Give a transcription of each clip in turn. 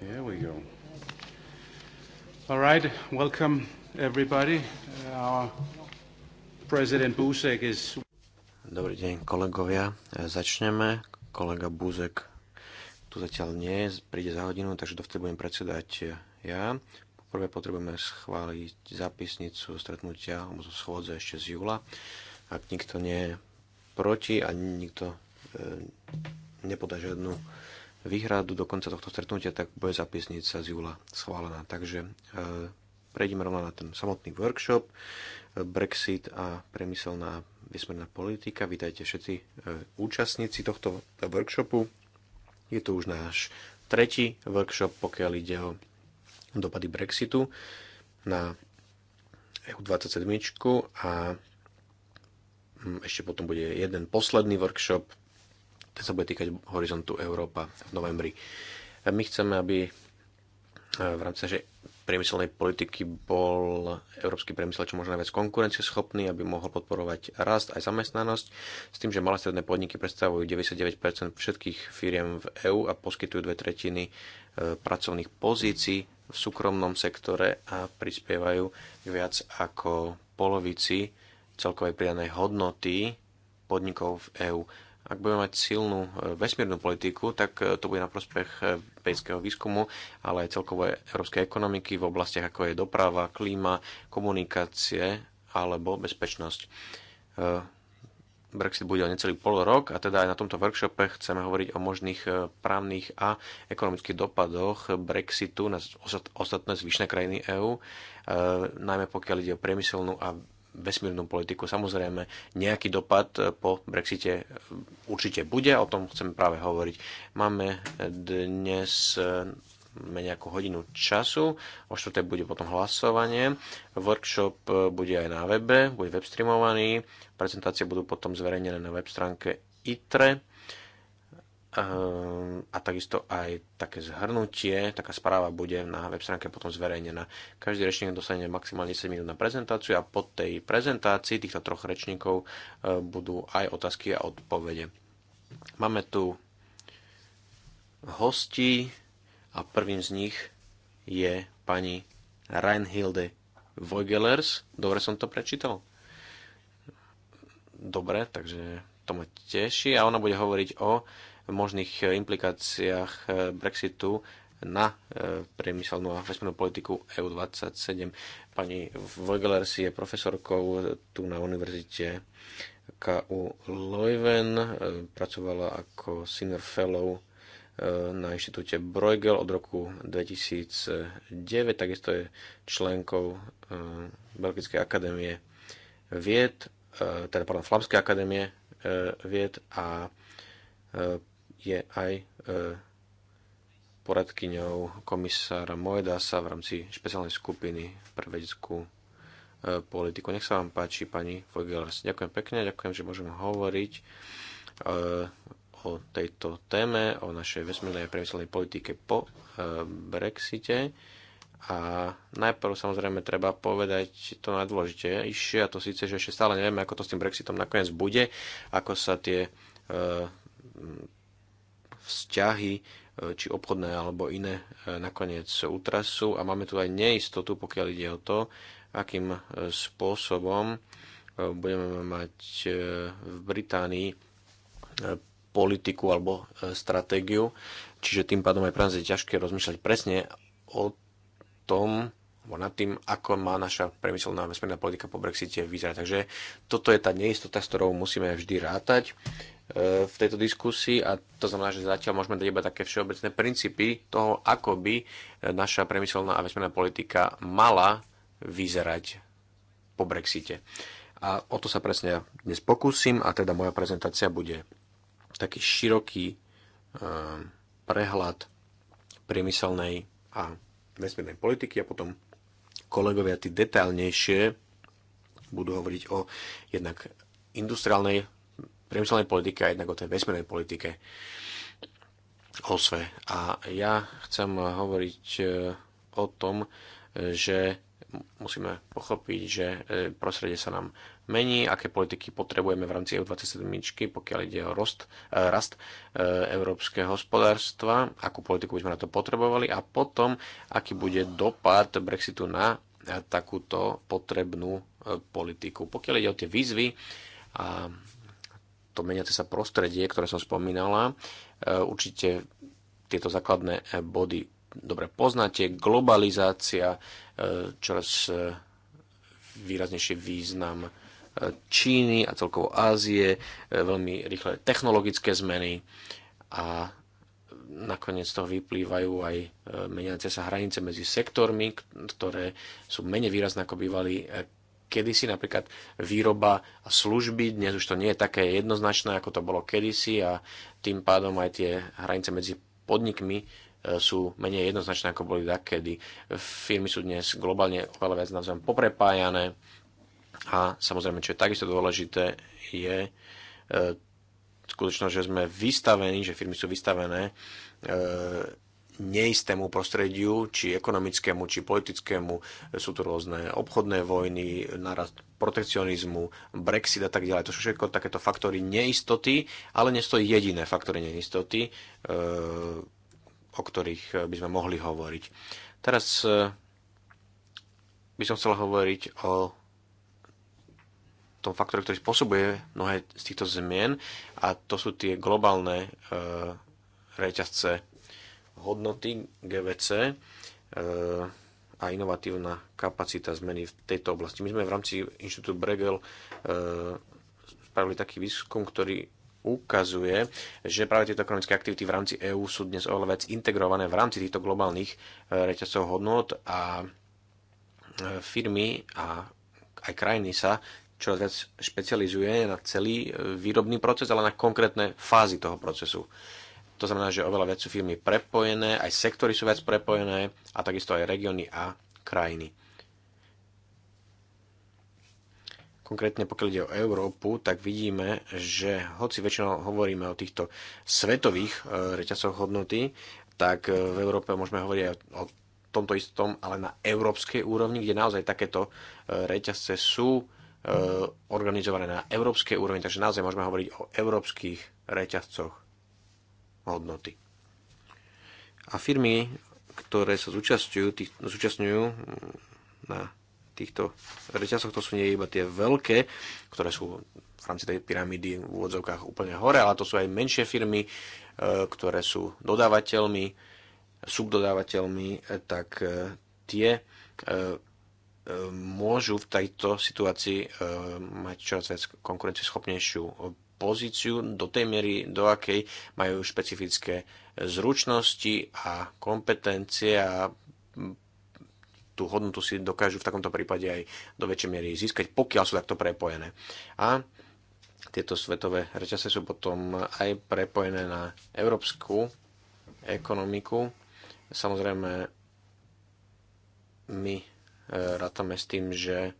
Here we go. All right, welcome everybody. Our President Buzek is... Dobrý deň, kolegovia. Začneme. Kolega Buzek tu zatiaľ nie, príde za hodinu, takže dovtedy budem predsedať ja. Poprvé potrebujeme schváliť zapisnicu stretnutia alebo zo schôdze ešte z júla. Ak nikto nie je proti a nikto e, nepodá žiadnu výhradu do konca tohto stretnutia, tak bude zapisnica z júla schválená. Takže e, prejdeme rovno na ten samotný workshop. E, Brexit a premyselná vysmerná politika. Vítajte všetci e, účastníci tohto workshopu. Je to už náš tretí workshop, pokiaľ ide o dopady Brexitu na EU27 a mm, ešte potom bude jeden posledný workshop ten sa bude týkať horizontu Európa v novembri. My chceme, aby e, v rámci že priemyselnej politiky bol európsky priemysel čo možno najviac konkurencieschopný, aby mohol podporovať rast aj zamestnanosť, s tým, že malé stredné podniky predstavujú 99% všetkých firiem v EÚ a poskytujú dve tretiny e, pracovných pozícií v súkromnom sektore a prispievajú k viac ako polovici celkovej pridanej hodnoty podnikov v EÚ ak budeme mať silnú e, vesmírnu politiku, tak e, to bude na prospech e, vedeckého výskumu, ale aj celkovo európskej ekonomiky v oblastiach ako je doprava, klíma, komunikácie alebo bezpečnosť. Brexit bude o necelý pol rok a teda aj na tomto workshope chceme hovoriť o možných právnych a ekonomických dopadoch Brexitu na ostatné zvyšné krajiny EÚ, najmä pokiaľ ide o priemyselnú a vesmírnu politiku. Samozrejme, nejaký dopad eh, po Brexite eh, určite bude, o tom chcem práve hovoriť. Máme eh, dnes menej ako hodinu času. O štvrté bude potom hlasovanie. Workshop bude aj na webe, bude webstreamovaný. Prezentácie budú potom zverejnené na web stránke ITRE Ehm, a takisto aj také zhrnutie, taká správa bude na web stránke potom zverejnená. Každý rečník dostane maximálne 7 minút na prezentáciu a po tej prezentácii týchto troch rečníkov eh, budú aj otázky a odpovede. Máme tu hosti. a prvým z nich je pani Reinhilde Vogelers. Dobre som to prečítal? Dobre, takže to ma teší a ona bude hovoriť o možných eh, implikáciách eh, Brexitu na eh, priemyselnú a vesmírnu politiku EU27. Pani Vogeler si je profesorkou tu na univerzite KU Leuven, pracovala ako senior fellow na inštitúte Bruegel od roku 2009, takisto je členkou Belgickej akadémie vied, teda pardon, Flamskej akadémie vied a je aj e, poradkyňou komisára Moedasa v rámci špeciálnej skupiny pre vedeckú e, politiku. Nech sa vám páči, pani Fogelers. Ďakujem pekne, ďakujem, že môžem hovoriť e, o tejto téme, o našej vesmírnej a priemyselnej politike po Brexite. A najprv samozrejme treba povedať to najdôležitejšie, a to síce, že ešte stále nevieme, ako to s tým Brexitom nakoniec bude, ako sa tie vzťahy e, či obchodné alebo iné e, nakoniec utrasú a máme tu aj neistotu, pokiaľ ide o to, akým e, spôsobom budeme mať v Británii politiku alebo stratégiu. Čiže tým pádom aj pre nás je ťažké rozmýšľať presne o tom, alebo nad tým, ako má naša premyselná vesmírna politika po Brexite vyzerať. Takže toto je tá neistota, s ktorou musíme vždy rátať Eh, v tejto diskusii a to znamená, že zatiaľ môžeme dať iba také všeobecné princípy toho, ako by eh, naša premyselná a vesmírna politika mala vyzerať po Brexite. A o to sa presne dnes pokúsim a teda moja prezentácia bude taký široký eh, prehľad priemyselnej a vesmírnej politiky a potom kolegovia tí detailnejšie budú hovoriť o jednak industriálnej priemyselnej politike a jednak o tej vesmírnej politike OSVE. A ja chcem hovoriť e, o tom, e, že musíme pochopiť, že e, prostredie sa nám mení, aké politiky potrebujeme v rámci EU27, pokiaľ ide o rost, rast európskeho hospodárstva, akú politiku by sme na to potrebovali a potom, aký bude dopad Brexitu na takúto potrebnú politiku. Pokiaľ ide o tie výzvy a to meniace sa prostredie, ktoré som spomínala. E, určite tieto základné body dobre poznáte. Globalizácia, e, čoraz e, výraznejšie význam Číny a celkovo Ázie, veľmi rýchle technologické zmeny a nakoniec toho vyplývajú aj meniace sa hranice medzi sektormi, ktoré sú menej výrazné ako bývali kedysi, napríklad výroba a služby, dnes už to nie je také jednoznačné, ako to bolo kedysi a tým pádom aj tie hranice medzi podnikmi e, sú menej jednoznačné, ako boli tak, kedy firmy sú dnes globálne oveľa viac navzájom poprepájané a samozrejme, čo je takisto dôležité, je e, skutočnosť, že sme vystavení, že firmy sú vystavené e, neistému prostrediu, či ekonomickému, či politickému. Sú tu rôzne obchodné vojny, narast protekcionizmu, Brexit a tak ďalej. To sú všetko takéto faktory neistoty, ale nie sú to jediné faktory neistoty, e, o ktorých by sme mohli hovoriť. Teraz e, by som chcel hovoriť o tom faktore, ktorý spôsobuje mnohé z týchto zmien a to sú tie globálne e, reťazce hodnoty GVC e, a inovatívna kapacita zmeny v tejto oblasti. My sme v rámci Inštitútu Bregel e, spravili taký výskum, ktorý ukazuje, že práve tieto ekonomické aktivity v rámci EÚ sú dnes oveľa viac integrované v rámci týchto globálnych e, reťazcov hodnot a firmy a aj krajiny sa čoraz viac špecializuje na celý výrobný proces, ale na konkrétne fázy toho procesu. To znamená, že oveľa viac sú firmy prepojené, aj sektory sú viac prepojené a takisto aj regióny a krajiny. konkrétne pokiaľ ide o Európu, tak vidíme, že hoci väčšinou hovoríme o týchto svetových e, reťazoch hodnoty, tak e, v Európe môžeme hovoriť aj o tomto istom, ale na európskej úrovni, kde naozaj takéto e, reťazce sú organizované na európskej úrovni, takže naozaj môžeme hovoriť o európskych reťazcoch hodnoty. A firmy, ktoré sa zúčastňujú, tých, zúčastňujú mm, na týchto reťazoch, to sú nie iba tie veľké, ktoré sú v rámci tej pyramídy v úvodzovkách úplne hore, ale to sú aj menšie firmy, e, ktoré sú dodávateľmi, subdodávateľmi, e, tak e, tie môžu v tejto situácii mať čoraz viac konkurencieschopnejšiu pozíciu do tej miery, do akej majú špecifické zručnosti a kompetencie a tú hodnotu si dokážu v takomto prípade aj do väčšej miery získať, pokiaľ sú takto prepojené. A tieto svetové reťase sú potom aj prepojené na európsku ekonomiku. Samozrejme, my eh, rátame s tým, že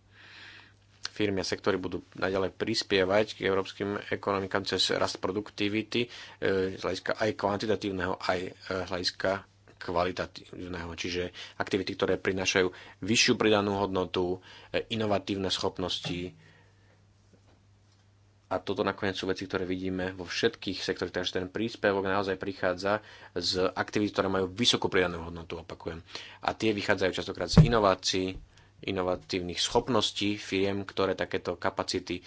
firmy a sektory budú naďalej prispievať k európskym ekonomikám cez rast produktivity e, z hľadiska aj kvantitatívneho, aj e, hľadiska kvalitatívneho, čiže aktivity, ktoré prinášajú vyššiu pridanú hodnotu, e, inovatívne schopnosti. A toto nakoniec sú veci, ktoré vidíme vo všetkých sektoroch, takže ten príspevok naozaj prichádza z aktivít, ktoré majú vysokú pridanú hodnotu, opakujem. A tie vychádzajú častokrát z inovácií, inovatívnych schopností firiem, ktoré takéto kapacity e,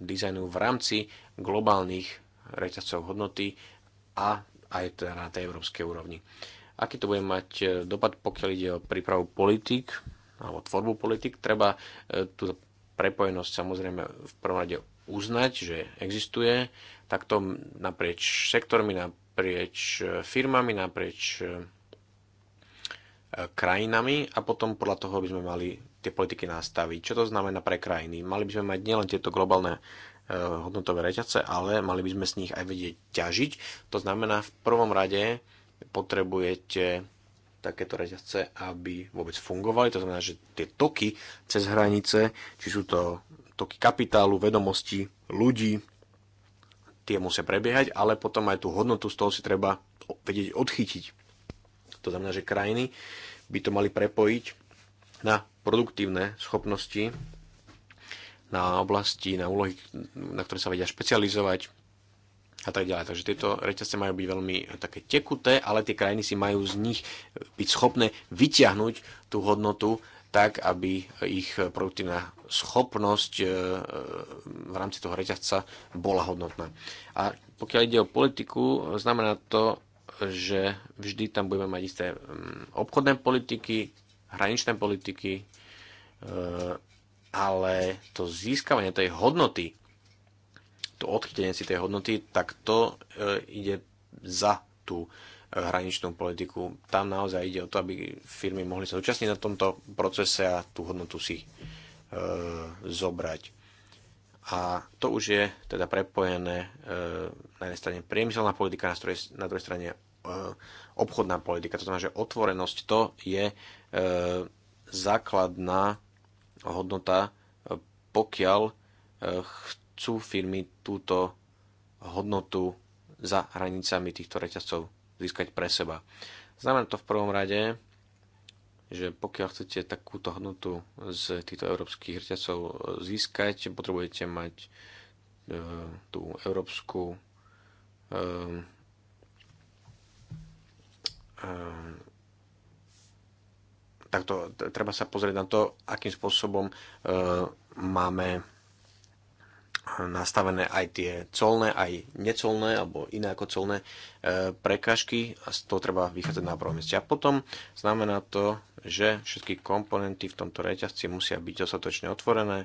dizajnujú v rámci globálnych reťazcov hodnoty a aj teda na tej európskej úrovni. Aký to bude mať e, dopad, pokiaľ ide o prípravu politik alebo tvorbu politik? Treba e, túto prepojenosť samozrejme v prvom rade uznať, že existuje, takto naprieč sektormi, naprieč firmami, naprieč krajinami a potom podľa toho by sme mali tie politiky nastaviť. Čo to znamená pre krajiny? Mali by sme mať nielen tieto globálne e, hodnotové reťace, ale mali by sme z nich aj vedieť ťažiť. To znamená, v prvom rade potrebujete takéto reťazce, aby vôbec fungovali. To znamená, že tie toky cez hranice, či sú to toky kapitálu, vedomostí, ľudí, tie musia prebiehať, ale potom aj tú hodnotu z toho si treba vedieť odchytiť to znamená, že krajiny by to mali prepojiť na produktívne schopnosti, na oblasti, na úlohy, na ktoré sa vedia špecializovať a tak ďalej. Takže tieto reťazce majú byť veľmi také tekuté, ale tie krajiny si majú z nich byť schopné vyťahnuť tú hodnotu tak, aby ich produktívna schopnosť e, v rámci toho reťazca bola hodnotná. A pokiaľ ide o politiku, znamená to že vždy tam budeme mať isté mm, obchodné politiky, hraničné politiky, e, ale to získavanie tej hodnoty, to odchytenie si tej hodnoty, tak to e, ide za tú e, hraničnú politiku. Tam naozaj ide o to, aby firmy mohli sa zúčastniť na tomto procese a tú hodnotu si zobrať a to už je teda prepojené e, na jednej strane priemyselná politika, na, stroj, na druhej strane e, obchodná politika. To znamená, že otvorenosť to je e, základná hodnota, pokiaľ chcú firmy túto hodnotu za hranicami týchto reťazcov získať pre seba. Znamená to v prvom rade, že pokiaľ chcete takúto hodnotu z týchto európskych hrťacov získať, potrebujete mať e, tú európsku e, e, takto treba sa pozrieť na to, akým spôsobom e, máme nastavené aj tie colné, aj necolné, alebo iné ako colné e, prekažky a z toho treba vychádzať na prvom mieste. A potom znamená to, že všetky komponenty v tomto reťazci musia byť dostatočne otvorené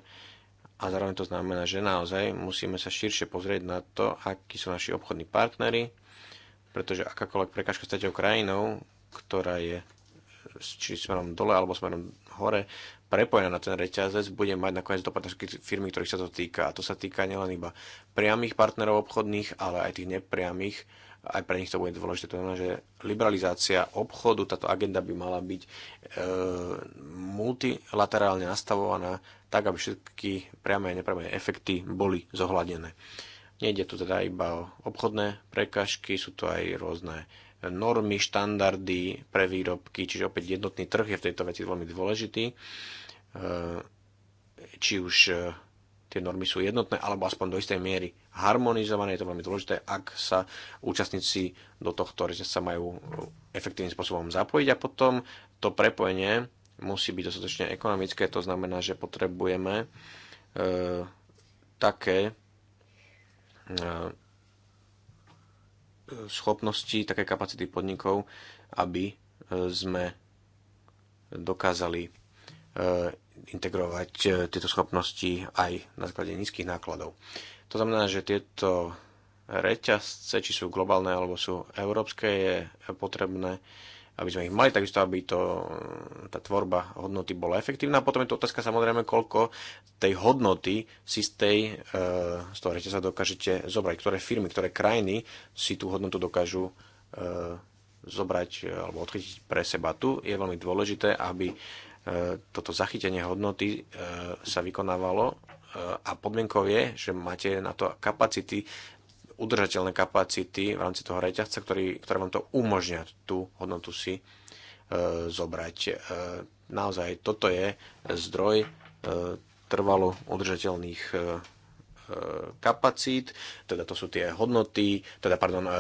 a zároveň to znamená, že naozaj musíme sa širšie pozrieť na to, akí sú naši obchodní partnery, pretože akákoľvek prekažka s tretou krajinou, ktorá je či smerom dole alebo smerom hore, prepojená na ten reťazec, bude mať nakoniec dopad na firmy, ktorých sa to týka. A to sa týka nielen iba priamých partnerov obchodných, ale aj tých nepriamých. Aj pre nich to bude dôležité. To znamená, že liberalizácia obchodu, táto agenda by mala byť e, multilaterálne nastavovaná tak, aby všetky priame a nepriame efekty boli zohľadené. Nejde tu teda iba o obchodné prekažky, sú to aj rôzne normy, štandardy pre výrobky, čiže opäť jednotný trh je v tejto veci veľmi dôležitý. E, či už e, tie normy sú jednotné, alebo aspoň do istej miery harmonizované, je to veľmi dôležité, ak sa účastníci do tohto sa majú efektívnym spôsobom zapojiť a potom to prepojenie musí byť dostatočne ekonomické, to znamená, že potrebujeme e, také e, schopnosti, také kapacity podnikov, aby e, sme dokázali e, integrovať e, tieto schopnosti aj na základe nízkych nákladov. To znamená, že tieto reťazce, či sú globálne alebo sú európske, je potrebné aby sme ich mali, takisto aby to, tá tvorba hodnoty bola efektívna. A potom je to otázka samozrejme, koľko tej hodnoty si z tej, eh, z toho sa dokážete zobrať, ktoré firmy, ktoré krajiny si tú hodnotu dokážu eh, zobrať alebo odchytiť pre seba. Tu je veľmi dôležité, aby eh, toto zachytenie hodnoty sa vykonávalo a podmienkou je, že máte na to kapacity udržateľné kapacity v rámci toho reťazca, ktorý, ktoré vám to umožňa tú hodnotu si e, zobrať. E, naozaj toto je zdroj e, trvalo udržateľných e, e kapacít, teda to sú tie hodnoty, teda pardon, e, e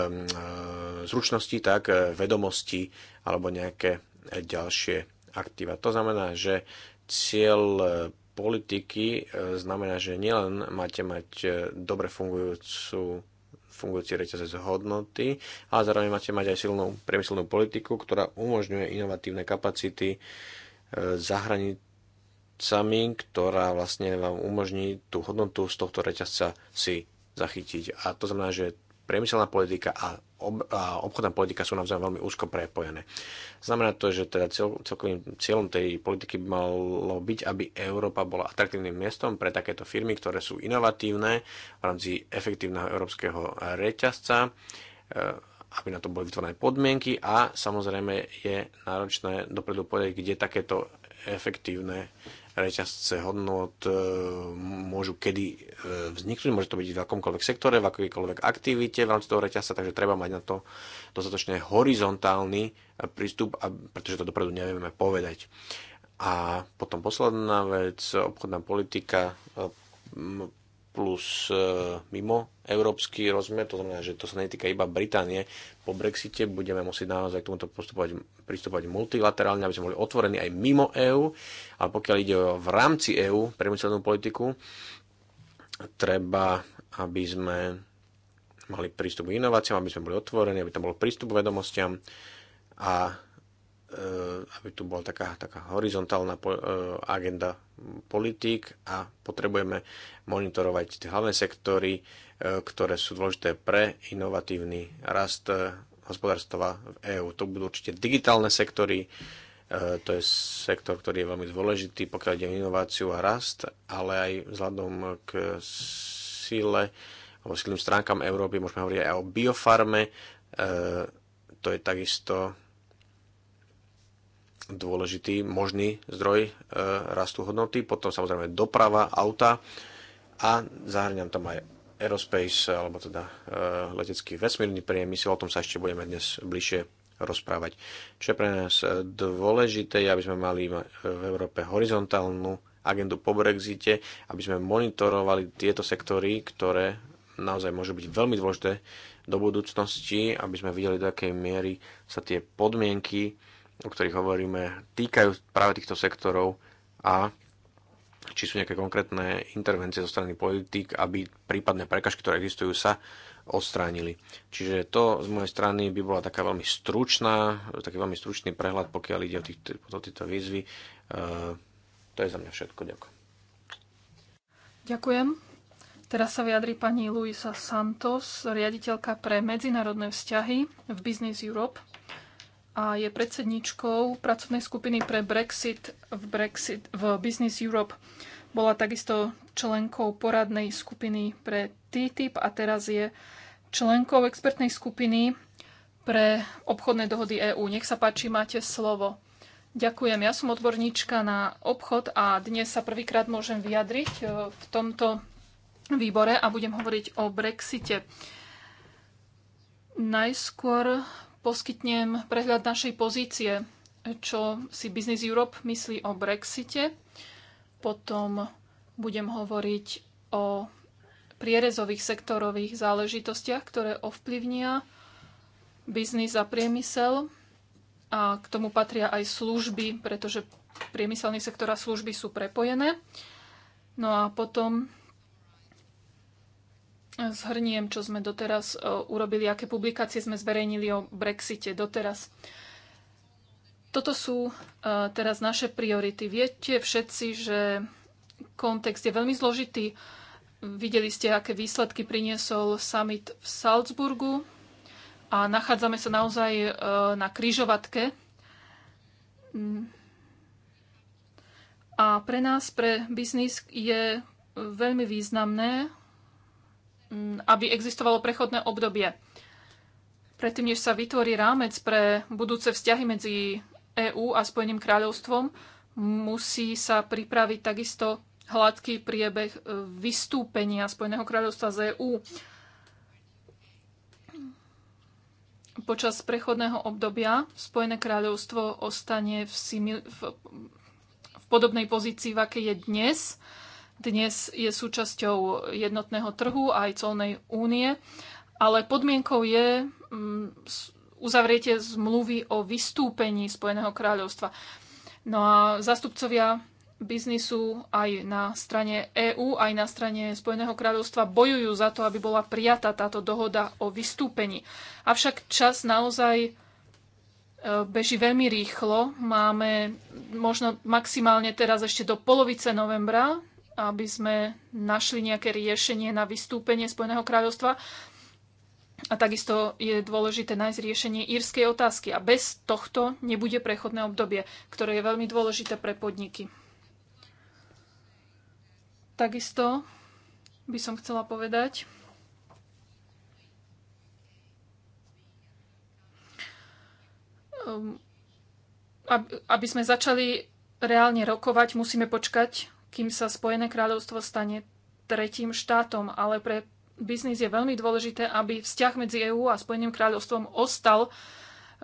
zručnosti, tak e, vedomosti alebo nejaké ďalšie aktíva. To znamená, že cieľ politiky znamená, že nielen máte mať dobre fungujúcu fungujúci reťazec hodnoty a zároveň máte mať aj silnú priemyselnú politiku, ktorá umožňuje inovatívne kapacity e, za hranicami, ktorá vlastne vám umožní tú hodnotu z tohto reťazca si zachytiť. A to znamená, že priemyselná politika a, ob, a obchodná politika sú navzájom veľmi úzko prepojené. Znamená to, že teda cel, celkovým cieľom tej politiky by malo byť, aby Európa bola atraktívnym miestom pre takéto firmy, ktoré sú inovatívne v rámci efektívneho európskeho reťazca, e, aby na to boli vytvorené podmienky a samozrejme je náročné dopredu povedať, kde takéto efektívne reťazce hodnot e, môžu kedy e, vzniknúť, môže to byť v akomkoľvek sektore, v akejkoľvek aktivite v rámci toho reťazca, takže treba mať na to dostatočne horizontálny e, prístup, pretože to dopredu nevieme povedať. A potom posledná vec, obchodná politika plus e, mimo európsky rozmer, to znamená, že to sa netýka iba Británie. Po Brexite budeme musieť naozaj k tomuto postupovať, pristupovať multilaterálne, aby sme boli otvorení aj mimo EÚ, ale pokiaľ ide o v rámci EÚ priemyselnú politiku, treba, aby sme mali prístup k inováciám, aby sme boli otvorení, aby tam bol prístup k vedomostiam a Eh, aby tu bola taká, taká horizontálna eh, agenda politík a potrebujeme monitorovať tie hlavné sektory, eh, ktoré sú dôležité pre inovatívny rast hospodárstva v EÚ. To budú určite digitálne sektory, to je sektor, ktorý je veľmi dôležitý, pokiaľ ide o inováciu a rast, ale aj vzhľadom k sile alebo silným stránkam Európy, môžeme hovoriť aj o biofarme, to je takisto dôležitý možný zdroj e, rastu hodnoty, potom samozrejme doprava, auta a zahrňam tam aj aerospace, alebo teda e, letecký vesmírny priemysel, o tom sa ešte budeme dnes bližšie rozprávať. Čo je pre nás dôležité, aby sme mali v Európe horizontálnu agendu po Brexite, aby sme monitorovali tieto sektory, ktoré naozaj môžu byť veľmi dôležité do budúcnosti, aby sme videli, do akej miery sa tie podmienky o ktorých hovoríme, týkajú práve týchto sektorov a či sú nejaké konkrétne intervencie zo strany politik, aby prípadné prekažky, ktoré existujú, sa odstránili. Čiže to z mojej strany by bola taká veľmi stručná, taký veľmi stručný prehľad, pokiaľ ide o, tých, o tieto výzvy. E, to je za mňa všetko. Ďakujem. Ďakujem. Teraz sa vyjadri pani Luisa Santos, riaditeľka pre medzinárodné vzťahy v Business Europe a je predsedničkou pracovnej skupiny pre Brexit v, Brexit v Business Europe. Bola takisto členkou poradnej skupiny pre TTIP a teraz je členkou expertnej skupiny pre obchodné dohody EÚ. Nech sa páči, máte slovo. Ďakujem. Ja som odborníčka na obchod a dnes sa prvýkrát môžem vyjadriť e, v tomto výbore a budem hovoriť o Brexite. Najskôr poskytnem prehľad našej pozície, čo si Business Europe myslí o Brexite. Potom budem hovoriť o prierezových sektorových záležitostiach, ktoré ovplyvnia biznis a priemysel. A k tomu patria aj služby, pretože priemyselný sektor a služby sú prepojené. No a potom zhrniem, čo sme doteraz e, urobili, aké publikácie sme zverejnili o Brexite doteraz. Toto sú e, teraz naše priority. Viete všetci, že kontext je veľmi zložitý. Videli ste, aké výsledky priniesol summit v Salzburgu a nachádzame sa naozaj e, na kryžovatke. A pre nás, pre biznis, je veľmi významné aby existovalo prechodné obdobie. Predtým, než sa vytvorí rámec pre budúce vzťahy medzi EÚ a Spojeným kráľovstvom, musí sa pripraviť takisto hladký priebeh e, vystúpenia Spojeného kráľovstva z EÚ. Počas prechodného obdobia Spojené kráľovstvo ostane v, simil- v, v podobnej pozícii, v akej je dnes. Uh, dnes je súčasťou jednotného trhu a aj colnej únie, ale podmienkou je mm, uzavretie zmluvy o vystúpení Spojeného kráľovstva. No a zástupcovia biznisu aj na strane EÚ, aj na strane Spojeného kráľovstva bojujú za to, aby bola prijatá táto dohoda o vystúpení. Avšak čas naozaj e, beží veľmi rýchlo. Máme možno maximálne teraz ešte do polovice novembra aby sme našli nejaké riešenie na vystúpenie Spojeného kráľovstva. A takisto je dôležité nájsť riešenie írskej otázky. A bez tohto nebude prechodné obdobie, ktoré je veľmi dôležité pre podniky. Takisto by som chcela povedať, um, aby sme začali reálne rokovať, musíme počkať kým sa Spojené kráľovstvo stane tretím štátom, ale pre biznis je veľmi dôležité, aby vzťah medzi EÚ a Spojeným kráľovstvom ostal e,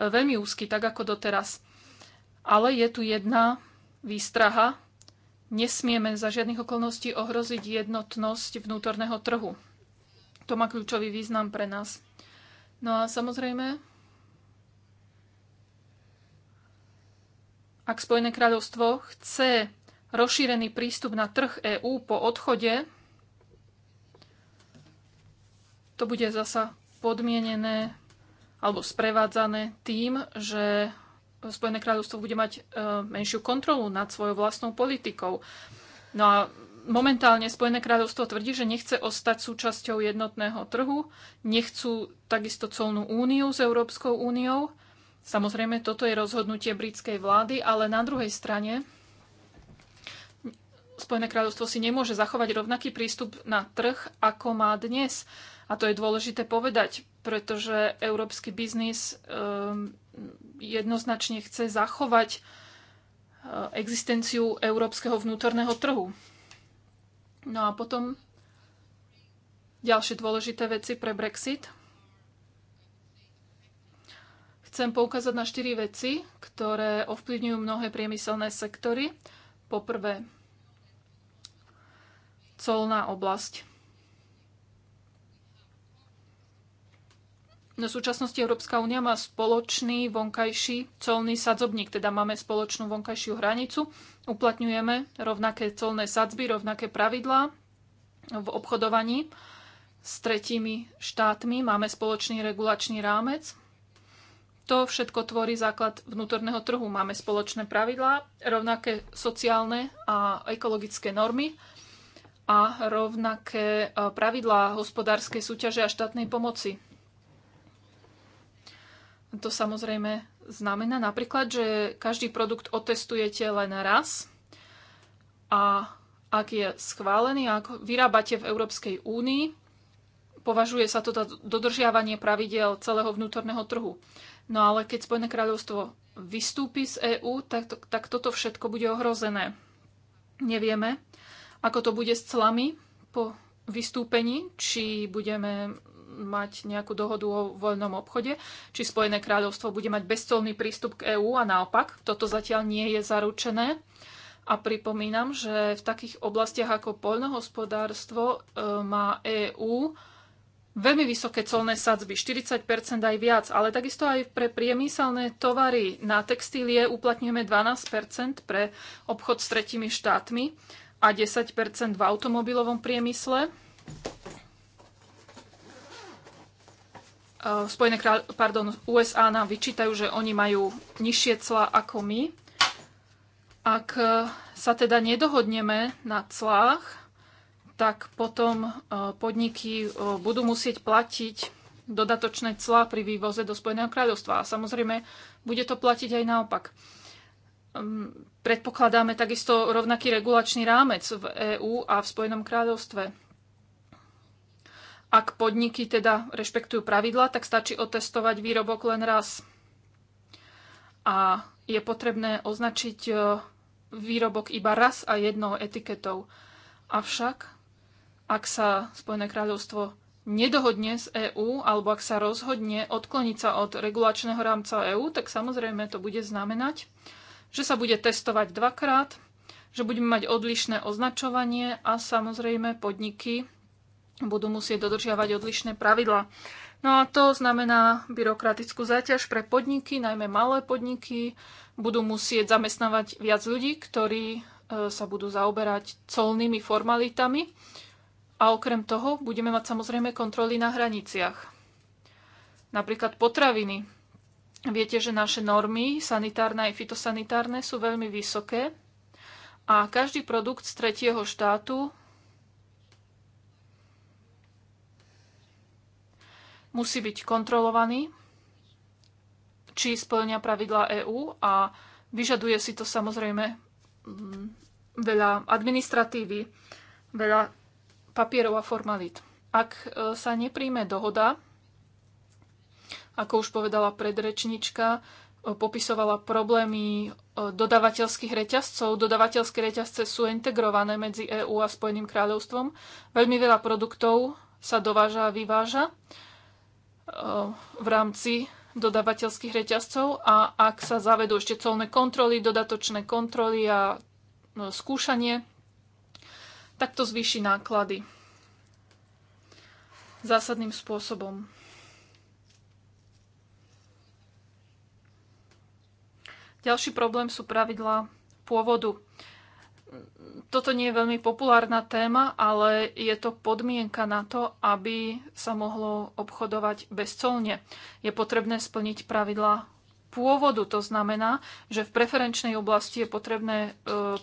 veľmi úzky, tak ako doteraz. Ale je tu jedna výstraha. Nesmieme za žiadnych okolností ohroziť jednotnosť vnútorného trhu. To má kľúčový význam pre nás. No a samozrejme, ak Spojené kráľovstvo chce rozšírený prístup na trh EÚ po odchode, to bude zasa podmienené alebo sprevádzané tým, že Spojené kráľovstvo bude mať e, menšiu kontrolu nad svojou vlastnou politikou. No a momentálne Spojené kráľovstvo tvrdí, že nechce ostať súčasťou jednotného trhu, nechcú takisto colnú úniu s Európskou úniou. Samozrejme, toto je rozhodnutie britskej vlády, ale na druhej strane Spojené kráľovstvo si nemôže zachovať rovnaký prístup na trh, ako má dnes. A to je dôležité povedať, pretože európsky biznis ehm, jednoznačne chce zachovať e, existenciu európskeho vnútorného trhu. No a potom ďalšie dôležité veci pre Brexit. Chcem poukázať na štyri veci, ktoré ovplyvňujú mnohé priemyselné sektory. Poprvé, colná oblasť. Na no, v súčasnosti Európska únia má spoločný vonkajší colný sadzobník, teda máme spoločnú vonkajšiu hranicu, uplatňujeme rovnaké colné sadzby, rovnaké pravidlá v obchodovaní s tretími štátmi, máme spoločný regulačný rámec. To všetko tvorí základ vnútorného trhu. Máme spoločné pravidlá, rovnaké sociálne a ekologické normy, a rovnaké pravidlá hospodárskej súťaže a štátnej pomoci. To samozrejme znamená napríklad, že každý produkt otestujete len raz a ak je schválený, ak vyrábate v Európskej únii, považuje sa to za dodržiavanie pravidel celého vnútorného trhu. No ale keď Spojené kráľovstvo vystúpi z EÚ, tak, to, tak toto všetko bude ohrozené. Nevieme, ako to bude s clami po vystúpení, či budeme mať nejakú dohodu o voľnom obchode, či Spojené kráľovstvo bude mať bezcolný prístup k EÚ a naopak. Toto zatiaľ nie je zaručené. A pripomínam, že v takých oblastiach ako poľnohospodárstvo e, má EÚ veľmi vysoké colné sadzby, 40 aj viac, ale takisto aj pre priemyselné tovary na textílie uplatňujeme 12 pre obchod s tretimi štátmi a 10 v automobilovom priemysle. E, Spojené kráľ, pardon, USA nám vyčítajú, že oni majú nižšie clá ako my. Ak e, sa teda nedohodneme na clách, tak potom e, podniky budú musieť platiť dodatočné clá pri vývoze do Spojeného kráľovstva. A samozrejme, bude to platiť aj naopak. Ehm, Predpokladáme takisto rovnaký regulačný rámec v EÚ a v Spojenom kráľovstve. Ak podniky teda rešpektujú pravidla, tak stačí otestovať výrobok len raz. A je potrebné označiť e, výrobok iba raz a jednou etiketou. Avšak, ak sa Spojené kráľovstvo nedohodne z EÚ alebo ak sa rozhodne odkloniť sa od regulačného rámca EÚ, tak samozrejme to bude znamenať, že sa bude testovať dvakrát, že budeme mať odlišné označovanie a samozrejme podniky budú musieť dodržiavať odlišné pravidla. No a to znamená byrokratickú záťaž pre podniky, najmä malé podniky. Budú musieť zamestnávať viac ľudí, ktorí e, sa budú zaoberať colnými formalitami. A okrem toho budeme mať samozrejme kontroly na hraniciach. Napríklad potraviny. Viete, že naše normy sanitárne aj fitosanitárne sú veľmi vysoké a každý produkt z tretieho štátu musí byť kontrolovaný, či splňa pravidlá EÚ a vyžaduje si to samozrejme mm, veľa administratívy, veľa papierov a formalít. Ak e, sa nepríjme dohoda ako už povedala predrečnička, e, popisovala problémy e, dodavateľských reťazcov. Dodavateľské reťazce sú integrované medzi EÚ a Spojeným kráľovstvom. Veľmi veľa produktov sa dováža a vyváža e, v rámci dodavateľských reťazcov a ak sa zavedú ešte colné kontroly, dodatočné kontroly a no, skúšanie, tak to zvýši náklady zásadným spôsobom. Ďalší problém sú pravidlá pôvodu. Toto nie je veľmi populárna téma, ale je to podmienka na to, aby sa mohlo obchodovať bezcolne. Je potrebné splniť pravidlá pôvodu. To znamená, že v preferenčnej oblasti je potrebné e,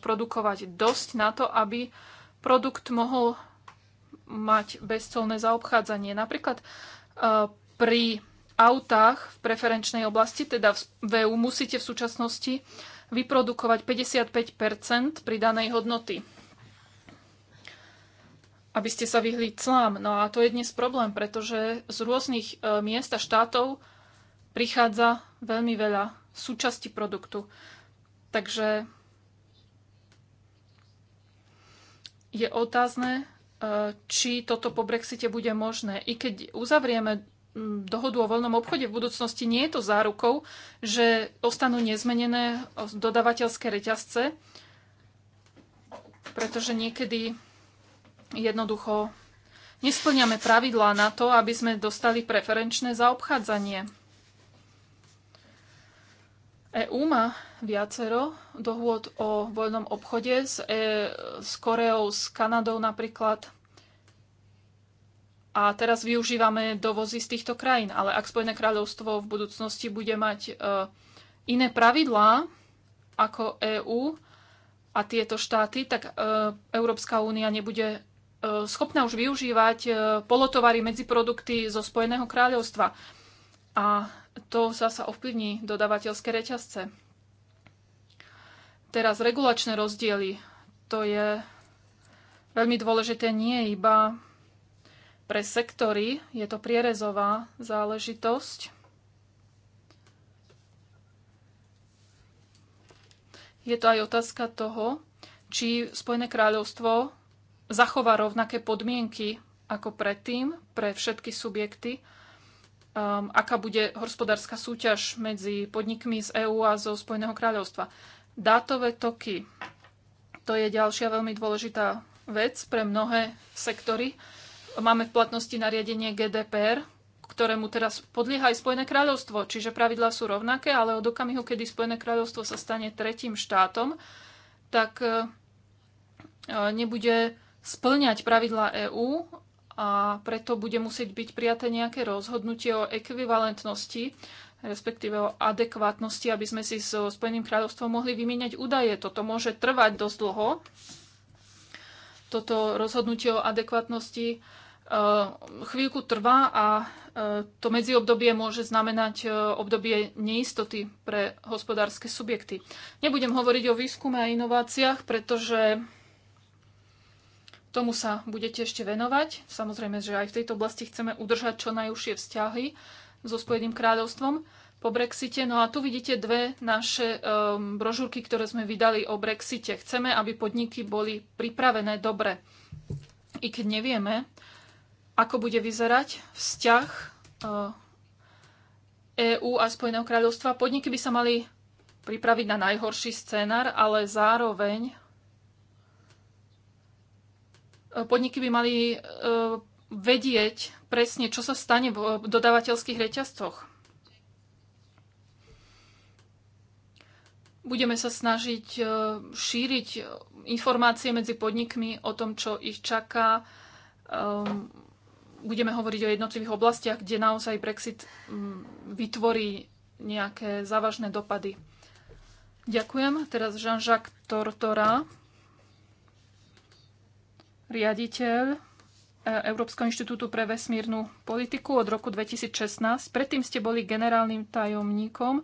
produkovať dosť na to, aby produkt mohol mať bezcolné zaobchádzanie. Napríklad e, pri autách v preferenčnej oblasti, teda v EU, musíte v súčasnosti vyprodukovať 55 pridanej hodnoty, aby ste sa vyhli clám. No a to je dnes problém, pretože z rôznych e, miest a štátov prichádza veľmi veľa súčasti produktu. Takže je otázne, e, či toto po Brexite bude možné. I keď uzavrieme Mm, dohodu o voľnom obchode v budúcnosti, nie je to zárukou, že ostanú nezmenené dodavateľské reťazce, pretože niekedy jednoducho nesplňame pravidlá na to, aby sme dostali preferenčné zaobchádzanie. EÚ má viacero dohôd o voľnom obchode s, e, s Koreou, s Kanadou napríklad a teraz využívame dovozy z týchto krajín. Ale ak Spojené kráľovstvo v budúcnosti bude mať e, iné pravidlá ako EÚ a tieto štáty, tak e, Európska únia nebude e, schopná už využívať polotovary medzi produkty zo Spojeného kráľovstva. A to zasa ovplyvní dodávateľské reťazce. Teraz regulačné rozdiely. To je veľmi dôležité nie iba pre sektory. Je to prierezová záležitosť. Je to aj otázka toho, či Spojené kráľovstvo zachová rovnaké podmienky ako predtým pre všetky subjekty, um, aká bude hospodárska súťaž medzi podnikmi z EÚ a zo Spojeného kráľovstva. Dátové toky. To je ďalšia veľmi dôležitá vec pre mnohé sektory máme v platnosti nariadenie GDPR, ktorému teraz podlieha aj Spojené kráľovstvo. Čiže pravidlá sú rovnaké, ale od okamihu, kedy Spojené kráľovstvo sa stane tretím štátom, tak e, nebude splňať pravidlá EÚ a preto bude musieť byť prijaté nejaké rozhodnutie o ekvivalentnosti, respektíve o adekvátnosti, aby sme si so Spojeným kráľovstvom mohli vymieňať údaje. Toto môže trvať dosť dlho. Toto rozhodnutie o adekvátnosti Eh, chvíľku trvá a eh, to medziobdobie môže znamenať eh, obdobie neistoty pre hospodárske subjekty. Nebudem hovoriť o výskume a inováciách, pretože tomu sa budete ešte venovať. Samozrejme, že aj v tejto oblasti chceme udržať čo najúžšie vzťahy so Spojeným kráľovstvom po Brexite. No a tu vidíte dve naše um, brožúrky, ktoré sme vydali o Brexite. Chceme, aby podniky boli pripravené dobre. I keď nevieme, ako bude vyzerať vzťah EÚ eh, e a Spojeného kráľovstva. Podniky by sa mali pripraviť na najhorší scénar, ale zároveň eh, podniky by mali eh, vedieť presne, čo sa stane v dodávateľských reťazcoch. Budeme sa snažiť šíriť informácie medzi podnikmi o tom, čo ich čaká, ehm, budeme hovoriť o jednotlivých oblastiach, kde naozaj Brexit mm, vytvorí nejaké závažné dopady. Ďakujem. Teraz Jean-Jacques Tortora, riaditeľ e, Európskeho inštitútu pre vesmírnu politiku od roku 2016. Predtým ste boli generálnym tajomníkom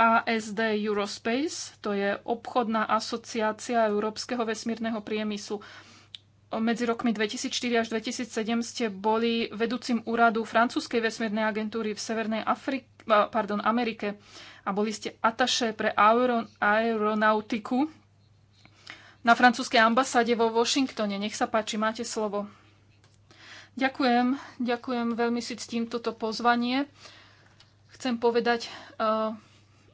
ASD Eurospace, to je obchodná asociácia európskeho vesmírneho priemyslu medzi rokmi 2004 až 2007 ste boli vedúcim úradu francúzskej vesmírnej agentúry v Severnej Afri- pardon, Amerike a boli ste ataše pre aeron- aeronautiku na francúzskej ambasáde vo Washingtone. Nech sa páči, máte slovo. Ďakujem, ďakujem veľmi si ctím toto pozvanie. Chcem povedať uh,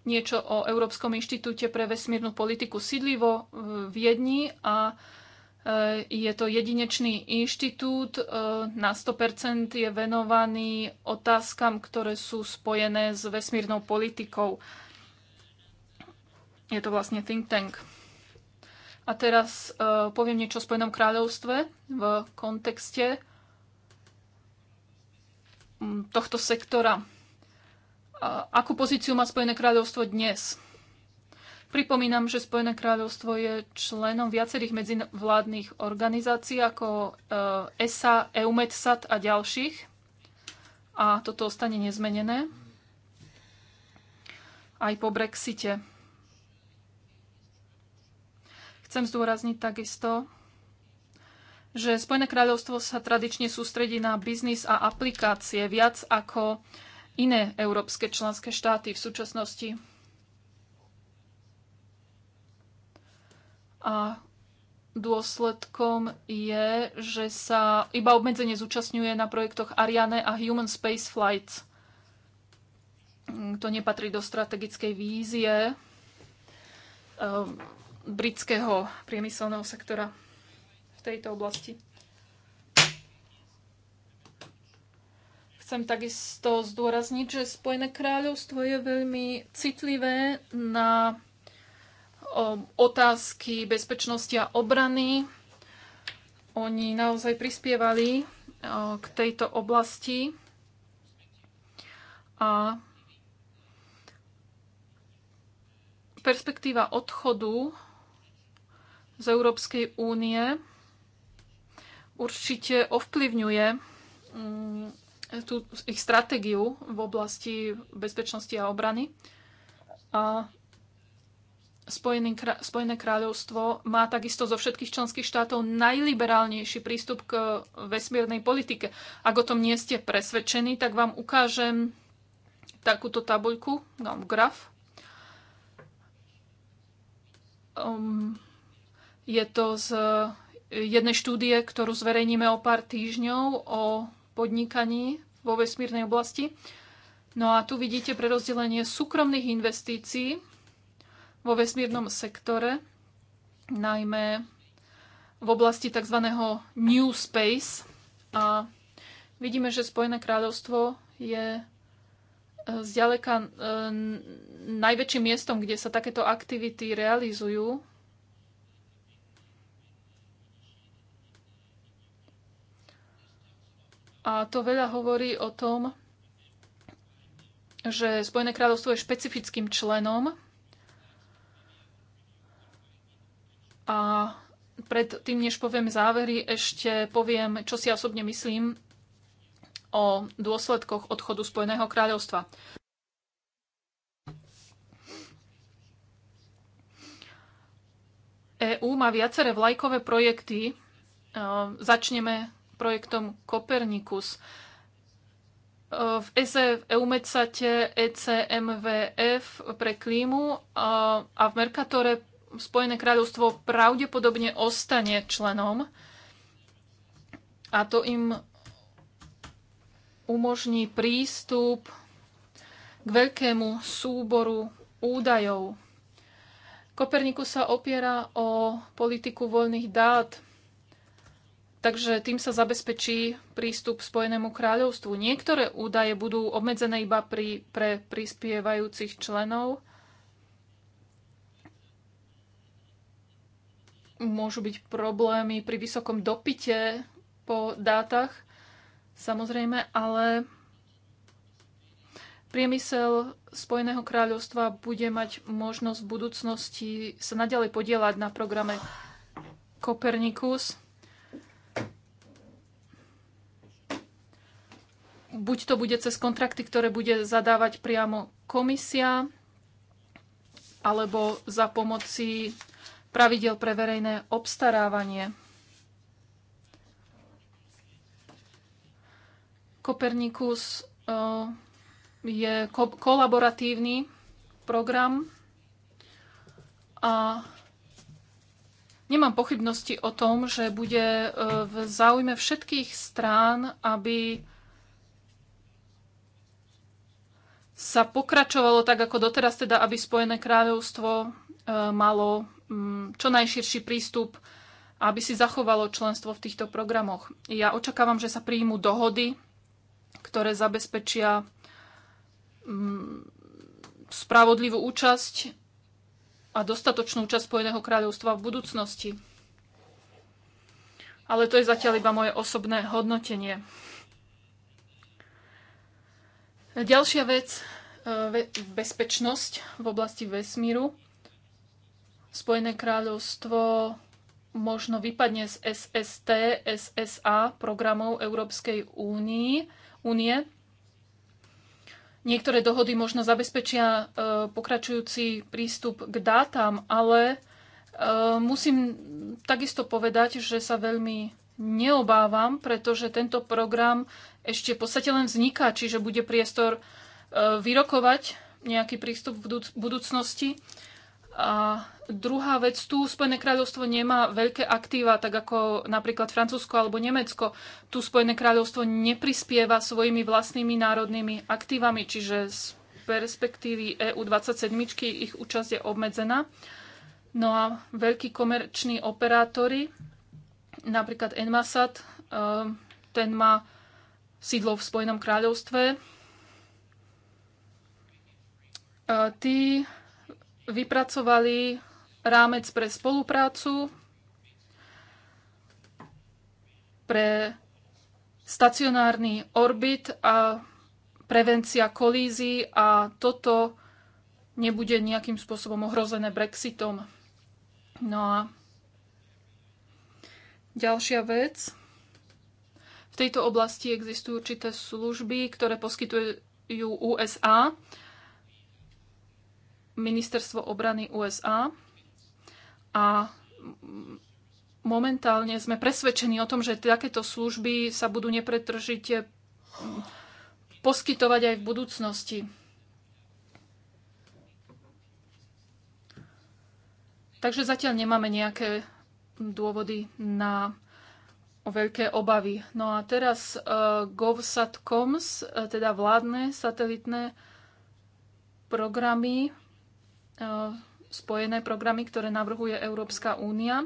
niečo o Európskom inštitúte pre vesmírnu politiku sídlivo e, v Viedni a uh, E, je to jedinečný inštitút, e, na 100% je venovaný otázkam, ktoré sú spojené s vesmírnou politikou. Je to vlastne think tank. A teraz e, poviem niečo o Spojenom kráľovstve v kontexte tohto sektora. Akú pozíciu má Spojené kráľovstvo dnes? Pripomínam, že Spojené kráľovstvo je členom viacerých medzivládnych organizácií ako eh, ESA, EUMETSAT a ďalších. A toto ostane nezmenené aj po Brexite. Chcem zdôrazniť takisto, že Spojené kráľovstvo sa tradične sústredí na biznis a aplikácie viac ako iné európske členské štáty v súčasnosti. a dôsledkom je, že sa iba obmedzenie zúčastňuje na projektoch Ariane a Human Space Flights. To nepatrí do strategickej vízie ehm, britského priemyselného sektora v tejto oblasti. Chcem takisto zdôrazniť, že Spojené kráľovstvo je veľmi citlivé na Ehm, otázky bezpečnosti a obrany. Oni naozaj prispievali ehm, k tejto oblasti a perspektíva odchodu z Európskej únie určite ovplyvňuje mm, tú ich stratégiu v oblasti bezpečnosti a obrany. A Spojený, Spojené kráľovstvo má takisto zo všetkých členských štátov najliberálnejší prístup k eh, vesmírnej politike. Ak o tom nie ste presvedčení, tak vám ukážem takúto tabuľku, mám no, graf. Um, je to z eh, jednej štúdie, ktorú zverejníme o pár týždňov o podnikaní vo vesmírnej oblasti. No a tu vidíte prerozdelenie súkromných investícií vo vesmírnom sektore, najmä v oblasti tzv. New Space. A vidíme, že Spojené kráľovstvo je e, zďaleka e, najväčším miestom, kde sa takéto aktivity realizujú. A to veľa hovorí o tom, že Spojené kráľovstvo je špecifickým členom A predtým, než poviem závery, ešte poviem, čo si osobne myslím o dôsledkoch odchodu Spojeného kráľovstva. EÚ má viaceré vlajkové projekty. E, začneme projektom Copernicus. E, v ESE, v EUMECATE, ECMVF pre klímu e, a v Merkatore Spojené kráľovstvo pravdepodobne ostane členom a to im umožní prístup k veľkému súboru údajov. Kopernikus sa opiera o politiku voľných dát, takže tým sa zabezpečí prístup Spojenému kráľovstvu. Niektoré údaje budú obmedzené iba pri, pre prispievajúcich členov môžu byť problémy pri vysokom dopite po dátach, samozrejme, ale priemysel Spojeného kráľovstva bude mať možnosť v budúcnosti sa nadalej podielať na programe Copernicus. Buď to bude cez kontrakty, ktoré bude zadávať priamo komisia, alebo za pomoci pravidel pre verejné obstarávanie. Kopernikus e, je ko- kolaboratívny program a nemám pochybnosti o tom, že bude e, v záujme všetkých strán, aby sa pokračovalo tak ako doteraz, teda aby Spojené kráľovstvo e, malo mm, čo najširší prístup, aby si zachovalo členstvo v týchto programoch. Ja očakávam, že sa príjmu dohody, ktoré zabezpečia mm, spravodlivú účasť a dostatočnú účasť Spojeného kráľovstva v budúcnosti. Ale to je zatiaľ iba moje osobné hodnotenie. Ďalšia vec, e, bezpečnosť v oblasti vesmíru. Spojené kráľovstvo možno vypadne z SST, SSA programov Európskej únii, únie. Niektoré dohody možno zabezpečia e, pokračujúci prístup k dátam, ale e, musím takisto povedať, že sa veľmi neobávam, pretože tento program ešte v podstate len vzniká, čiže bude priestor e, vyrokovať nejaký prístup v budúcnosti. A druhá vec, tu Spojené kráľovstvo nemá veľké aktíva, tak ako napríklad Francúzsko alebo Nemecko. Tu Spojené kráľovstvo neprispieva svojimi vlastnými národnými aktívami, čiže z perspektívy EU27 ich účasť je obmedzená. No a veľkí komerční operátori, napríklad Enmasat, e, ten má sídlo v Spojenom kráľovstve. Tí vypracovali rámec pre spoluprácu, pre stacionárny orbit a prevencia kolízií a toto nebude nejakým spôsobom ohrozené Brexitom. No a ďalšia vec tejto oblasti existujú určité služby, ktoré poskytujú USA, Ministerstvo obrany USA a momentálne sme presvedčení o tom, že takéto služby sa budú nepretržite poskytovať aj v budúcnosti. Takže zatiaľ nemáme nejaké dôvody na veľké obavy. No a teraz uh, GovSatcoms, e, teda vládne satelitné programy, uh, spojené programy, ktoré navrhuje Európska únia.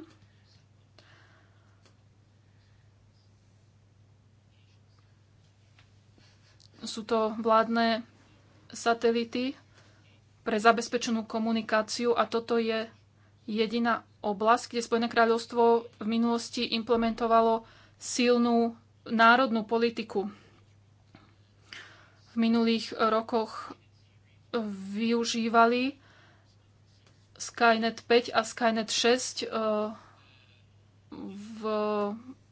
Sú to vládne satelity pre zabezpečenú komunikáciu a toto je jediná oblasť, kde Spojené kráľovstvo v minulosti implementovalo silnú národnú politiku. V minulých rokoch využívali Skynet 5 a Skynet 6 eh, v,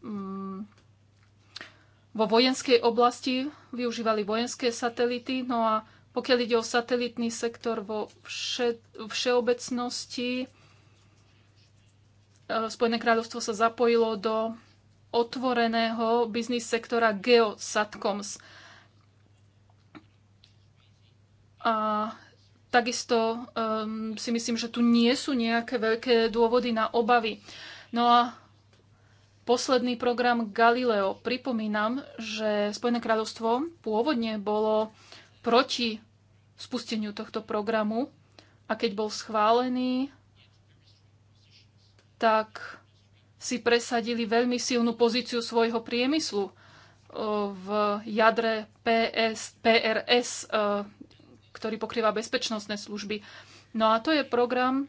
mm, vo vojenskej oblasti, využívali vojenské satelity, no a pokiaľ ide o satelitný sektor vo vše, všeobecnosti, E, Spojené kráľovstvo sa zapojilo do otvoreného biznis sektora GeoSatcoms. A takisto um, si myslím, že tu nie sú nejaké veľké dôvody na obavy. No a posledný program Galileo. Pripomínam, že Spojené kráľovstvo pôvodne bolo proti spusteniu tohto programu a keď bol schválený tak si presadili veľmi silnú pozíciu svojho priemyslu eh, v jadre PS, PRS, eh, ktorý pokrýva bezpečnostné služby. No a to je program,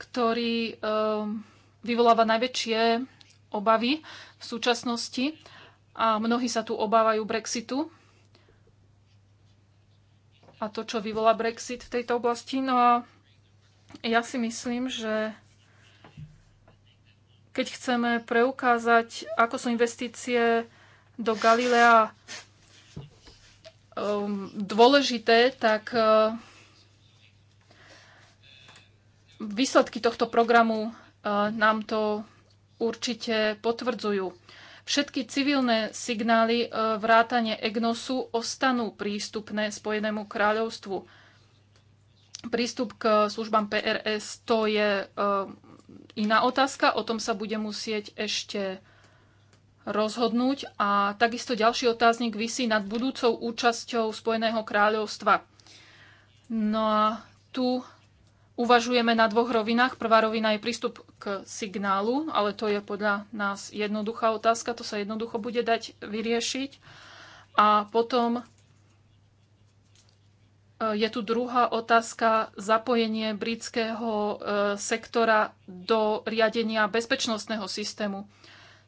ktorý eh, vyvoláva najväčšie obavy v súčasnosti a mnohí sa tu obávajú Brexitu a to, čo vyvolá Brexit v tejto oblasti. No a ja si myslím, že keď chceme preukázať, ako sú investície do Galilea um, dôležité, tak uh, výsledky tohto programu uh, nám to určite potvrdzujú. Všetky civilné signály uh, vrátane EGNOSu ostanú prístupné Spojenému kráľovstvu. Prístup k službám PRS to je eh, iná otázka, o tom sa bude musieť ešte rozhodnúť a takisto ďalší otáznik vysí nad budúcou účasťou Spojeného kráľovstva. No a tu uvažujeme na dvoch rovinách. Prvá rovina je prístup k signálu, ale to je podľa nás jednoduchá otázka, to sa jednoducho bude dať vyriešiť. A potom je tu druhá otázka, zapojenie britského e, sektora do riadenia bezpečnostného systému.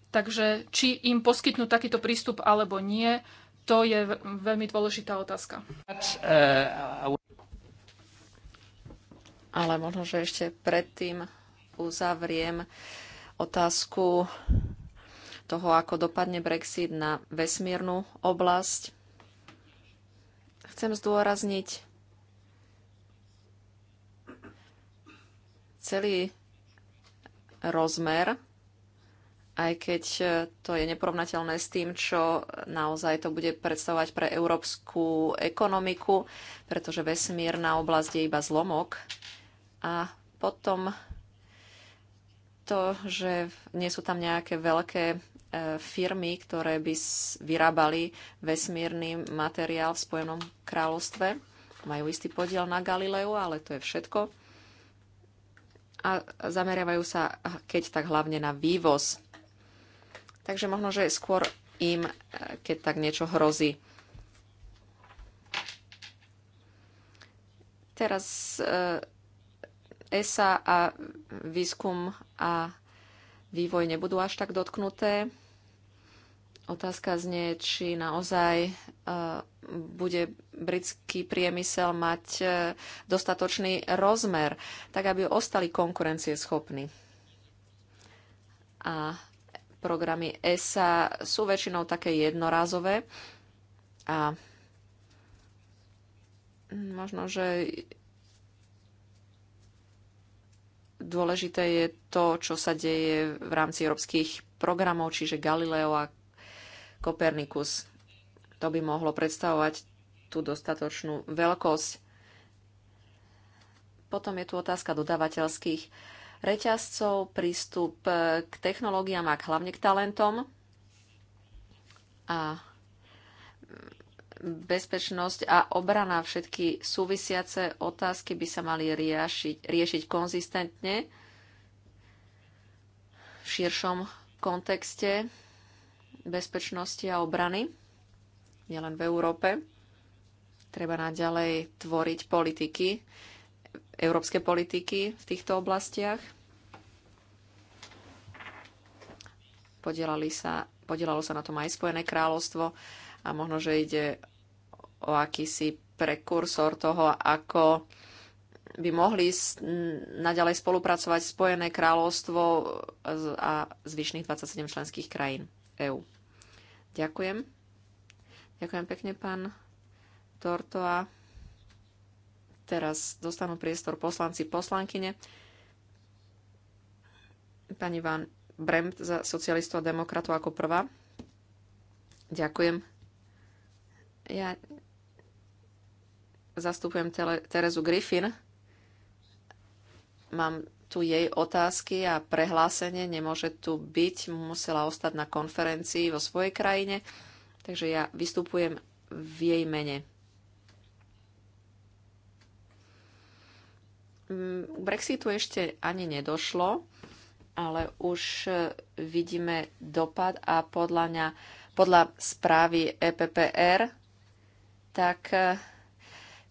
Takže či im poskytnú takýto prístup alebo nie, to je veľmi dôležitá otázka. Ale možno, že ešte predtým uzavriem otázku toho, ako dopadne Brexit na vesmírnu oblasť chcem zdôrazniť celý rozmer, aj keď to je neporovnateľné s tým, čo naozaj to bude predstavovať pre európsku ekonomiku, pretože vesmírna oblasť je iba zlomok. A potom to, že nie sú tam nejaké veľké E, firmy, ktoré by vyrábali vesmírny materiál v Spojenom kráľovstve. Majú istý podiel na Galileu, ale to je všetko. A zameriavajú sa, keď tak hlavne na vývoz. Takže možno, že skôr im, e, keď tak niečo hrozí. Teraz e, ESA a výskum a vývoj nebudú až tak dotknuté. Otázka znie, či naozaj e, bude britský priemysel mať e, dostatočný rozmer, tak aby ostali konkurencieschopní. A programy ESA sú väčšinou také jednorázové a možno, že dôležité je to, čo sa deje v rámci európskych programov, čiže Galileo a Kopernikus. To by mohlo predstavovať tú dostatočnú veľkosť. Potom je tu otázka dodávateľských reťazcov, prístup k technológiám a hlavne k talentom a bezpečnosť a obrana, všetky súvisiace otázky by sa mali riešiť, riešiť konzistentne v širšom kontexte bezpečnosti a obrany, nielen v Európe. Treba naďalej tvoriť politiky, európske politiky v týchto oblastiach. sa, podielalo sa na tom aj Spojené kráľovstvo a možno, že ide o akýsi prekursor toho, ako by mohli naďalej spolupracovať Spojené kráľovstvo a zvyšných 27 členských krajín. EÚ. Ďakujem. Ďakujem pekne, pán Tortoa. Teraz dostanú priestor poslanci poslankyne. Pani Van Bremt za socialistov a demokratov ako prvá. Ďakujem. Ja zastupujem Terezu Griffin. Mám tu jej otázky a prehlásenie nemôže tu byť, musela ostať na konferencii vo svojej krajine, takže ja vystupujem v jej mene. K mm, Brexitu ešte ani nedošlo, ale už e, vidíme dopad a podľa, ňa, podľa správy EPPR, tak e,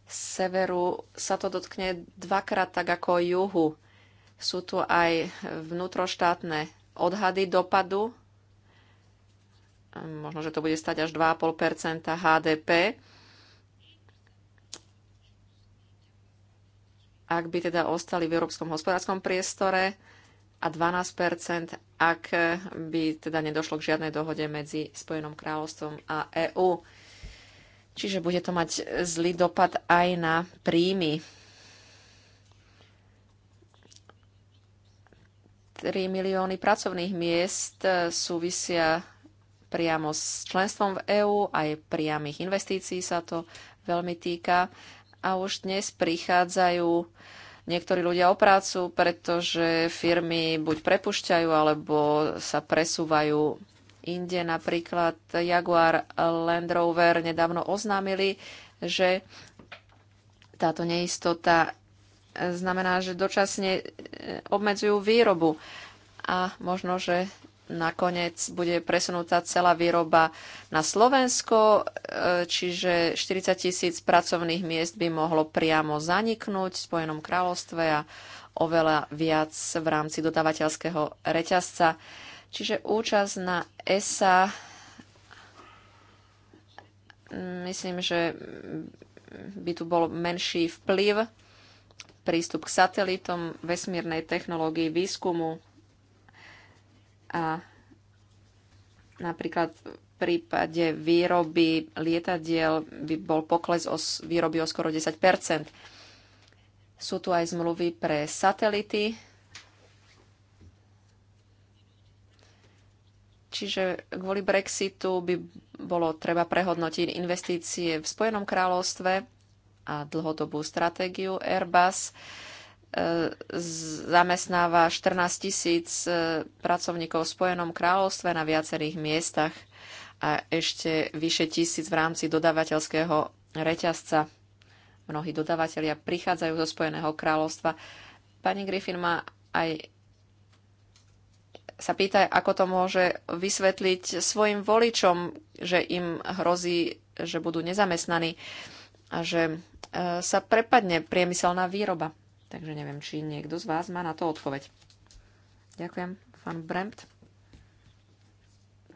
severu sa to dotkne dvakrát tak ako juhu sú tu aj vnútroštátne odhady dopadu. Ehm, možno, že to bude stať až 2,5 HDP. Ak by teda ostali v európskom hospodárskom priestore a 12 ak by teda nedošlo k žiadnej dohode medzi Spojenom kráľovstvom a EÚ. Čiže bude to mať zlý dopad aj na príjmy 3 milióny pracovných miest e, súvisia priamo s členstvom v EÚ, aj priamých investícií sa to veľmi týka. A už dnes prichádzajú niektorí ľudia o prácu, pretože firmy buď prepušťajú, alebo sa presúvajú inde. Napríklad Jaguar Land Rover nedávno oznámili, že táto neistota znamená, že dočasne e, obmedzujú výrobu a možno, že nakoniec bude presunutá celá výroba na Slovensko, e, čiže 40 tisíc pracovných miest by mohlo priamo zaniknúť v Spojenom kráľovstve a oveľa viac v rámci dodávateľského reťazca. Čiže účasť na ESA mm, myslím, že by tu bol menší vplyv prístup k satelitom, vesmírnej technológii, výskumu a napríklad v prípade výroby lietadiel by bol pokles o výroby o skoro 10 Sú tu aj zmluvy pre satelity, Čiže kvôli Brexitu by bolo treba prehodnotiť investície v Spojenom kráľovstve a dlhodobú stratégiu. Airbus e, zamestnáva 14 tisíc e, pracovníkov v Spojenom kráľovstve na viacerých miestach a ešte vyše tisíc v rámci dodávateľského reťazca. Mnohí dodávateľia prichádzajú zo Spojeného kráľovstva. Pani Griffin má aj sa pýta, ako to môže vysvetliť svojim voličom, že im hrozí, že budú nezamestnaní. Uh, a že e, sa prepadne priemyselná výroba. Takže neviem, či niekto z vás má na to odpoveď. Ďakujem, pán Brempt.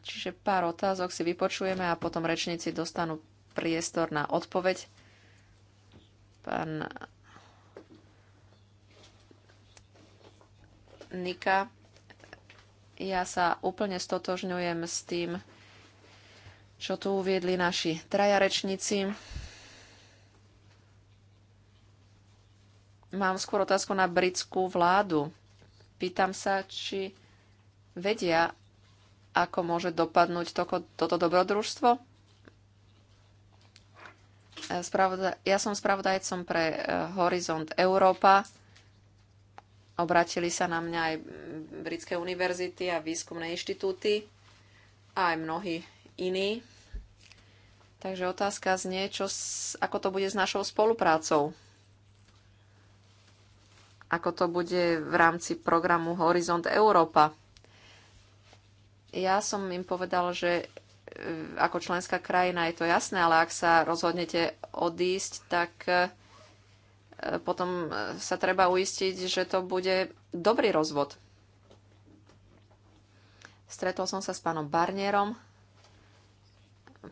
Čiže pár otázok si vypočujeme a potom rečníci dostanú priestor na odpoveď. Pán Nika, ja sa úplne stotožňujem s tým, čo tu uviedli naši traja rečníci Mám skôr otázku na britskú vládu. Pýtam sa, či vedia, ako môže dopadnúť toko, toto dobrodružstvo. E, ja som spravodajcom pre e, Horizont Európa. Obratili sa na mňa aj britské univerzity a výskumné inštitúty a aj mnohí iní. Takže otázka znie, čo, ako to bude s našou spoluprácou ako to bude v rámci programu Horizont Európa. Ja som im povedal, že e, ako členská krajina je to jasné, ale ak sa rozhodnete odísť, tak e, potom e, sa treba uistiť, že to bude dobrý rozvod. Stretol som sa s pánom Barnierom,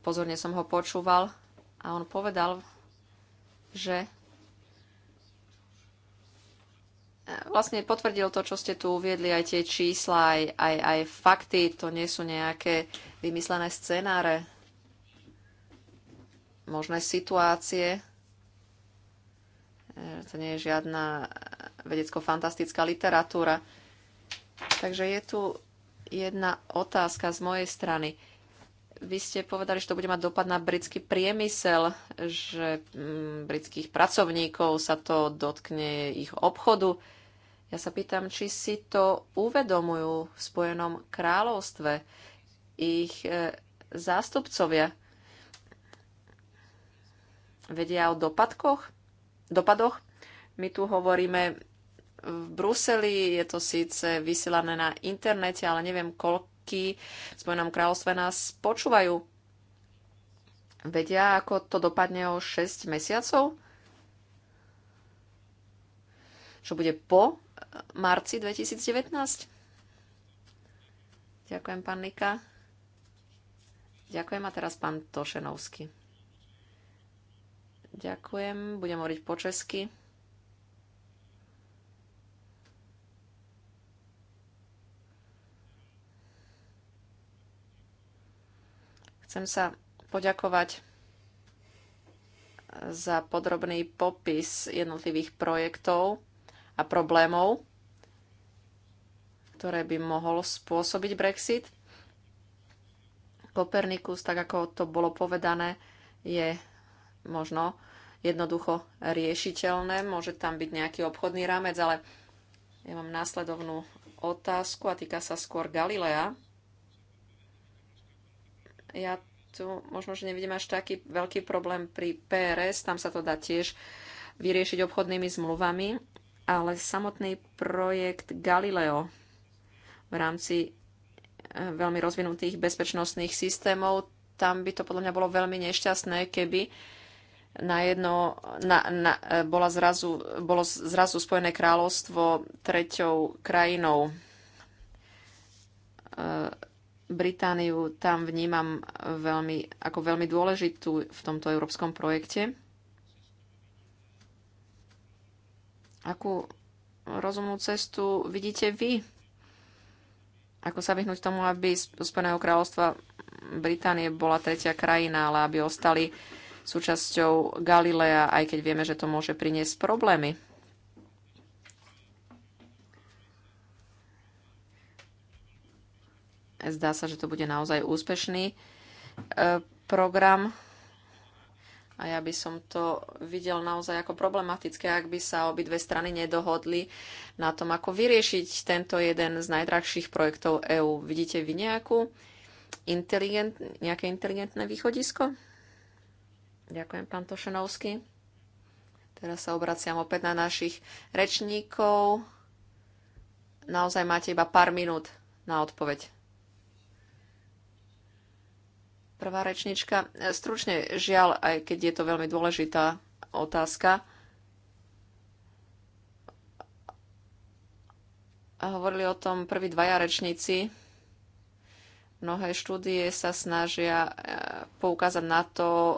pozorne som ho počúval a on povedal, že vlastne potvrdil to, čo ste tu uviedli, aj tie čísla, aj, aj, aj fakty, to nie sú nejaké vymyslené scenáre, možné situácie. E, to nie je žiadna vedecko-fantastická literatúra. Takže je tu jedna otázka z mojej strany. Vy ste povedali, že to bude mať dopad na britský priemysel, že mm, britských pracovníkov sa to dotkne ich obchodu. Ja sa pýtam, či si to uvedomujú v Spojenom kráľovstve ich e, zástupcovia. Vedia o dopadkoch? dopadoch? My tu hovoríme v Bruseli, je to síce vysielané na internete, ale neviem, koľky v Spojenom kráľovstve nás počúvajú. Vedia, ako to dopadne o 6 mesiacov? Čo bude po marci 2019? Ďakujem, pán Lika. Ďakujem a teraz pán Tošenovský. Ďakujem, budem hovoriť po česky. Chcem sa poďakovať za podrobný popis jednotlivých projektov a problémov, ktoré by mohol spôsobiť Brexit. Kopernikus, tak ako to bolo povedané, je možno jednoducho riešiteľné. Môže tam byť nejaký obchodný rámec, ale ja mám následovnú otázku a týka sa skôr Galilea. Ja tu možno, že nevidím až taký veľký problém pri PRS, tam sa to dá tiež vyriešiť obchodnými zmluvami, ale samotný projekt Galileo v rámci e, veľmi rozvinutých bezpečnostných systémov, tam by to podľa mňa bolo veľmi nešťastné, keby na jedno, na, na, e, bola zrazu, bolo zrazu Spojené kráľovstvo treťou krajinou. E, Britániu tam vnímam veľmi, ako veľmi dôležitú v tomto európskom projekte. Akú rozumnú cestu vidíte vy? Ako sa vyhnúť tomu, aby z Spojeného kráľovstva Británie bola tretia krajina, ale aby ostali súčasťou Galilea, aj keď vieme, že to môže priniesť problémy. Zdá sa, že to bude naozaj úspešný e, program. A ja by som to videl naozaj ako problematické, ak by sa obidve strany nedohodli na tom, ako vyriešiť tento jeden z najdrahších projektov EÚ. Vidíte vy nejakú inteligent, nejaké inteligentné východisko? Ďakujem, pán Tošenovský. Teraz sa obraciam opäť na našich rečníkov. Naozaj máte iba pár minút na odpoveď. Prvá rečnička. Stručne, žiaľ, aj keď je to veľmi dôležitá otázka, a hovorili o tom prví dvaja rečníci. Mnohé štúdie sa snažia e, poukázať na to, e,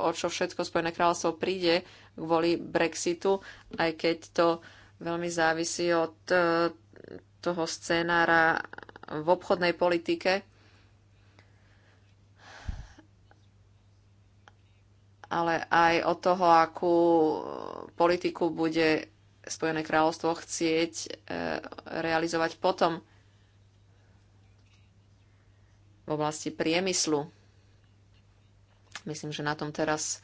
o čo všetko Spojené kráľovstvo príde kvôli Brexitu, aj keď to veľmi závisí od e, toho scénára v obchodnej politike. ale aj od toho, akú politiku bude Spojené kráľovstvo chcieť e, realizovať potom v oblasti priemyslu. Myslím, že na tom teraz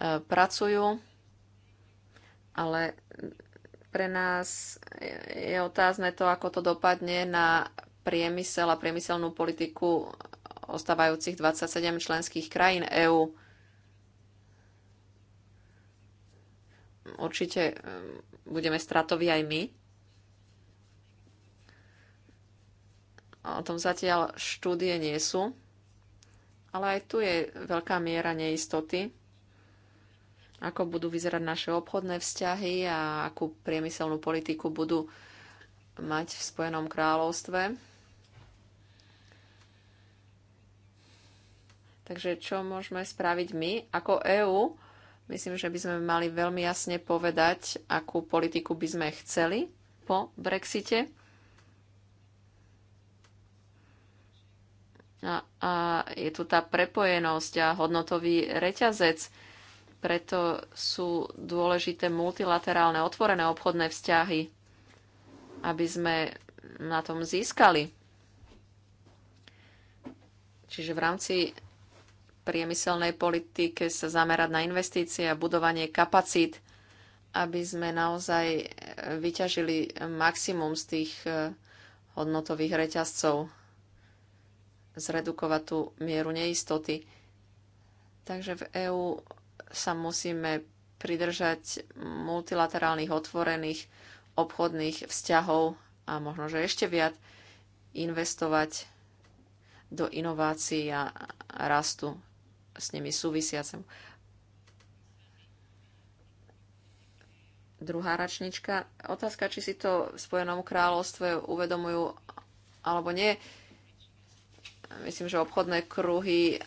e, pracujú, ale pre nás je otázne to, ako to dopadne na priemysel a priemyselnú politiku ostávajúcich 27 členských krajín EÚ určite budeme stratoví aj my. O tom zatiaľ štúdie nie sú, ale aj tu je veľká miera neistoty, ako budú vyzerať naše obchodné vzťahy a akú priemyselnú politiku budú mať v Spojenom kráľovstve. Takže čo môžeme spraviť my ako EÚ? Myslím, že by sme mali veľmi jasne povedať, akú politiku by sme chceli po Brexite. A, a je tu tá prepojenosť a hodnotový reťazec. Preto sú dôležité multilaterálne otvorené obchodné vzťahy, aby sme na tom získali. Čiže v rámci priemyselnej politike sa zamerať na investície a budovanie kapacít, aby sme naozaj e, vyťažili maximum z tých e, hodnotových reťazcov, zredukovať tú mieru neistoty. Takže v EÚ sa musíme pridržať multilaterálnych otvorených obchodných vzťahov a možno, že ešte viac investovať do inovácií a rastu s nimi súvisiacem. Druhá račnička. Otázka, či si to v Spojenom kráľovstve uvedomujú alebo nie. Myslím, že obchodné kruhy eh,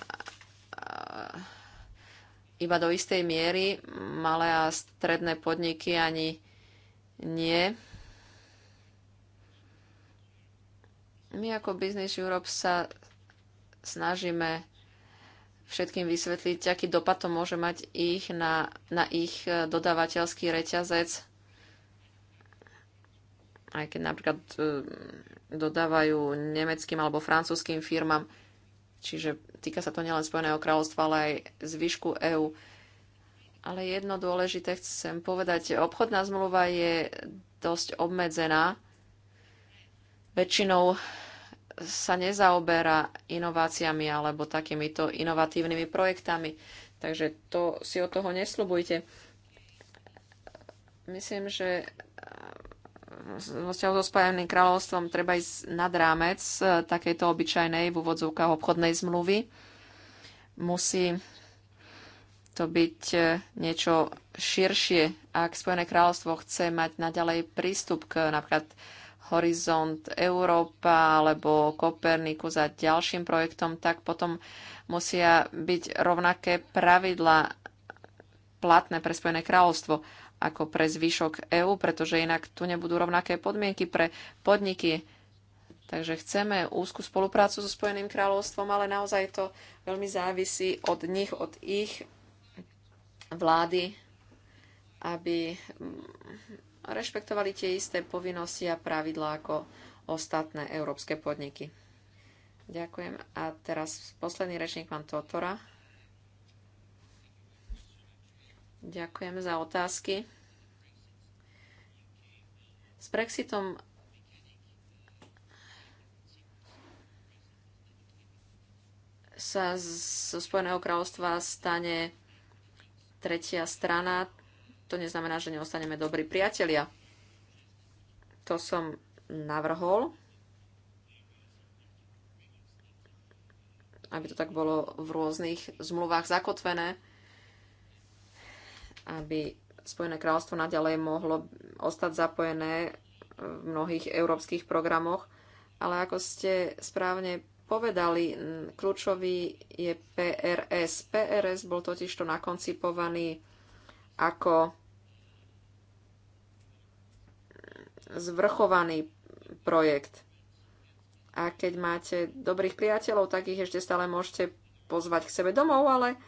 iba do istej miery, malé a stredné podniky ani nie. My ako Business Europe sa snažíme všetkým vysvetliť, aký dopad to môže mať ich na, na ich e, dodávateľský reťazec. Aj keď napríklad e, dodávajú nemeckým alebo francúzským firmám. Čiže týka sa to nielen Spojeného kráľovstva, ale aj zvyšku EÚ. Ale jedno dôležité chcem povedať, obchodná zmluva je dosť obmedzená. Väčšinou sa nezaoberá inováciami alebo takýmito inovatívnymi projektami. Takže to si od toho nesľubujte. Myslím, že vo vzťahu so Spojeným kráľovstvom treba ísť nad rámec eh, takejto obyčajnej v úvodzovkách obchodnej zmluvy. Musí to byť eh, niečo širšie, ak Spojené kráľovstvo chce mať naďalej prístup k napríklad Horizont Európa alebo Koperniku za ďalším projektom, tak potom musia byť rovnaké pravidla platné pre Spojené kráľovstvo ako pre zvyšok EÚ, pretože inak tu nebudú rovnaké podmienky pre podniky. Takže chceme úzku spoluprácu so Spojeným kráľovstvom, ale naozaj to veľmi závisí od nich, od ich vlády, aby rešpektovali tie isté povinnosti a pravidlá ako ostatné európske podniky. Ďakujem. A teraz posledný rečník, pán Totora. Ďakujem za otázky. S Brexitom sa zo Spojeného kráľovstva stane tretia strana, to neznamená, že neostaneme dobrí priatelia. To som navrhol, aby to tak bolo v rôznych zmluvách zakotvené, aby Spojené kráľstvo naďalej mohlo ostať zapojené v mnohých európskych programoch. Ale ako ste správne povedali, kľúčový je PRS. PRS bol totižto nakoncipovaný ako zvrchovaný projekt. A keď máte dobrých priateľov, tak ich ešte stále môžete pozvať k sebe domov, ale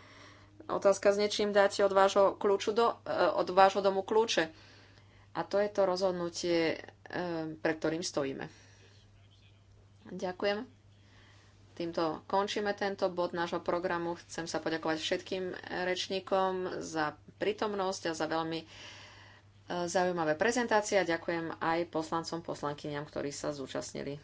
otázka s niečím dáte od vášho, kľúču do, eh, od vášho domu kľúče. A to je to rozhodnutie, eh, pre ktorým stojíme. Ďakujem. Týmto končíme tento bod nášho programu. Chcem sa poďakovať všetkým rečníkom za prítomnosť a za veľmi e, zaujímavé prezentácie a ďakujem aj poslancom, poslankyňam, ktorí sa zúčastnili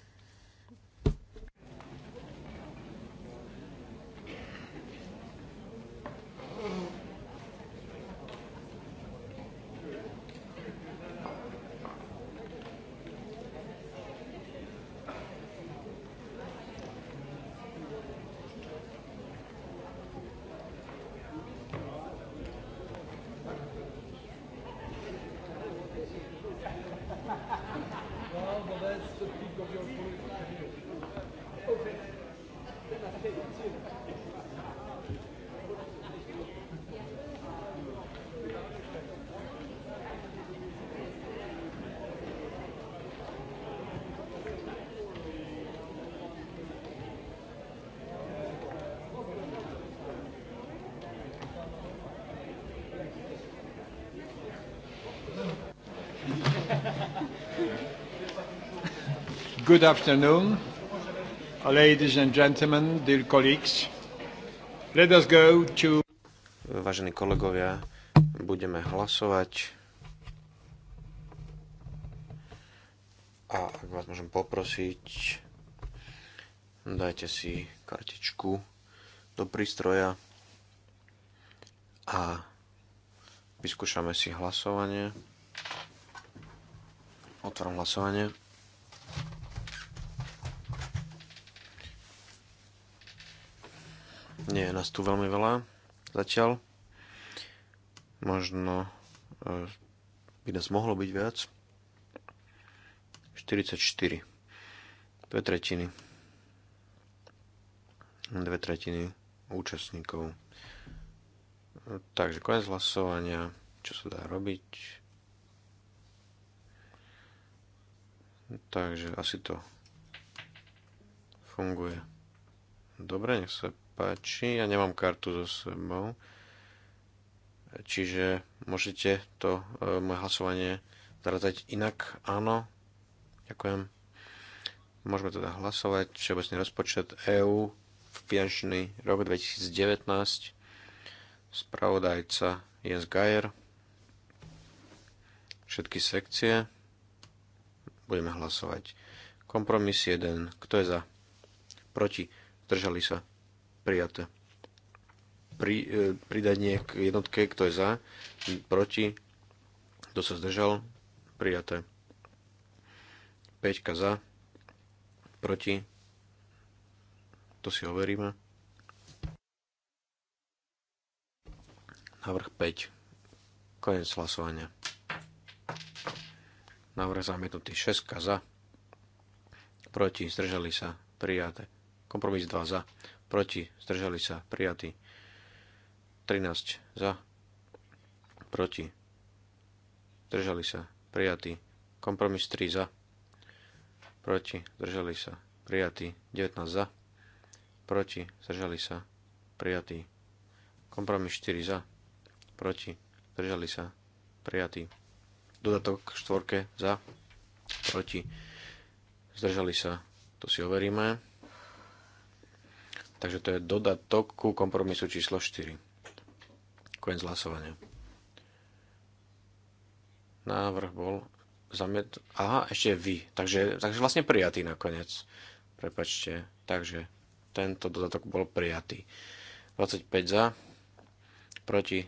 Good afternoon, ladies and gentlemen, dear colleagues. Let us go to... Vážení kolegovia, budeme hlasovať. A ak vás môžem poprosiť, dajte si kartičku do prístroja a vyskúšame si hlasovanie. Otváram hlasovanie. Nie je nás tu veľmi veľa zatiaľ. Možno e, by nás mohlo byť viac. 44. Dve tretiny. Dve tretiny účastníkov. E, takže konec hlasovania. Čo sa dá robiť? Takže asi to funguje. Dobre, nech sa páči, ja nemám kartu so sebou, čiže môžete to e, moje hlasovanie zaradať inak, áno, ďakujem. Môžeme teda hlasovať všeobecný rozpočet EÚ v finančný rok 2019. Spravodajca Jens Geier. Všetky sekcie. Budeme hlasovať. Kompromis 1. Kto je za? Proti. Držali sa prijaté. Pri, e, pridanie k jednotke, kto je za, proti, kto sa zdržal, prijaté. 5 za, proti, to si overíme. Návrh 5. Konec hlasovania. Návrh zamietnutý 6 za, proti, zdržali sa, prijaté. Kompromis 2 za, proti, zdržali sa, prijatí. 13 za, proti, zdržali sa, prijatí. Kompromis 3 za, proti, zdržali sa, prijatí. 19 za, proti, zdržali sa, prijatí. Kompromis 4 za, proti, zdržali sa, prijatí. Dodatok k štvorke za, proti, zdržali sa, to si overíme. Takže to je dodatok ku kompromisu číslo 4. Koniec hlasovania. Návrh bol zamiet... Aha, ešte vy. Takže, takže vlastne prijatý nakoniec. Prepačte. Takže tento dodatok bol prijatý. 25 za, proti,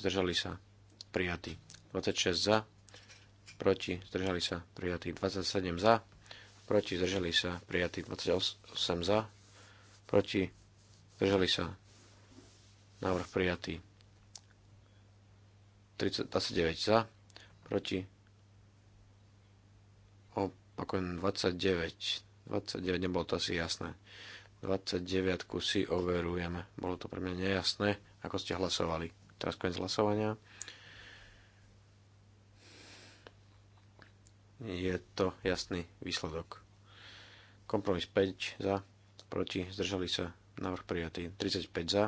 zdržali sa, prijatý. 26 za, proti, zdržali sa, prijatý. 27 za, proti, zdržali sa, prijatý. 28 za, proti, zdržali sa. Návrh prijatý. 29 za, proti, opakujem 29, 29 nebolo to asi jasné. 29 si overujeme. Bolo to pre mňa nejasné, ako ste hlasovali. Teraz koniec hlasovania. Je to jasný výsledok. Kompromis 5 za, proti, zdržali sa, návrh prijatý. 35 za,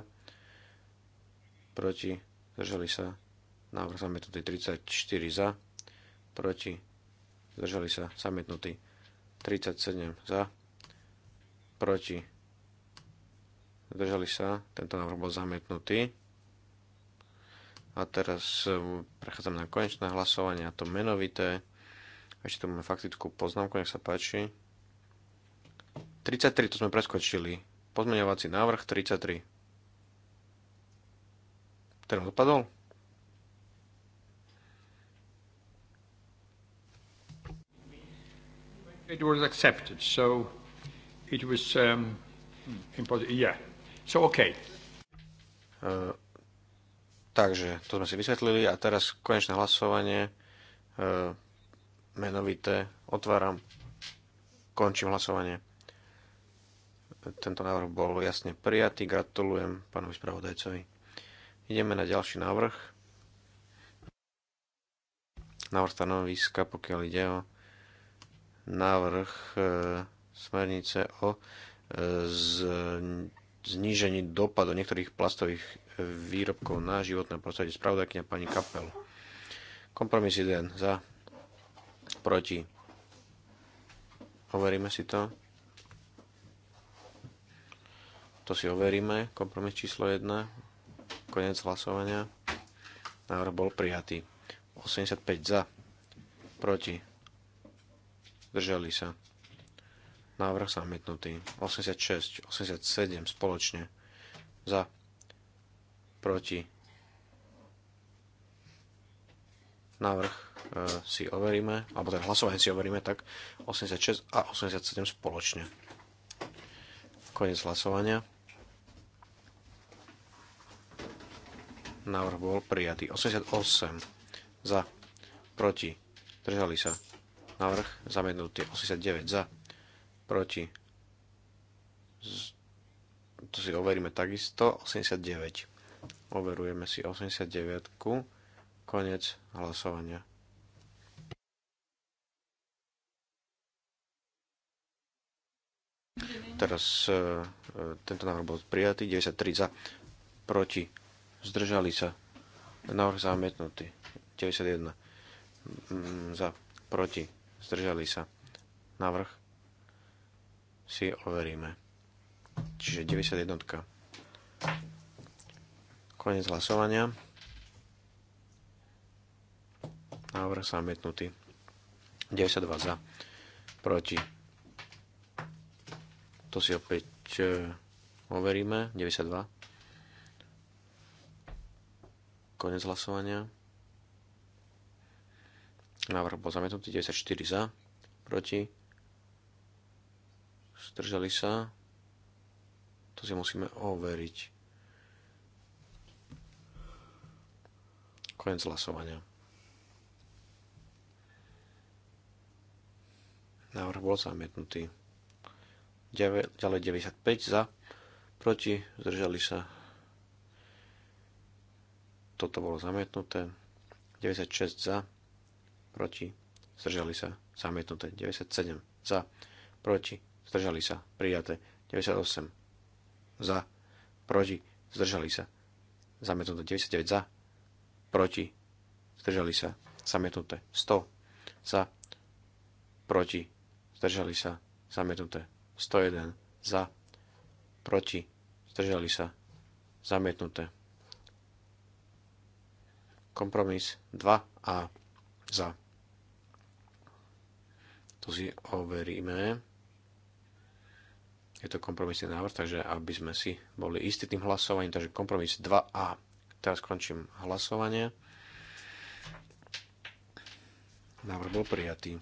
proti, zdržali sa, návrh zamietnutý. 34 za, proti, zdržali sa, zamietnutý. 37 za, proti, zdržali sa, tento návrh bol zamietnutý. A teraz e, prechádzam na konečné hlasovanie, a to menovité. Ešte tu máme faktickú poznámku, nech sa páči. 33, to sme preskočili. Pozmeňovací návrh 33. Ten odpadol? It was accepted, so it was um, hmm, impossible. Yeah. So okay. Uh, takže to sme si vysvetlili a teraz konečné hlasovanie uh, menovité. Otváram. Končím hlasovanie. Tento návrh bol jasne prijatý. Gratulujem pánovi spravodajcovi. Ideme na ďalší návrh. Návrh stanoviska, pokiaľ ide o návrh e, smernice o e, z, znížení dopadu niektorých plastových e, výrobkov na životné prostredie. Spravodajkynia pani Kapel. Kompromis 1 za, proti. Overíme si to. To si overíme. Kompromis číslo 1. Konec hlasovania. Návrh bol prijatý. 85 za. Proti. Držali sa. Návrh zamietnutý. 86, 87 spoločne. Za. Proti. Návrh e, si overíme, alebo ten teda hlasovanie si overíme, tak 86 a 87 spoločne. Konec hlasovania. Návrh bol prijatý. 88 za, proti, držali sa. Návrh zamietnutý. 89 za, proti. To si overíme takisto. 89. Overujeme si 89. -ku. Konec hlasovania. Teraz e, e, tento návrh bol prijatý, 93 za, proti zdržali sa, návrh zamietnutý, 91 mm, za, proti, zdržali sa, návrh si overíme. Čiže 91. Konec hlasovania. Návrh zamietnutý. 92 za. Proti. To si opäť eh, overíme. 92. Konec hlasovania. Návrh bol zamietnutý 94 za, proti. Zdržali sa. To si musíme overiť. Konec hlasovania. Návrh bol zamietnutý. Ďalej 95 za, proti, zdržali sa toto bolo zamietnuté, 96 za, proti, zdržali sa, zamietnuté, 97 za, proti, zdržali sa, prijaté, 98 za, proti, zdržali sa, zamietnuté, 99 za, proti, zdržali sa, zamietnuté, 100 za, proti, zdržali sa, zamietnuté, 101 za, proti, zdržali sa, zamietnuté. Kompromis 2A za. To si overíme. Je to kompromisný návrh, takže aby sme si boli istí tým hlasovaním, takže kompromis 2A. Teraz skončím hlasovanie. Návrh bol prijatý.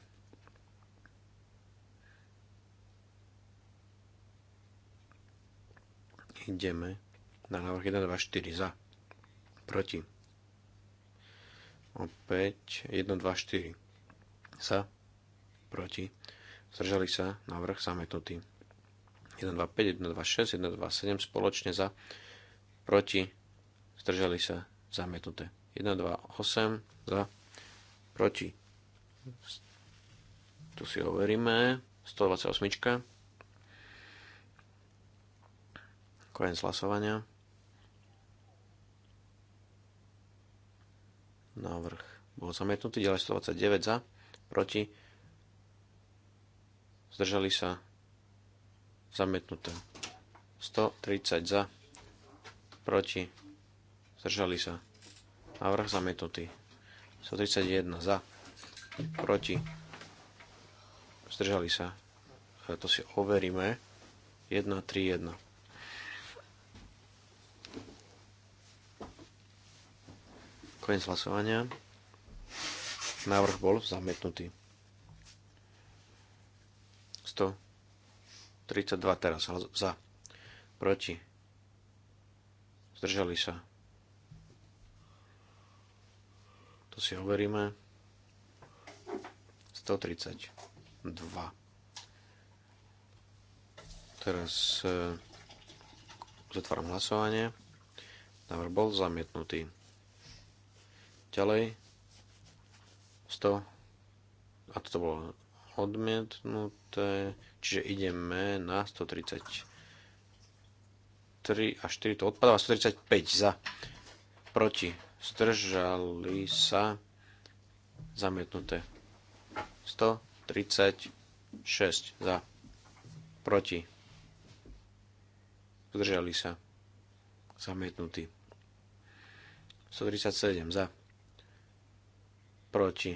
Ideme na návrh 1, 2, 4 za. Proti Opäť 1, 2, 4. Sa. Proti. Zdržali sa. na vrch zametnutý. 1, 2, 5, 1, 2, 6, 1, 2, 7. Spoločne za. Proti. Zdržali sa. Zametnuté. 1, 2, 8. Za. Proti. Tu si overíme. 128. Koniec hlasovania. Návrh bol zamietnutý. Ďalej 129 za, proti. Zdržali sa zamietnuté. 130 za, proti. Zdržali sa. Návrh zamietnutý. 131 za, proti. Zdržali sa. E, to si overíme. 1, 3, 1. Koniec hlasovania. Návrh bol zamietnutý. 132 teraz za. Proti. Zdržali sa. To si overíme. 132. Teraz e, zatváram hlasovanie. Návrh bol zamietnutý. Ďalej 100 a toto bolo odmietnuté, čiže ideme na 133 a 4 to odpadáva, 135 za, proti, zdržali sa, zamietnuté, 136 za, proti, zdržali sa, zamietnutý, 137 za, proti.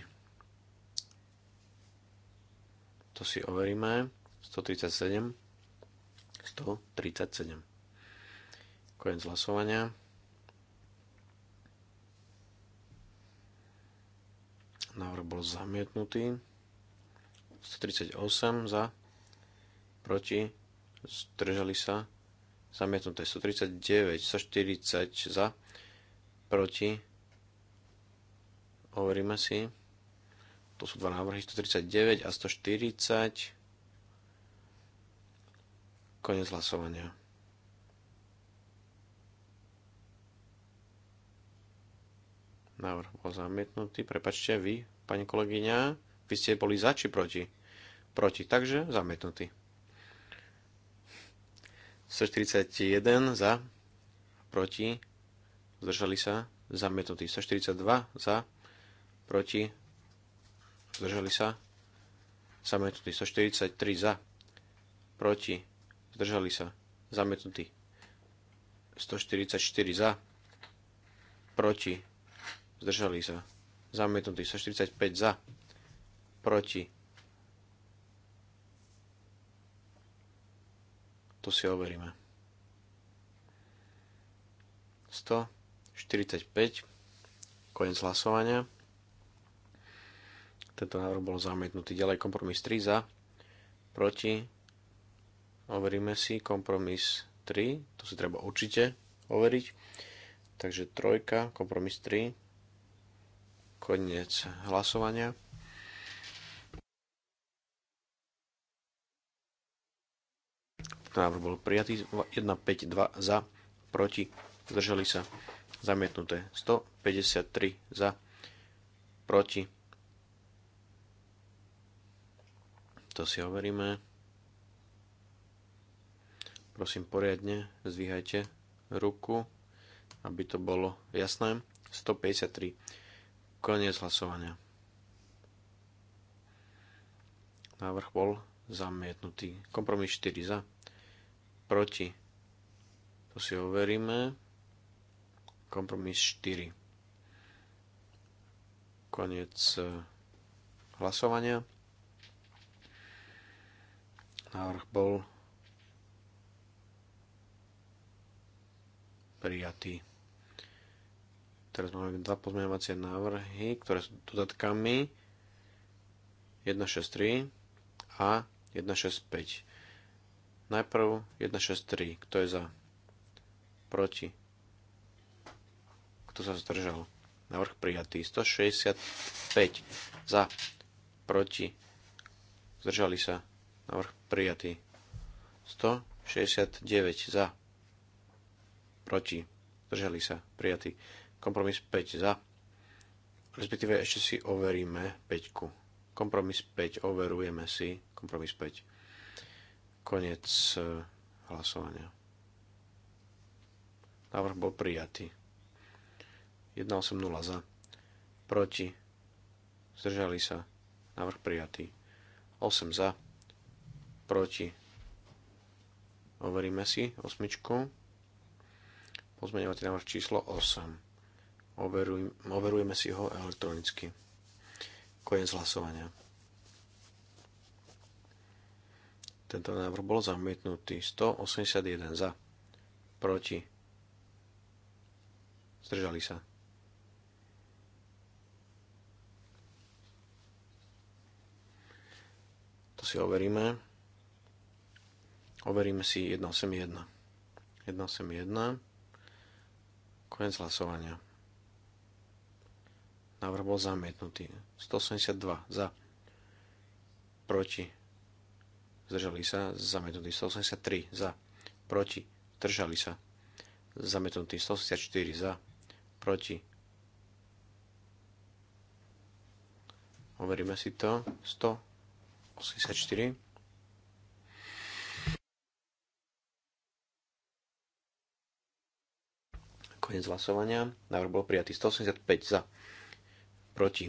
To si overíme. 137. 137. Koniec hlasovania. Návrh bol zamietnutý. 138 za, proti, zdržali sa, zamietnuté 139, 140 za, proti, hovoríme si. To sú dva návrhy, 139 a 140. Konec hlasovania. Návrh bol zamietnutý. Prepačte, vy, pani kolegyňa, vy ste boli za či proti? Proti, takže zamietnutý. 141 za, proti, zdržali sa, zamietnutý. 142 za, proti, zdržali sa, zamietnutý. 143 za, proti, zdržali sa, zamietnutý. 144 za, proti, zdržali sa, zametnutí 145 za, proti. Tu si overíme. 145, koniec hlasovania. Tento návrh bol zamietnutý. Ďalej kompromis 3 za, proti. Overíme si kompromis 3, to si treba určite overiť. Takže trojka, kompromis 3, koniec hlasovania. Návrh bol prijatý 2 za, proti, zdržali sa, zamietnuté 153 za, proti, to si overíme. Prosím poriadne, zvíhajte ruku, aby to bolo jasné. 153. Koniec hlasovania. Návrh bol zamietnutý. Kompromis 4 za. Proti. To si overíme. Kompromis 4. Koniec eh, hlasovania. Návrh bol prijatý. Teraz máme dva pozmeňovacie návrhy, ktoré sú dodatkami 163 a 165. Najprv 163. Kto je za? Proti? Kto sa zdržal? Návrh prijatý. 165. Za? Proti? Zdržali sa? Návrh prijatý. 169 za. Proti. Zdržali sa. Prijatý. Kompromis 5 za. Respektíve ešte si overíme 5. -ku. Kompromis 5. Overujeme si. Kompromis 5. Konec e, hlasovania. Návrh bol prijatý. 1.8.0 za. Proti. Zdržali sa. Návrh prijatý. 8 za proti. Overíme si osmičku. Pozmeňovací návrh číslo 8. Overujme, overujeme si ho elektronicky. Koniec hlasovania. Tento návrh bol zamietnutý. 181 za. Proti. Zdržali sa. To si overíme. Overíme si 181. 181. koniec hlasovania. Návrh bol zamietnutý. 182 za. Proti. Zdržali sa. Zamietnutý. 183 za. Proti. Držali sa. Zamietnutý. 184 za. Proti. Overíme si to. 184. Koniec hlasovania. Návrh bol prijatý. 185 za. Proti.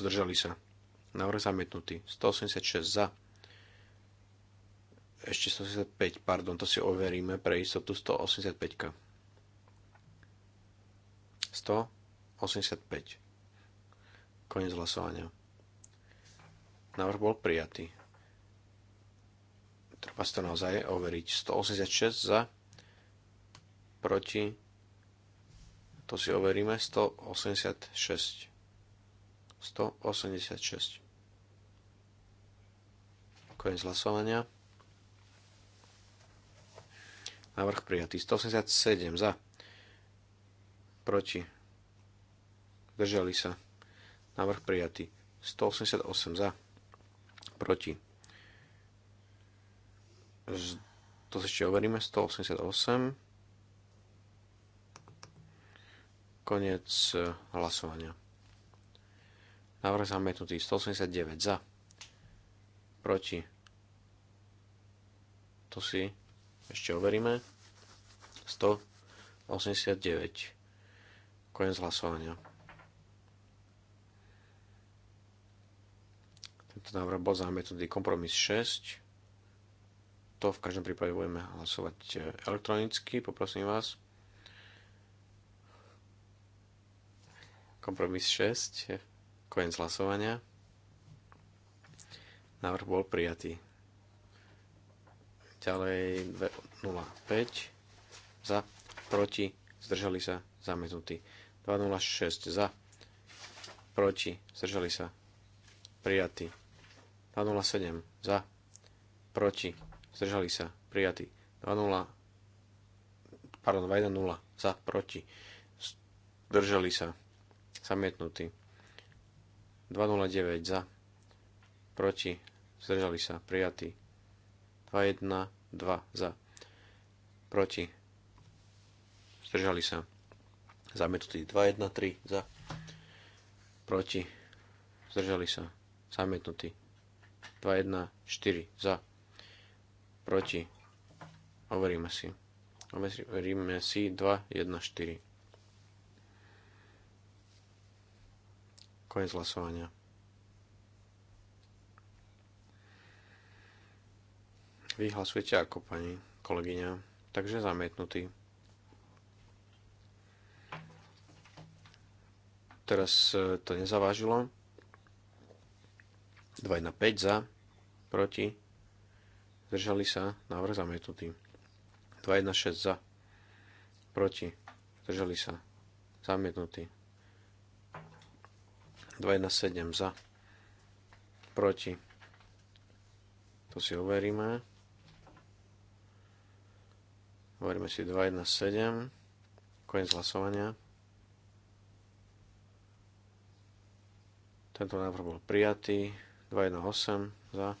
Zdržali sa. Návrh zamietnutý. 186 za. Ešte 185, pardon, to si overíme pre istotu 185. 185. Koniec hlasovania. Návrh bol prijatý. Treba sa to naozaj overiť. 186 za proti, to si overíme, 186. 186. Koniec hlasovania. Návrh prijatý. 187 za. Proti. Držali sa. Návrh prijatý. 188 za. Proti. To si ešte overíme. 188. Koniec eh, hlasovania. Návrh zamietnutý 189 za. Proti. To si ešte overíme. 189. Koniec hlasovania. Tento návrh bol zamietnutý kompromis 6. To v každom prípade budeme hlasovať eh, elektronicky, poprosím vás. Kompromis 6, koniec hlasovania. Návrh bol prijatý. Ďalej 05, za, proti, zdržali sa, zamietnutý. 206 za, proti, zdržali sa, prijatý. 207 za, proti, zdržali sa, prijatý. 20, pardon, 210 za, proti, zdržali sa, Zamietnutý. 209 za. Proti. Zdržali sa. Prijatý. 212 za. Proti. Zdržali sa. Zamietnutý. 213 za. Proti. Zdržali sa. Zamietnutý. 214 za. Proti. Overíme si. Overíme si 214. Koniec hlasovania. Vy hlasujete ako pani kolegyňa, takže zamietnutý. Teraz e, to nezavážilo. 2 na 5 za, proti, zdržali sa, návrh zamietnutý. 2 na 6 za, proti, zdržali sa, zamietnutý. 217 za. Proti. To si overíme. Overíme si 217. Koniec hlasovania. Tento návrh bol prijatý. 218 za.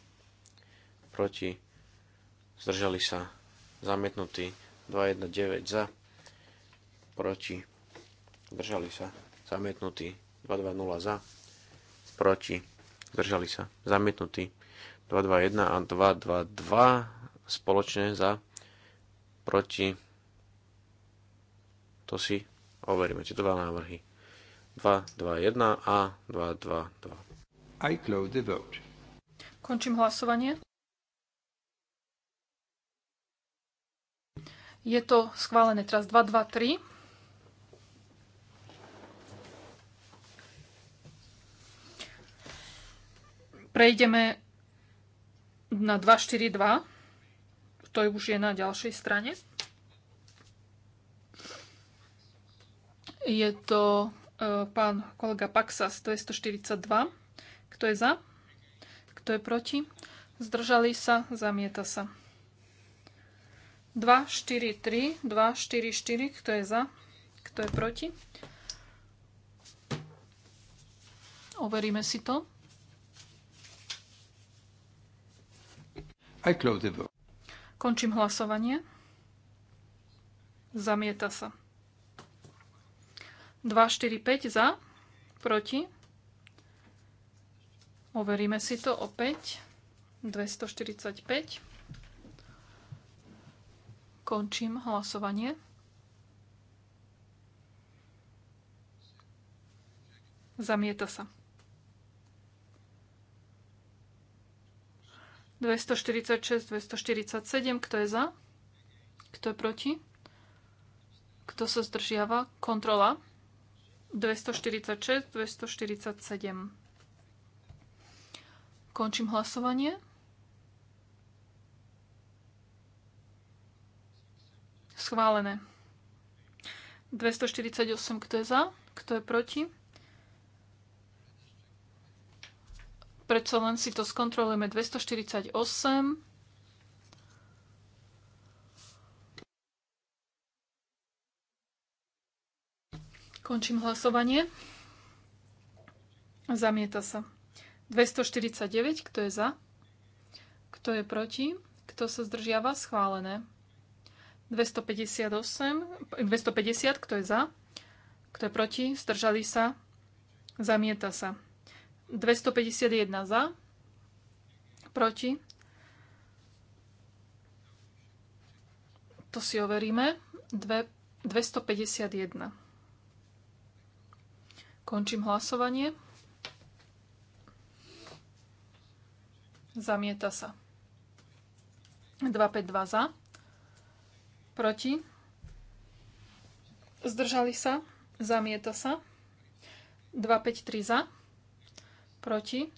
Proti. Zdržali sa. zamietnutí, 219 za. Proti. Zdržali sa. zamietnutí 2-2-0 za, proti, zdržali sa, zamietnutí. 2, 2, 1 a 2. spoločne za, proti, to si overíme, tieto dva návrhy. 2-2-1 a 222. I close the vote. Končím hlasovanie. Je to schválené teraz 223. Prejdeme na 242. To už je na ďalšej strane. Je to e, pán kolega Paxas 242. Kto je za? Kto je proti? Zdržali sa? Zamieta sa. 2, 4, 3, 2, 4, 4. Kto je za? Kto je proti? Overíme si to. I close the vote. Končím hlasovanie. Zamieta sa. 2, 4, 5 za, proti. Overíme si to opäť. 245. Končím hlasovanie. Zamieta sa. 246, 247, kto je za? Kto je proti? Kto sa zdržiava? Kontrola. 246, 247. Končím hlasovanie. Schválené. 248, kto je za? Kto je proti? Predsa len si to skontrolujeme 248. Končím hlasovanie. Zamieta sa. 249, kto je za? Kto je proti? Kto sa zdržiava? Schválené. 258, 250, kto je za? Kto je proti? Zdržali sa? Zamieta sa. 251 za, proti. To si overíme. 251. Končím hlasovanie. Zamieta sa. 252 za. Proti. Zdržali sa. Zamieta sa. 253 za proti.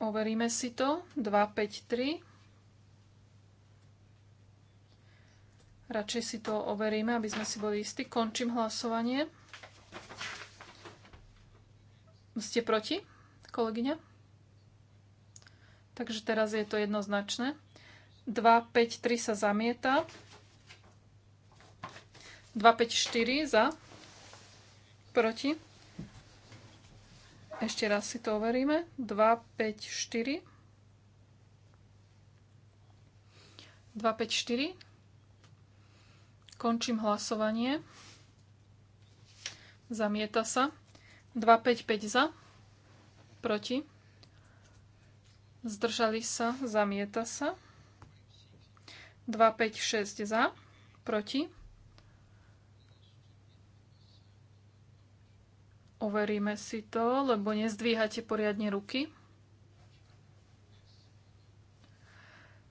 Overíme si to. 253. Radšej si to overíme, aby sme si boli istí. Končím hlasovanie. Ste proti, kolegyňa? Takže teraz je to jednoznačné. 2, 5, 3 sa zamieta. 2, 5, 4 za. Proti. Ešte raz si to overíme. 2, 5, 4. 2, 5, 4. Končím hlasovanie. Zamieta sa. 2, 5, 5 za. Proti. Zdržali sa. Zamieta sa. 2, 5, 6 za. Proti Overíme si to, lebo nezdvíhate poriadne ruky.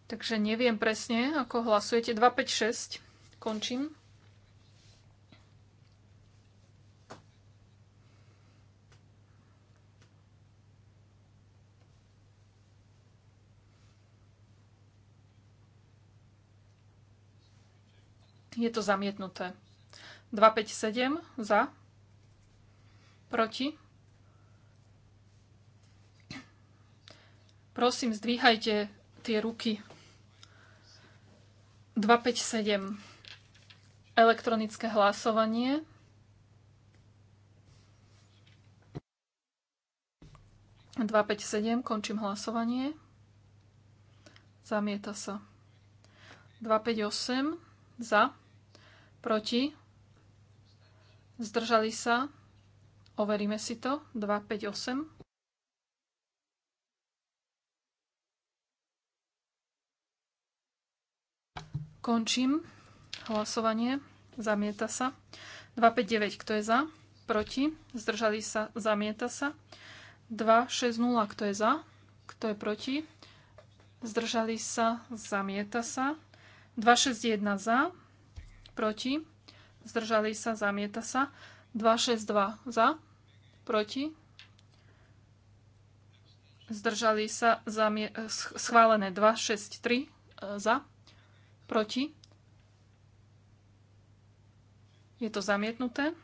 Takže neviem presne, ako hlasujete. 256. Končím. Je to zamietnuté. 257 za. Proti? Prosím, zdvíhajte tie ruky. 257. Elektronické hlasovanie. A 257, Končím hlasovanie. Zamieta sa. 258 za, proti, zdržali sa, Overíme si to. 258. Končím hlasovanie. Zamieta sa. 259, kto je za? Proti. Zdržali sa. Zamieta sa. 0, kto je za? Kto je proti? Zdržali sa. Zamieta sa. 261 za. Proti. Zdržali sa. Zamieta sa. 262 za proti, zdržali sa schválené 2, 6, 3 za, proti. Je to zamietnuté.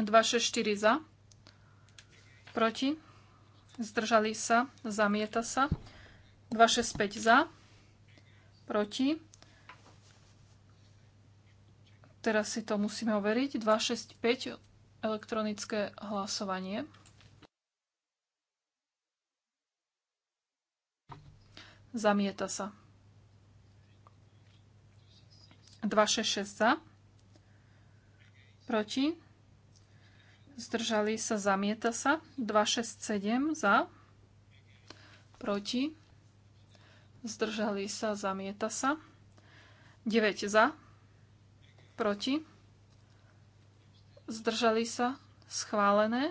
2, 6, 4 za, proti, zdržali sa, zamieta sa. 2, 6, 5 za, proti. Teraz si to musíme overiť. 2, 6, 5 elektronické hlasovanie. Zamieta sa. 266 za. Proti. Zdržali sa. Zamieta sa. 267 za. Proti. Zdržali sa. Zamieta sa. 9 za. Proti zdržali sa, schválené.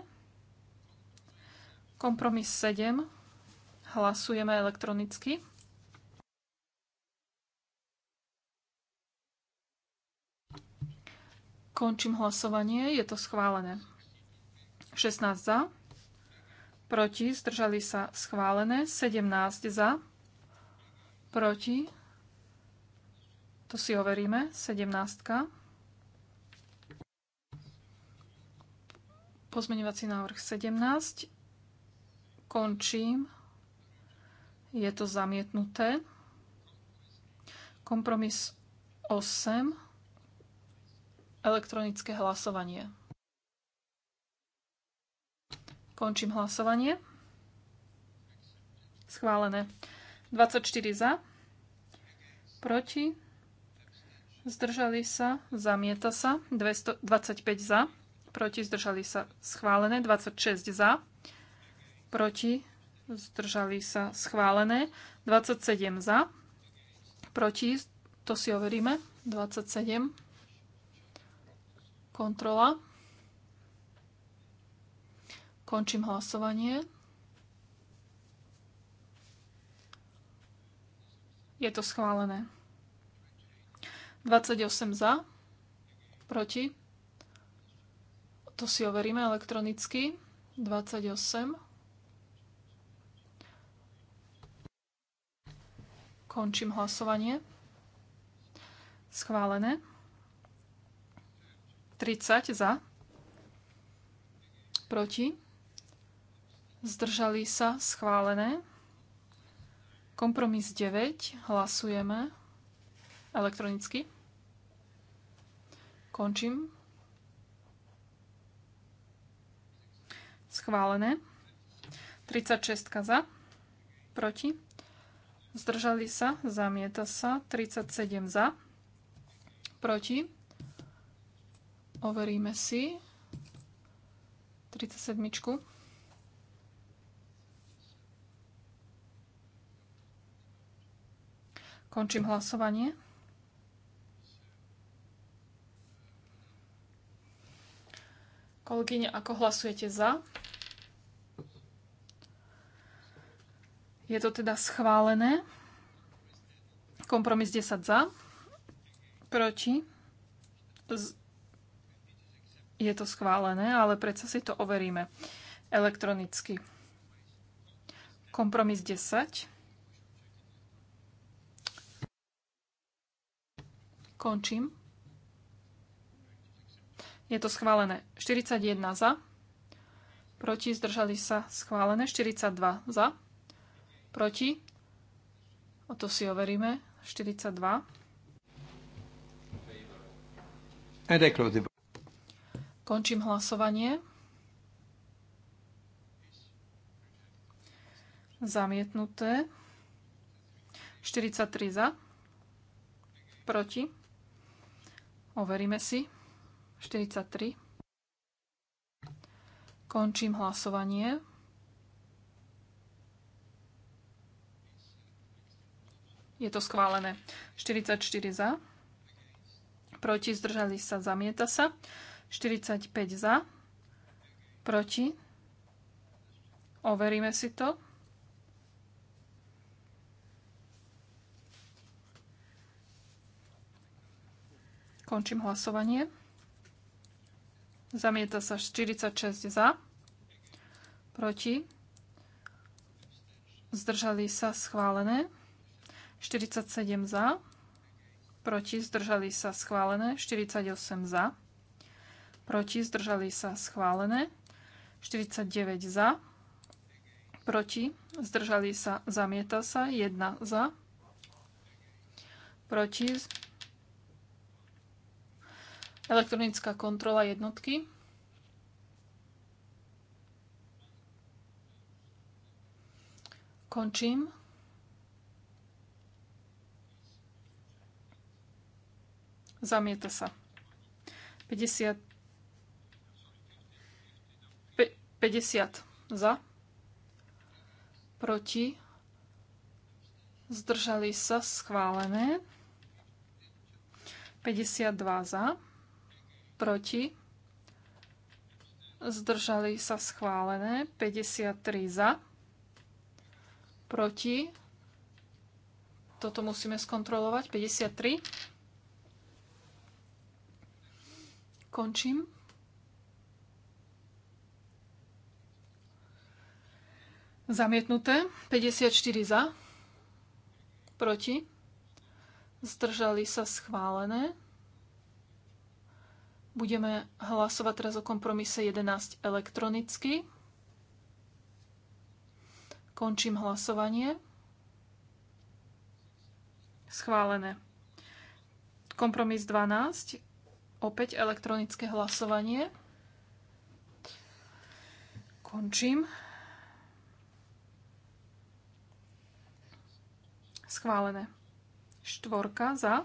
Kompromis 7, hlasujeme elektronicky. Končím hlasovanie, je to schválené. 16 za, proti, zdržali sa, schválené. 17 za, proti, to si overíme, 17. Pozmeňovací návrh 17. Končím. Je to zamietnuté. Kompromis 8. Elektronické hlasovanie. Končím hlasovanie. Schválené. 24 za. Proti. Zdržali sa. Zamieta sa. 225 za proti, zdržali sa schválené, 26 za, proti, zdržali sa schválené, 27 za, proti, to si overíme, 27, kontrola, končím hlasovanie. Je to schválené. 28 za, proti, to si overíme elektronicky. 28. Končím hlasovanie. Schválené. 30 za. Proti. Zdržali sa. Schválené. Kompromis 9. Hlasujeme elektronicky. Končím Schválené. 36 za. Proti. Zdržali sa. Zamieta sa. 37 za. Proti. Overíme si. 37. Končím hlasovanie. Kolegyne, ako hlasujete za? Je to teda schválené. Kompromis 10 za. Proti. Z... Je to schválené, ale predsa si to overíme elektronicky. Kompromis 10. Končím. Je to schválené. 41 za. Proti zdržali sa schválené. 42 za. Proti? O to si overíme. 42. Končím hlasovanie. Zamietnuté. 43 za. Proti. Overíme si. 43. Končím hlasovanie. Je to schválené. 44 za. Proti zdržali sa, zamieta sa. 45 za. Proti. Overíme si to. Končím hlasovanie. Zamieta sa 46 za. Proti. Zdržali sa schválené. 47 za, proti zdržali sa schválené, 48 za, proti zdržali sa schválené, 49 za, proti zdržali sa, zamieta sa, 1 za, proti elektronická kontrola jednotky. Končím Zamieta sa. 50. 50 za. Proti. Zdržali sa. Schválené. 52 za. Proti. Zdržali sa schválené. 53 za. Proti. Toto musíme skontrolovať. 53. Končím. Zamietnuté. 54 za. Proti. Zdržali sa schválené. Budeme hlasovať teraz o kompromise 11 elektronicky. Končím hlasovanie. Schválené. Kompromis 12 Opäť elektronické hlasovanie. Končím. Schválené. Štvorka za.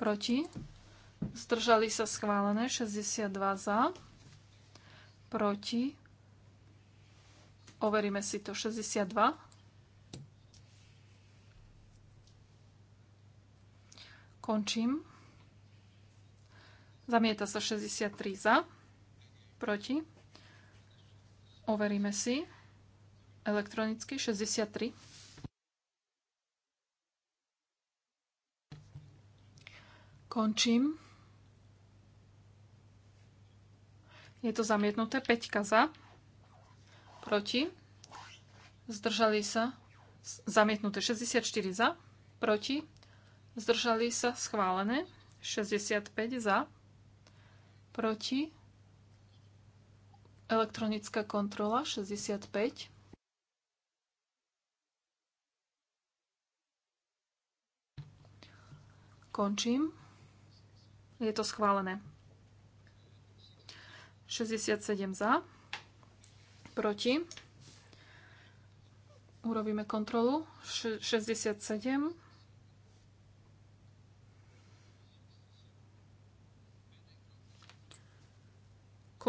Proti. Zdržali sa schválené. 62 za. Proti. Overíme si to. 62. Končím. Zamieta sa 63 za, proti. Overíme si elektronicky 63. Končím. Je to zamietnuté. 5 za. Proti. Zdržali sa. Zamietnuté. 64 za. Proti. Zdržali sa. Schválené. 65 za proti, elektronická kontrola 65, Končím. Je to schválené. 67 za. Proti. Urobíme kontrolu. 67.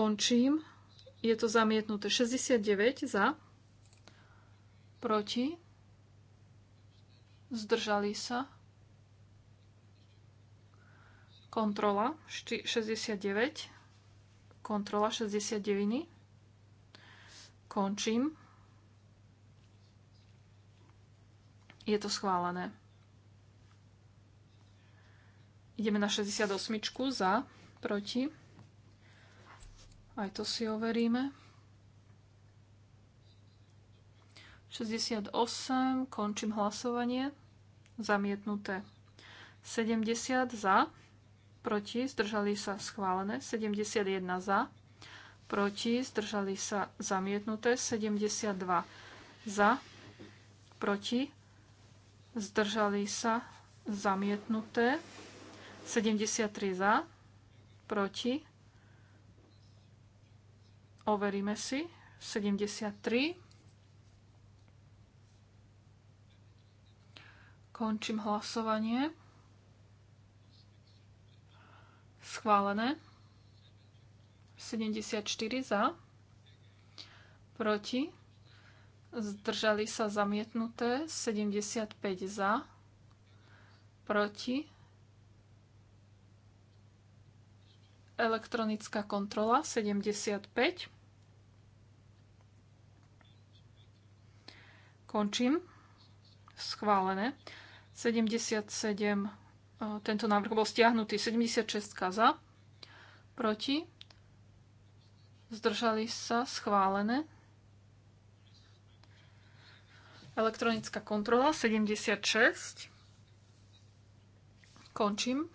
Končím. Je to zamietnuté 69 za, proti, zdržali sa, kontrola 69, kontrola 69, končím. Je to schválené. Ideme na 68 za, proti. Aj to si overíme. 68, končím hlasovanie. Zamietnuté. 70 za, proti, zdržali sa schválené. 71 za, proti, zdržali sa zamietnuté. 72 za, proti, zdržali sa zamietnuté. 73 za, proti, Overíme si. 73. Končím hlasovanie. Schválené. 74 za. Proti. Zdržali sa zamietnuté. 75 za. Proti. elektronická kontrola 75. Končím. Schválené. 77. E, tento návrh bol stiahnutý. 76 za. Proti. Zdržali sa. Schválené. Elektronická kontrola 76. Končím.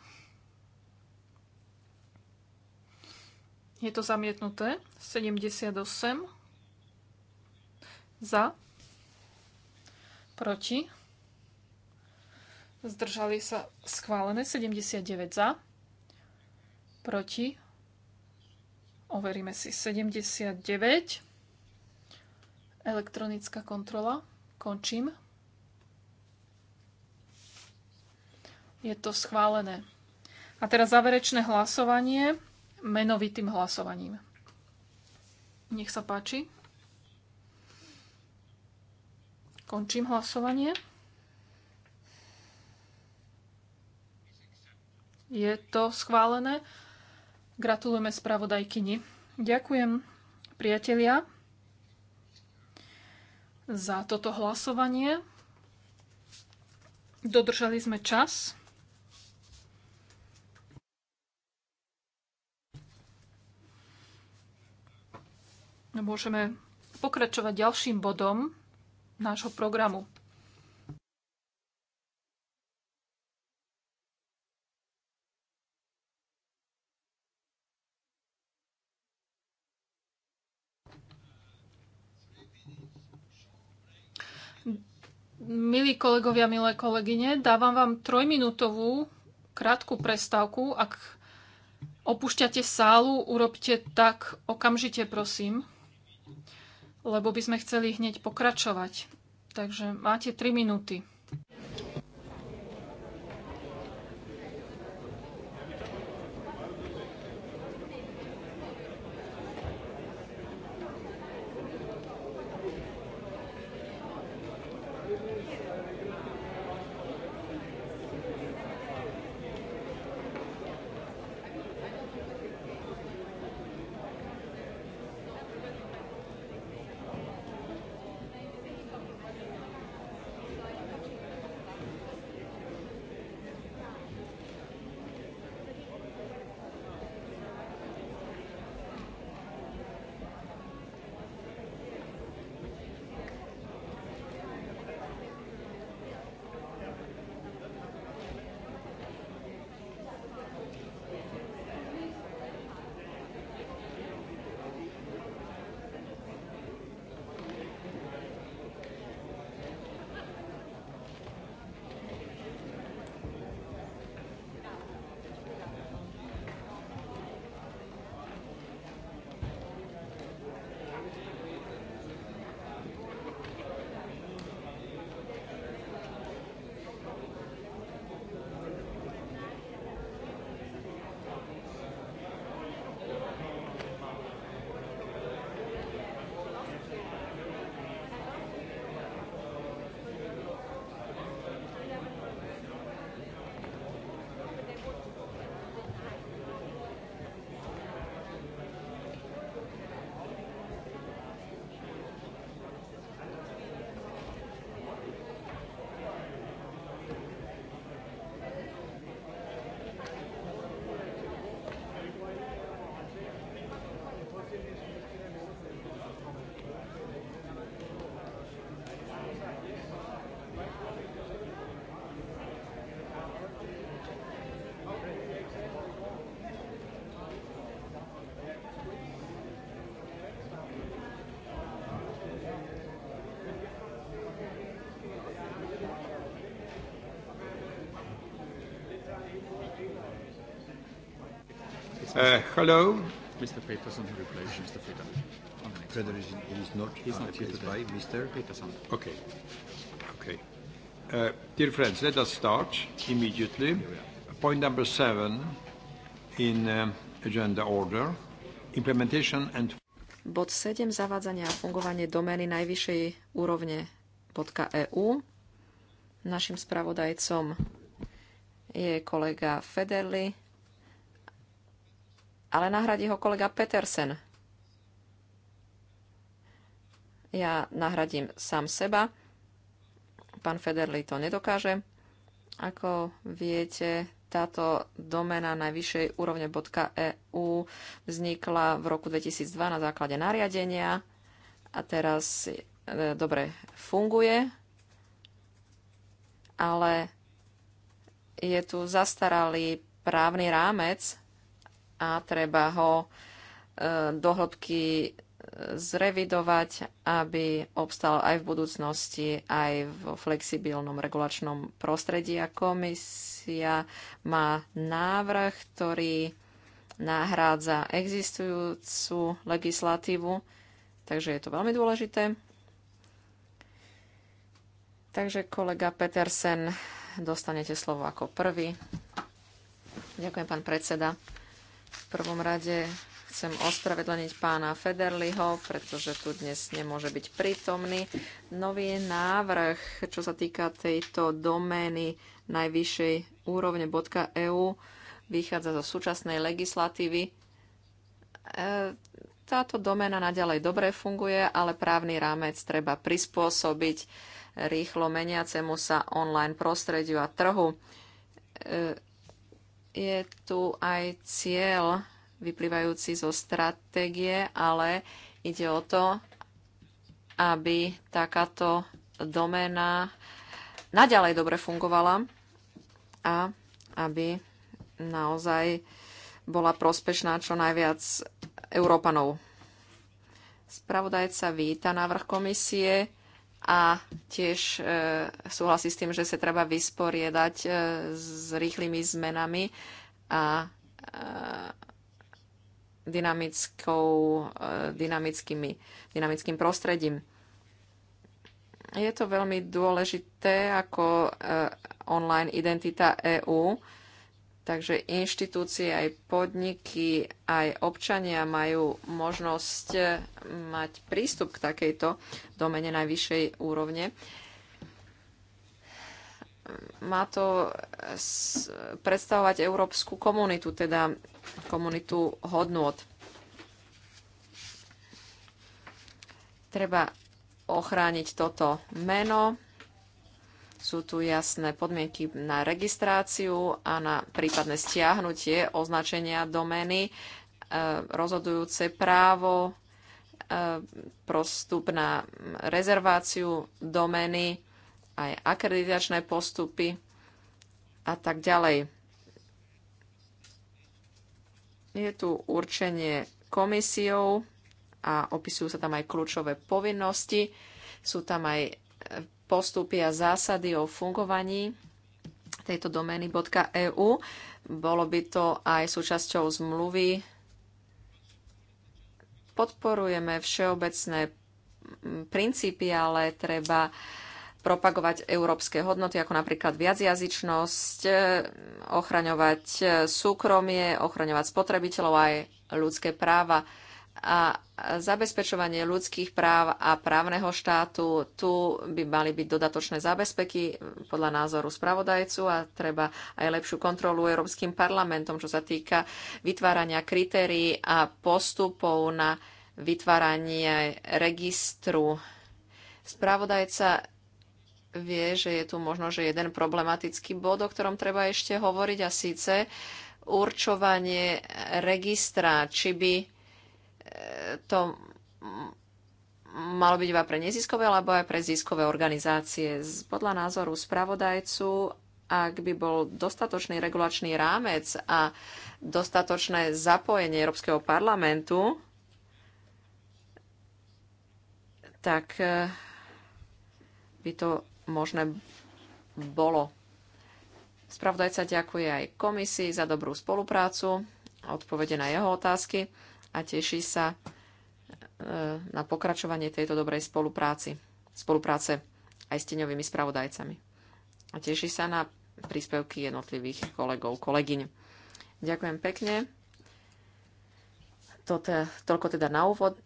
Je to zamietnuté. 78 za, proti, zdržali sa schválené. 79 za, proti, overíme si 79, elektronická kontrola, končím. Je to schválené. A teraz záverečné hlasovanie menovitým hlasovaním. Nech sa páči. Končím hlasovanie. Je to schválené. Gratulujeme spravodajkyni. Ďakujem, priatelia, za toto hlasovanie. Dodržali sme čas. môžeme pokračovať ďalším bodom nášho programu. Milí kolegovia, milé kolegyne, dávam vám trojminútovú krátku prestávku. Ak opúšťate sálu, urobte tak okamžite, prosím lebo by sme chceli hneď pokračovať. Takže máte 3 minúty. hello. Mr. Peterson replaced Mr. Federer. Federer is not, He's not here today. by Mr. Peterson. Okay. Okay. Uh, dear friends, let us start immediately. Point number seven in uh, agenda order. Implementation and Bod 7. Zavádzanie a fungovanie domény najvyššej úrovne .eu. Našim spravodajcom je kolega Federli ale nahradí ho kolega Petersen. Ja nahradím sám seba. Pán Federli to nedokáže. Ako viete, táto domena najvyššej úrovne .eu vznikla v roku 2002 na základe nariadenia a teraz e, dobre funguje, ale je tu zastaralý právny rámec, a treba ho e, hĺbky e, zrevidovať, aby obstal aj v budúcnosti, aj v flexibilnom regulačnom prostredí. A komisia má návrh, ktorý nahrádza existujúcu legislatívu, takže je to veľmi dôležité. Takže kolega Petersen, dostanete slovo ako prvý. Ďakujem, pán predseda. V prvom rade chcem ospravedlniť pána Federliho, pretože tu dnes nemôže byť prítomný. Nový návrh, čo sa týka tejto domény najvyššej úrovne .eu, vychádza zo súčasnej legislatívy. E, táto doména naďalej dobre funguje, ale právny rámec treba prispôsobiť rýchlo meniacemu sa online prostrediu a trhu e, je tu aj cieľ vyplývajúci zo stratégie, ale ide o to, aby takáto doména naďalej dobre fungovala a aby naozaj bola prospešná čo najviac Európanov. Spravodajca víta návrh komisie a tiež e, súhlasí s tým, že sa treba vysporiadať e, s rýchlymi zmenami a e, dynamickou, dynamickými, dynamickým prostredím. Je to veľmi dôležité ako online identita EÚ Takže inštitúcie, aj podniky, aj občania majú možnosť eh, mať prístup k takejto domene najvyššej úrovne. Má to eh, predstavovať európsku komunitu, teda komunitu hodnôt. Treba ochrániť toto meno sú tu jasné podmienky na registráciu a na prípadné stiahnutie označenia domény, e, rozhodujúce právo, e, prostup na rezerváciu domény, aj akreditačné postupy a tak ďalej. Je tu určenie komisiou a opisujú sa tam aj kľúčové povinnosti. Sú tam aj postupy a zásady o fungovaní tejto domény .eu. Bolo by to aj súčasťou zmluvy. Podporujeme všeobecné princípy, ale treba propagovať európske hodnoty, ako napríklad viacjazyčnosť, eh, ochraňovať súkromie, ochraňovať spotrebiteľov aj ľudské práva a zabezpečovanie ľudských práv a právneho štátu. Tu by mali byť dodatočné zabezpeky podľa názoru spravodajcu a treba aj lepšiu kontrolu Európskym parlamentom, čo sa týka vytvárania kritérií a postupov na vytváranie registru. Spravodajca vie, že je tu možno, že jeden problematický bod, o ktorom treba ešte hovoriť a síce určovanie registra, či by to malo byť iba pre neziskové alebo aj pre ziskové organizácie. Podľa názoru spravodajcu, ak by bol dostatočný regulačný rámec a dostatočné zapojenie Európskeho parlamentu, tak eh, by to možné bolo. Spravodajca ďakuje aj komisii za dobrú spoluprácu a odpovede na jeho otázky a teší sa e, na pokračovanie tejto dobrej spolupráci, spolupráce aj s teňovými spravodajcami. A teší sa na príspevky jednotlivých kolegov, kolegyň. Ďakujem pekne. Toto, toľko teda na úvod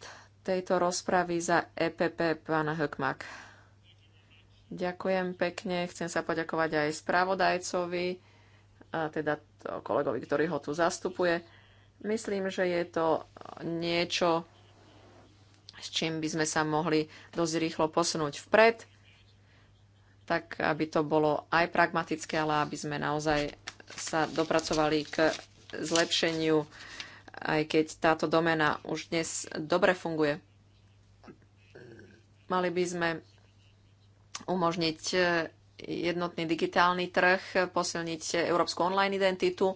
tejto rozpravy za EPP pána Hökmak. Ďakujem pekne. Chcem sa poďakovať aj spravodajcovi, teda kolegovi, ktorý ho tu zastupuje. Myslím, že je to niečo, s čím by sme sa mohli dosť rýchlo posunúť vpred, tak aby to bolo aj pragmatické, ale aby sme naozaj sa dopracovali k zlepšeniu, aj keď táto domena už dnes dobre funguje. Mali by sme umožniť jednotný digitálny trh, posilniť európsku online identitu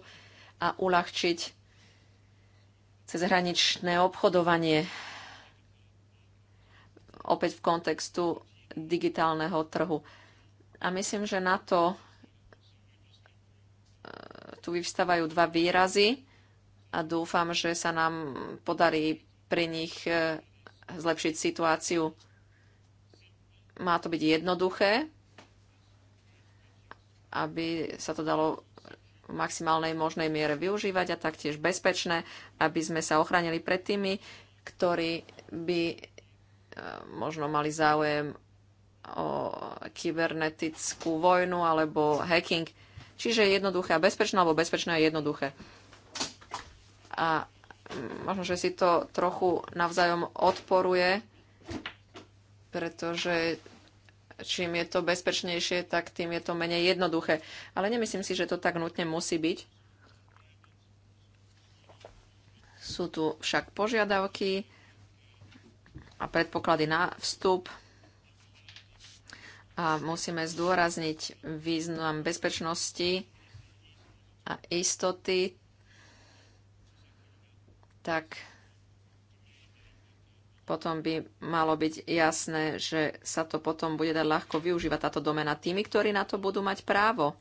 a uľahčiť cezhraničné obchodovanie opäť v kontextu digitálneho trhu. A myslím, že na to e, tu vyvstávajú dva výrazy a dúfam, že sa nám podarí pri nich e, zlepšiť situáciu. Má to byť jednoduché, aby sa to dalo v maximálnej možnej miere využívať a taktiež bezpečné, aby sme sa ochránili pred tými, ktorí by e, možno mali záujem o kybernetickú vojnu alebo hacking. Čiže jednoduché a bezpečné, alebo bezpečné a jednoduché. A mm, možno, že si to trochu navzájom odporuje, pretože čím je to bezpečnejšie, tak tým je to menej jednoduché. Ale nemyslím si, že to tak nutne musí byť. Sú tu však požiadavky a predpoklady na vstup. A musíme zdôrazniť význam bezpečnosti a istoty, tak potom by malo byť jasné, že sa to potom bude dať ľahko využívať táto domena tými, ktorí na to budú mať právo.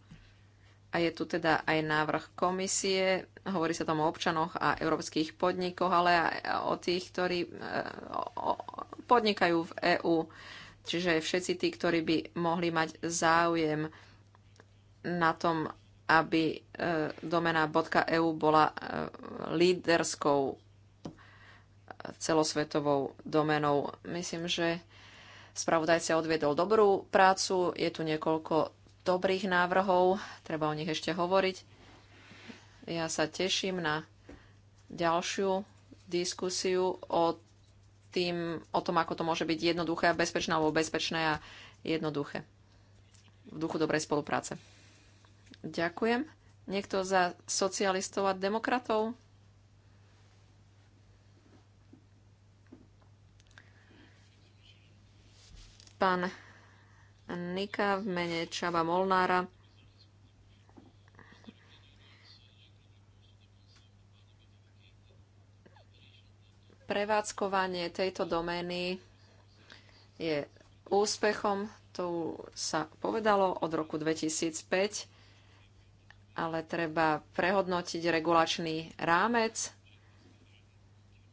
A je tu teda aj návrh komisie, hovorí sa tam o občanoch a európskych podnikoch, ale aj o tých, ktorí e, podnikajú v EÚ. Čiže všetci tí, ktorí by mohli mať záujem na tom, aby e, domena .eu bola e, líderskou celosvetovou domenou. Myslím, že spravodajca odviedol dobrú prácu, je tu niekoľko dobrých návrhov, treba o nich ešte hovoriť. Ja sa teším na ďalšiu diskusiu o, tým, o tom, ako to môže byť jednoduché a bezpečné alebo bezpečné a jednoduché. V duchu dobrej spolupráce. Ďakujem. Niekto za socialistov a demokratov? pán Nika v mene Čaba Molnára. Prevádzkovanie tejto domény je úspechom, to sa povedalo od roku 2005, ale treba prehodnotiť regulačný rámec.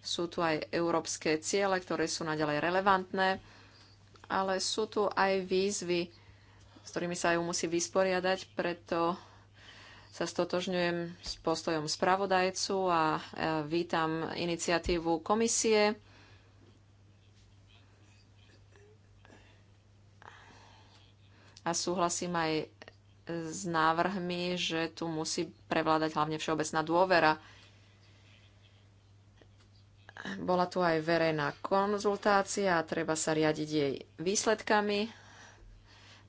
Sú tu aj európske ciele, ktoré sú naďalej relevantné ale sú tu aj výzvy, s ktorými sa ju musí vysporiadať, preto sa stotožňujem s postojom spravodajcu a e, vítam iniciatívu komisie. A súhlasím aj s návrhmi, že tu musí prevládať hlavne všeobecná dôvera bola tu aj verejná konzultácia a treba sa riadiť jej výsledkami.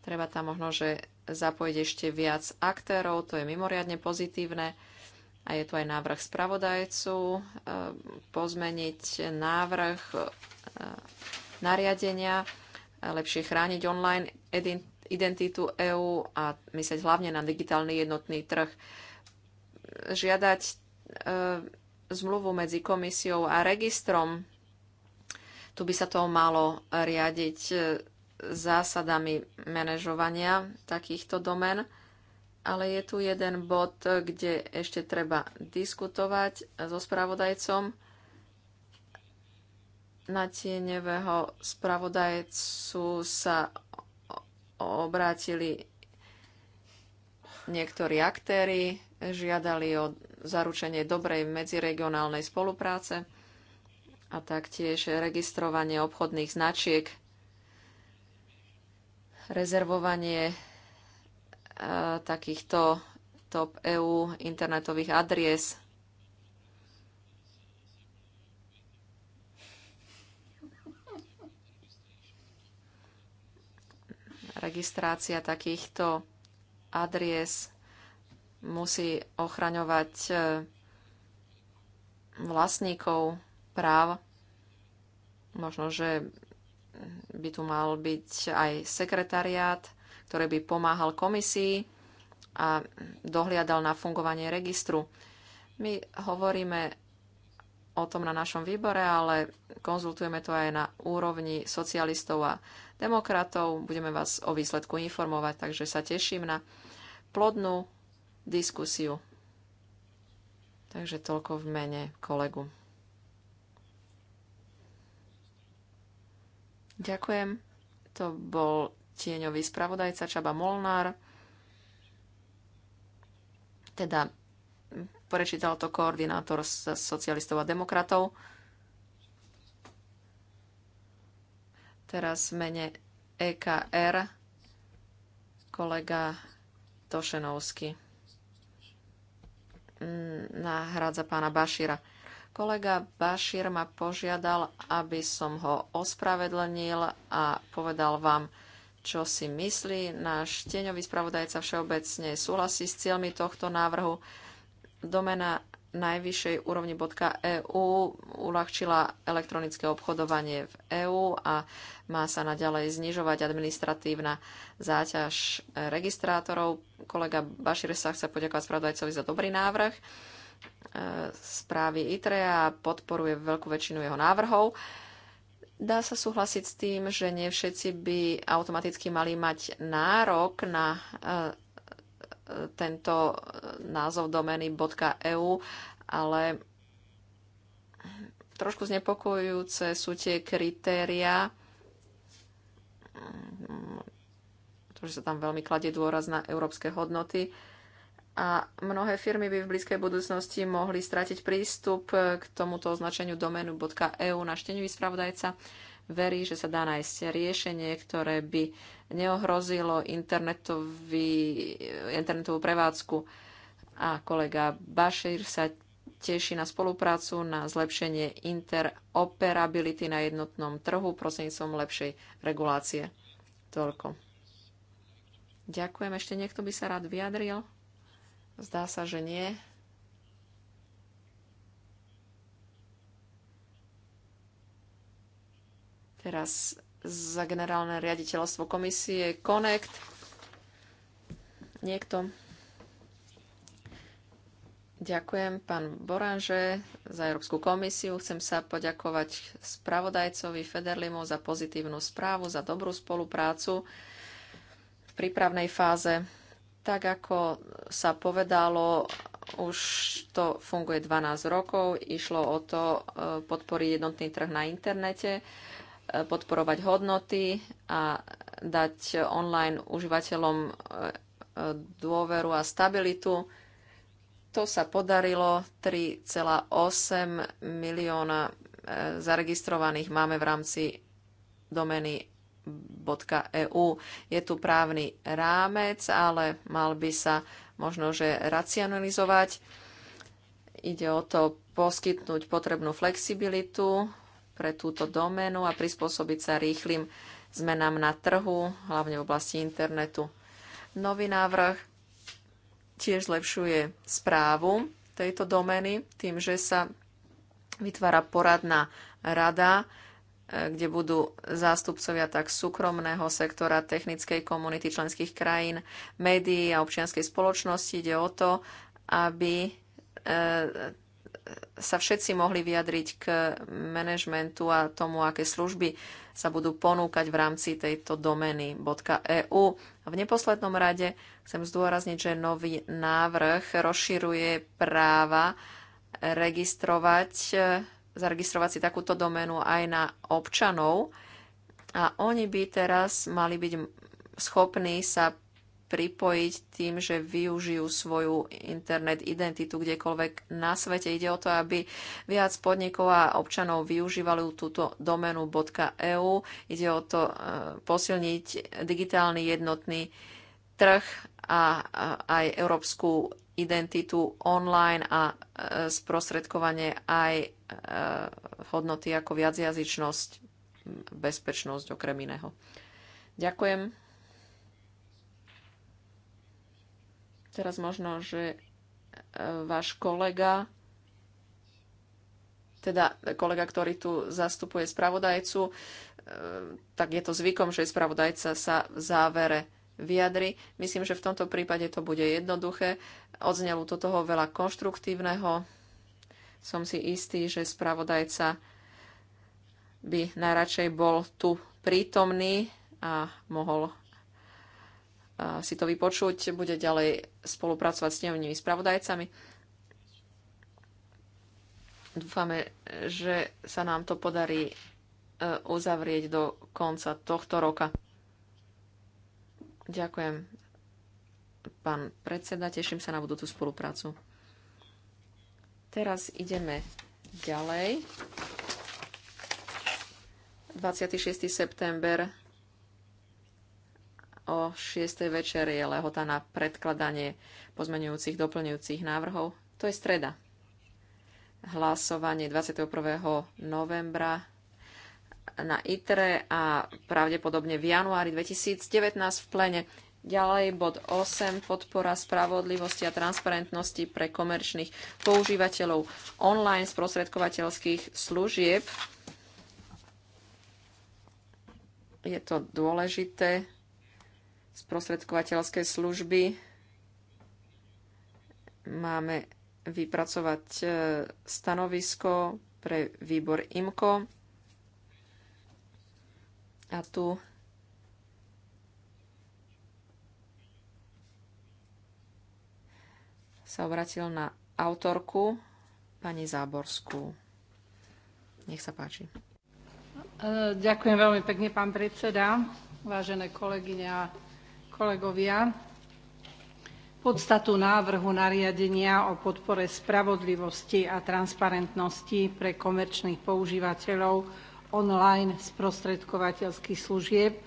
Treba tam možno, že zapojiť ešte viac aktérov, to je mimoriadne pozitívne. A je tu aj návrh spravodajcu e, pozmeniť návrh e, nariadenia, e, lepšie chrániť online identitu EÚ a myslieť hlavne na digitálny jednotný trh. Žiadať zmluvu medzi komisiou a registrom. Tu by sa to malo riadiť e, zásadami manažovania takýchto domen, ale je tu jeden bod, kde ešte treba diskutovať so spravodajcom na tieňového spravodajcu sa obrátili Niektorí aktéry žiadali o zaručenie dobrej medziregionálnej spolupráce a taktiež registrovanie obchodných značiek, rezervovanie e, takýchto top EU internetových adries. Registrácia takýchto adries, musí ochraňovať e, vlastníkov práv. Možno, že by tu mal byť aj sekretariát, ktorý by pomáhal komisii a dohliadal na fungovanie registru. My hovoríme o tom na našom výbore, ale konzultujeme to aj na úrovni socialistov a demokratov. Budeme vás o výsledku informovať, takže sa teším na plodnú diskusiu. Takže toľko v mene kolegu. Ďakujem. To bol tieňový spravodajca Čaba Molnár. Teda prečítal to koordinátor socialistov a demokratov. Teraz v mene EKR kolega Tošenovský mm, nahrádza pána Bašíra. Kolega Bašír ma požiadal, aby som ho ospravedlnil a povedal vám, čo si myslí. Náš tieňový spravodajca všeobecne súhlasí s cieľmi tohto návrhu. Domena najvyššej úrovni bodka .eu uľahčila elektronické obchodovanie v EÚ a má sa naďalej znižovať administratívna záťaž registrátorov. Kolega Bašir sa chce poďakovať spravodajcovi za dobrý návrh e, správy ITRE a podporuje veľkú väčšinu jeho návrhov. Dá sa súhlasiť s tým, že nie všetci by automaticky mali mať nárok na e, tento e, názov domény .eu, ale trošku znepokojujúce sú tie kritéria, pretože mm, sa tam veľmi kladie dôraz na európske hodnoty. A mnohé firmy by v blízkej budúcnosti mohli stratiť prístup k tomuto označeniu doménu .eu. na Naštevivý spravodajca verí, že sa dá nájsť riešenie, ktoré by neohrozilo internetovú prevádzku. A kolega Bašir sa teší na spoluprácu na zlepšenie interoperability na jednotnom trhu som lepšej regulácie. Toľko. Ďakujem. Ešte niekto by sa rád vyjadril? Zdá sa, že nie. Teraz za generálne riaditeľstvo komisie Connect. Niekto. Ďakujem pán Boranže za Európsku komisiu. Chcem sa poďakovať spravodajcovi Federlimu za pozitívnu správu, za dobrú spoluprácu v prípravnej fáze. Tak ako sa povedalo, už to funguje 12 rokov. Išlo o to eh, podporiť jednotný trh na internete podporovať hodnoty a dať online užívateľom e, dôveru a stabilitu. To sa podarilo. 3,8 milióna e, zaregistrovaných máme v rámci domeny .eu. Je tu právny rámec, ale mal by sa možno, že racionalizovať. Ide o to poskytnúť potrebnú flexibilitu pre túto doménu a prispôsobiť sa rýchlym zmenám na trhu, hlavne v oblasti internetu. Nový návrh tiež zlepšuje správu tejto domény tým, že sa vytvára poradná rada, e, kde budú zástupcovia tak súkromného sektora, technickej komunity členských krajín, médií a občianskej spoločnosti. Ide o to, aby e, sa všetci mohli vyjadriť k manažmentu a tomu, aké služby sa budú ponúkať v rámci tejto domény .eu. v neposlednom rade chcem zdôrazniť, že nový návrh rozširuje práva registrovať, zaregistrovať si takúto doménu aj na občanov a oni by teraz mali byť schopní sa pripojiť tým, že využijú svoju internet identitu kdekoľvek na svete. Ide o to, aby viac podnikov a občanov využívali túto domenu .eu. Ide o to e, posilniť digitálny jednotný trh a aj európsku identitu online a e, sprostredkovanie aj e, hodnoty ako viacjazyčnosť, bezpečnosť okrem iného. Ďakujem. Teraz možno, že e, váš kolega, teda kolega, ktorý tu zastupuje spravodajcu, e, tak je to zvykom, že spravodajca sa v závere vyjadri. Myslím, že v tomto prípade to bude jednoduché. Odznelo to toho veľa konštruktívneho. Som si istý, že spravodajca by najradšej bol tu prítomný a mohol si to vypočuť, bude ďalej spolupracovať s nevnými spravodajcami. Dúfame, že sa nám to podarí e, uzavrieť do konca tohto roka. Ďakujem, pán predseda, teším sa na budúcu spoluprácu. Teraz ideme ďalej. 26. september O 6. večer je lehota na predkladanie pozmenujúcich, doplňujúcich návrhov. To je streda. Hlasovanie 21. novembra na ITRE a pravdepodobne v januári 2019 v plene. Ďalej bod 8, podpora spravodlivosti a transparentnosti pre komerčných používateľov online sprostredkovateľských služieb. Je to dôležité sprostredkovateľské služby. Máme vypracovať e, stanovisko pre výbor IMKO. A tu sa obratil na autorku, pani Záborskú. Nech sa páči. E, ďakujem veľmi pekne, pán predseda, vážené kolegyne a kolegovia, podstatu návrhu nariadenia o podpore spravodlivosti a transparentnosti pre komerčných používateľov online sprostredkovateľských služieb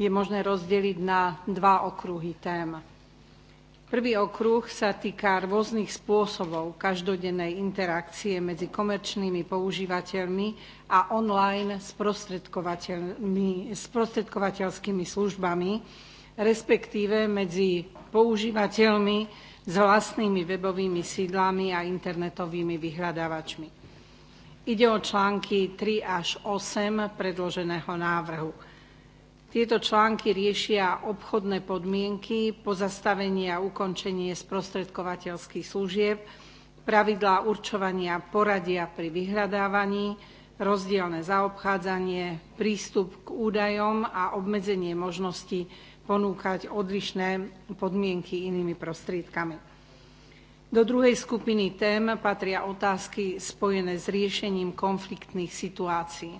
je možné rozdeliť na dva okruhy tém. Prvý okruh sa týka rôznych spôsobov každodennej interakcie medzi komerčnými používateľmi a online sprostredkovateľskými službami, respektíve medzi používateľmi s vlastnými webovými sídlami a internetovými vyhľadávačmi. Ide o články 3 až 8 predloženého návrhu. Tieto články riešia obchodné podmienky, pozastavenie a ukončenie sprostredkovateľských služieb, pravidlá určovania poradia pri vyhľadávaní, rozdielne zaobchádzanie, prístup k údajom a obmedzenie možnosti ponúkať odlišné podmienky inými prostriedkami. Do druhej skupiny tém patria otázky spojené s riešením konfliktných situácií.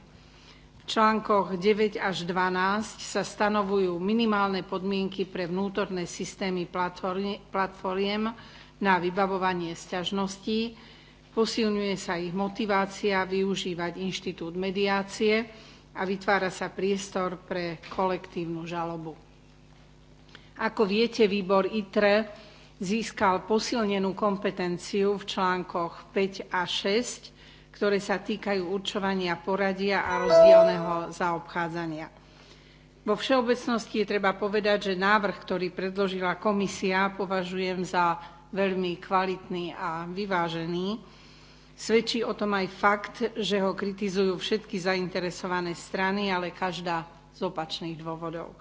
V článkoch 9 až 12 sa stanovujú minimálne podmienky pre vnútorné systémy platformiem na vybavovanie sťažností, posilňuje sa ich motivácia využívať inštitút mediácie a vytvára sa priestor pre kolektívnu žalobu. Ako viete, výbor ITRE získal posilnenú kompetenciu v článkoch 5 a 6, ktoré sa týkajú určovania poradia a rozdielného zaobchádzania. Vo všeobecnosti je treba povedať, že návrh, ktorý predložila komisia, považujem za veľmi kvalitný a vyvážený. Svedčí o tom aj fakt, že ho kritizujú všetky zainteresované strany, ale každá z opačných dôvodov.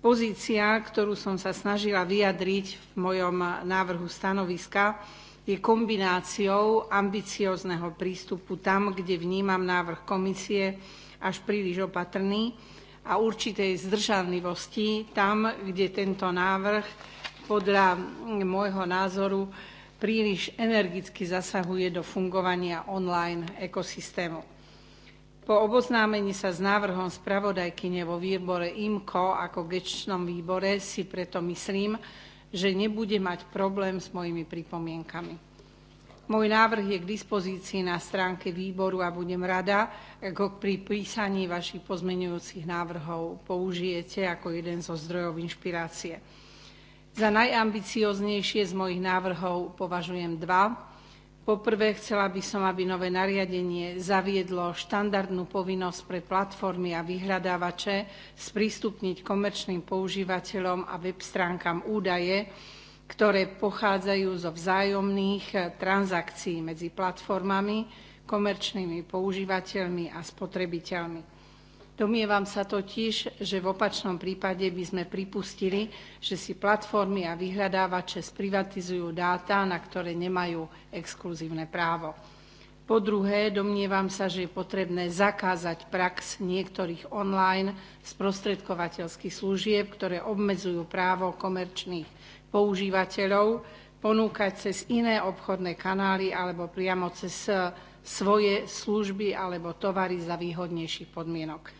Pozícia, ktorú som sa snažila vyjadriť v mojom návrhu stanoviska, je kombináciou ambiciozneho prístupu tam, kde vnímam návrh komisie až príliš opatrný a určitej zdržanlivosti tam, kde tento návrh podľa môjho názoru príliš energicky zasahuje do fungovania online ekosystému. Po oboznámení sa s návrhom spravodajkyne vo výbore IMKO ako gečnom výbore si preto myslím, že nebude mať problém s mojimi pripomienkami. Môj návrh je k dispozícii na stránke výboru a budem rada, ak ho pri písaní vašich pozmenujúcich návrhov použijete ako jeden zo zdrojov inšpirácie. Za najambicioznejšie z mojich návrhov považujem dva, Poprvé, chcela by som, aby nové nariadenie zaviedlo štandardnú povinnosť pre platformy a vyhľadávače sprístupniť komerčným používateľom a web stránkam údaje, ktoré pochádzajú zo vzájomných transakcií medzi platformami, komerčnými používateľmi a spotrebiteľmi. Domievam sa totiž, že v opačnom prípade by sme pripustili, že si platformy a vyhľadávače sprivatizujú dáta, na ktoré nemajú exkluzívne právo. Po druhé, domnievam sa, že je potrebné zakázať prax niektorých online sprostredkovateľských služieb, ktoré obmedzujú právo komerčných používateľov ponúkať cez iné obchodné kanály alebo priamo cez svoje služby alebo tovary za výhodnejších podmienok.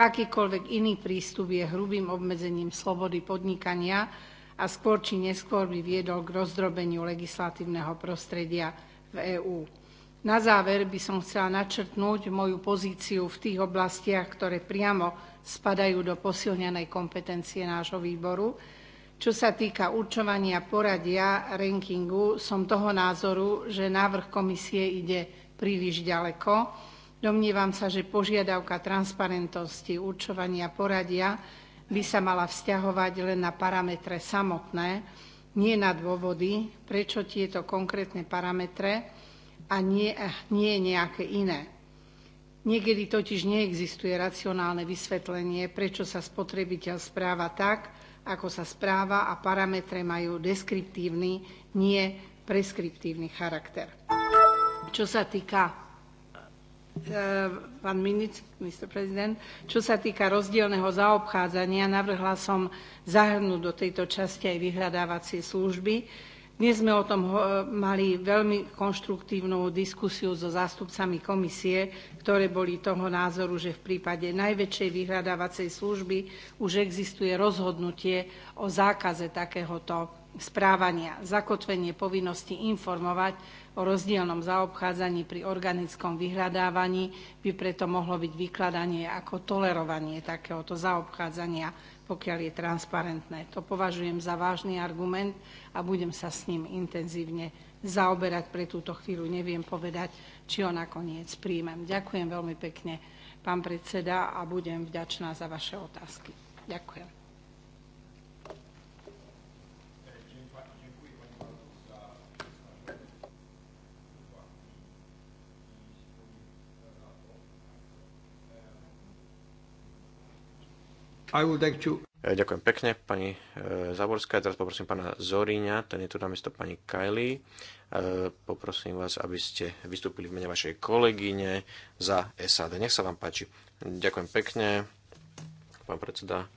Akýkoľvek iný prístup je hrubým obmedzením slobody podnikania a skôr či neskôr by viedol k rozdrobeniu legislatívneho prostredia v EÚ. Na záver by som chcela načrtnúť moju pozíciu v tých oblastiach, ktoré priamo spadajú do posilnenej kompetencie nášho výboru. Čo sa týka určovania poradia rankingu, som toho názoru, že návrh komisie ide príliš ďaleko Domnievam sa, že požiadavka transparentnosti určovania poradia by sa mala vzťahovať len na parametre samotné, nie na dôvody, prečo tieto konkrétne parametre a nie, nie nejaké iné. Niekedy totiž neexistuje racionálne vysvetlenie, prečo sa spotrebiteľ správa tak, ako sa správa a parametre majú deskriptívny, nie preskriptívny charakter. Čo sa týka Eh, Minute, Čo sa týka rozdielneho zaobchádzania, navrhla som zahrnúť do tejto časti aj vyhľadávacie služby. Dnes sme o tom eh, mali veľmi konštruktívnu diskusiu so zástupcami komisie, ktoré boli toho názoru, že v prípade najväčšej vyhľadávacej služby už existuje rozhodnutie o zákaze takéhoto správania, zakotvenie povinnosti informovať o rozdielnom zaobchádzaní pri organickom vyhľadávaní by preto mohlo byť vykladanie ako tolerovanie takéhoto zaobchádzania, pokiaľ je transparentné. To považujem za vážny argument a budem sa s ním intenzívne zaoberať. Pre túto chvíľu neviem povedať, či ho nakoniec príjmem. Ďakujem veľmi pekne, pán predseda, a budem vďačná za vaše otázky. Ďakujem. Like to... E, ďakujem pekne, pani e, Zaborská. Teraz poprosím pána Zoríňa, ten je tu namiesto pani Kajly. E, poprosím vás, aby ste vystúpili v mene vašej kolegyne za SAD. Nech sa vám páči. Ďakujem pekne, pán predseda.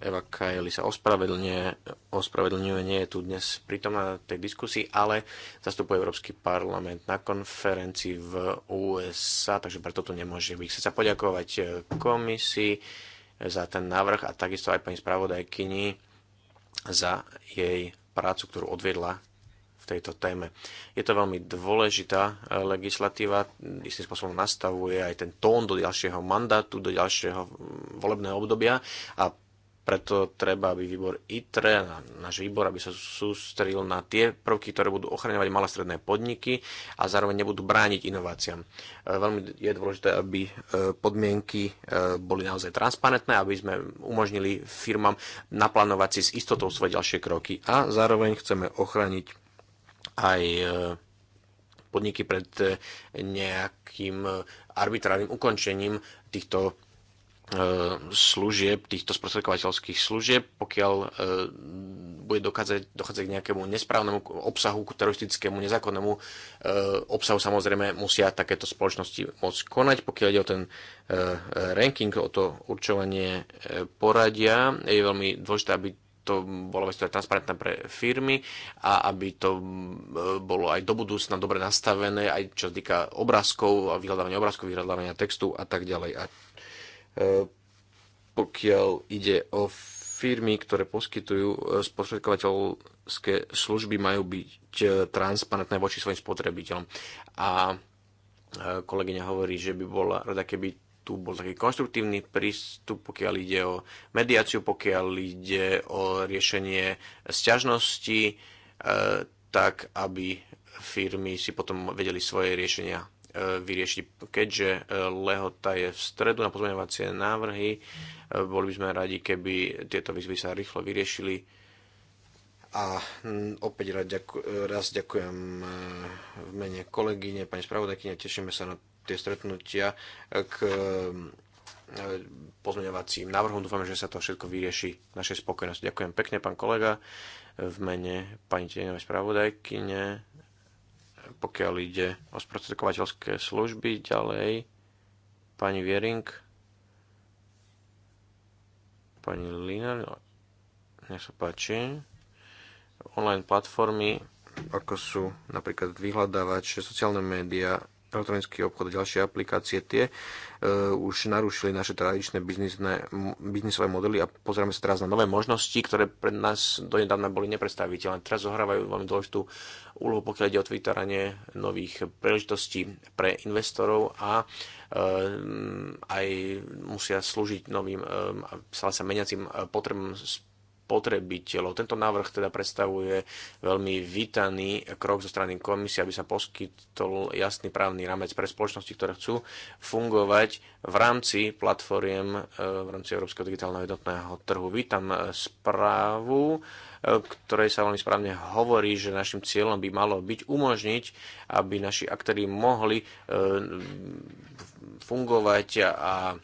Eva Kajeli sa ospravedlňuje, ospravedlňuje, nie je tu dnes prítomná tej diskusii, ale zastupuje Európsky parlament na konferencii v USA, takže preto tu nemôže byť. Chcem sa poďakovať komisii za ten návrh a takisto aj pani spravodajkyni za jej prácu, ktorú odviedla v tejto téme. Je to veľmi dôležitá e, legislatíva, istým spôsobom nastavuje aj ten tón do ďalšieho mandátu, do ďalšieho volebného obdobia a preto treba, aby výbor ITRE, náš výbor, aby sa sústrel na tie prvky, ktoré budú ochraňovať malé stredné podniky a zároveň nebudú brániť inováciám. E, veľmi je dôležité, aby e, podmienky e, boli naozaj transparentné, aby sme umožnili firmám naplánovať si s istotou svoje ďalšie kroky a zároveň chceme ochrániť aj podniky pred nejakým arbitrárnym ukončením týchto E, služieb, týchto sprostredkovateľských služieb, pokiaľ e, bude dokázať, dochádzať k nejakému nesprávnemu obsahu, k teroristickému, nezákonnému e, obsahu, samozrejme musia takéto spoločnosti môcť konať. Pokiaľ ide o ten ranking, o to určovanie poradia, je veľmi dôležité, aby to bolo veľmi transparentné pre firmy a aby to bolo aj do budúcna dobre nastavené, aj čo sa týka obrázkov, a vyhľadávania obrázkov, vyhľadávania textu a tak ďalej a E, pokiaľ ide o firmy, ktoré poskytujú e, spostredkovateľské služby, majú byť e, transparentné voči svojim spotrebiteľom. A kolegyňa hovorí, že by bola rada, keby tu bol taký konštruktívny prístup, pokiaľ ide o mediáciu, pokiaľ ide o riešenie sťažnosti, tak aby firmy si potom vedeli svoje riešenia E, vyriešiť. Keďže e, lehota je v stredu na pozmeňovacie návrhy, e, boli by sme radi, keby tieto výzvy sa rýchlo vyriešili. A mm, opäť raz, ďaku, raz ďakujem v mene kolegyne, pani spravodajkyne, tešíme sa na tie stretnutia k pozmeňovacím návrhom. Dúfame, že sa to všetko vyrieši v našej spokojnosti. Ďakujem pekne, pán kolega, v mene pani tenovej spravodajkyne pokiaľ ide o sprostredkovateľské služby. Ďalej pani Viering, pani Lina, nech sa páči, online platformy, ako sú napríklad vyhľadávače, sociálne médiá, elektronický obchod a ďalšie aplikácie, tie uh, už narušili naše tradičné biznisné, biznisové modely a pozrieme sa teraz na nové možnosti, ktoré pre nás donedávna boli nepredstaviteľné. Teraz zohrávajú veľmi dôležitú úlohu, pokiaľ ide o vytváranie nových príležitostí pre investorov a uh, aj musia slúžiť novým e, a stále sa meniacim potrebom spotrebiteľov. Tento návrh teda predstavuje veľmi vítaný krok zo strany komisie, aby sa poskytol jasný právny rámec pre spoločnosti, ktoré chcú fungovať v rámci platformiem e, v rámci Európskeho digitálneho jednotného trhu. Vítam e, správu, e, ktorej sa veľmi správne hovorí, že našim cieľom by malo byť umožniť, aby naši aktéry mohli fungovať a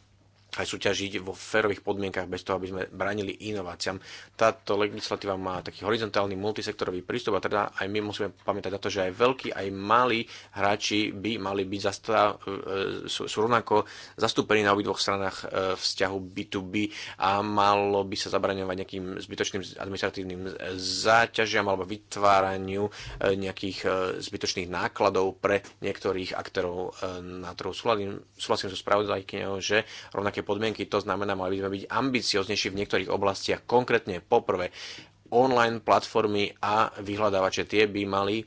aj súťažiť vo férových podmienkach bez toho, aby sme bránili inováciám. Táto legislatíva má taký horizontálny multisektorový prístup a teda aj my musíme pamätať na to, že aj veľkí, aj malí hráči by mali byť e, sú, sú rovnako zastúpení na obidvoch stranách e, vzťahu B2B a malo by sa zabraňovať nejakým zbytočným administratívnym záťažiam alebo vytváraniu e, nejakých zbytočných nákladov pre niektorých aktérov na trhu. Súhlasím so spravodajkyňou, že rovnaké podmienky, to znamená, mali by sme byť ambicioznejší v niektorých oblastiach, konkrétne poprvé online platformy a vyhľadávače tie by mali e,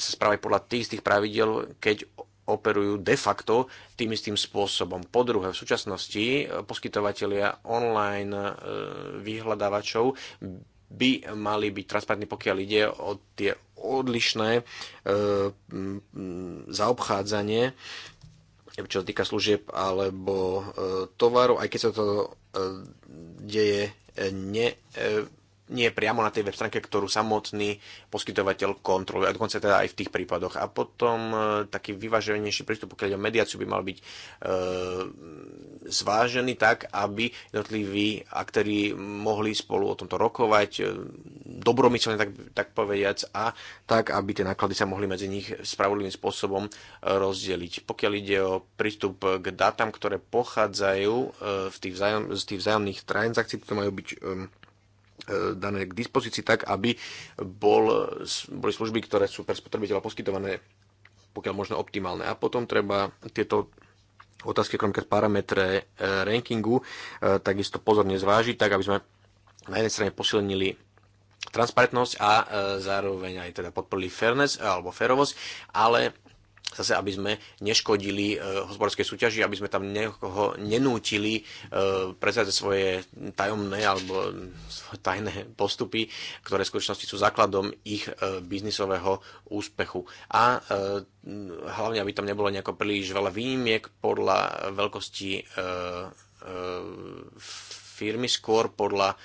sa správať podľa tých istých pravidel, keď operujú de facto tým istým spôsobom. Po druhé, v súčasnosti e, poskytovateľia online e, vyhľadávačov by mali byť transparentní, pokiaľ ide o tie odlišné e, zaobchádzanie čo sa týka služieb alebo e, tovaru, aj keď sa to e, deje e, ne nie priamo na tej web stránke, ktorú samotný poskytovateľ kontroluje, a dokonca teda aj v tých prípadoch. A potom e, taký vyváženejší prístup, pokiaľ ide o mediáciu, by mal byť e, zvážený tak, aby jednotliví aktéri mohli spolu o tomto rokovať e, dobromyselne, tak, tak povediac, a tak, aby tie náklady sa mohli medzi nich spravodlivým spôsobom e, rozdeliť. Pokiaľ ide o prístup k dátam, ktoré pochádzajú e, v tých vzájom, z tých vzájomných transakcií, to majú byť e, E, dané k dispozícii tak, aby bol, boli služby, ktoré sú pre spotrebiteľa poskytované pokiaľ možno optimálne. A potom treba tieto otázky, kromka parametre e, rankingu, e, takisto pozorne zvážiť, tak aby sme na jednej strane posilnili transparentnosť a zároveň aj teda podporili fairness alebo férovosť, ale zase aby sme neškodili e, hospodárskej súťaži, aby sme tam niekoho nenútili e, predsať svoje tajomné alebo tajné postupy, ktoré v skutočnosti sú základom ich e, biznisového úspechu. A hlavne, aby tam nebolo nejako príliš veľa výnimiek podľa veľkosti firmy, skôr podľa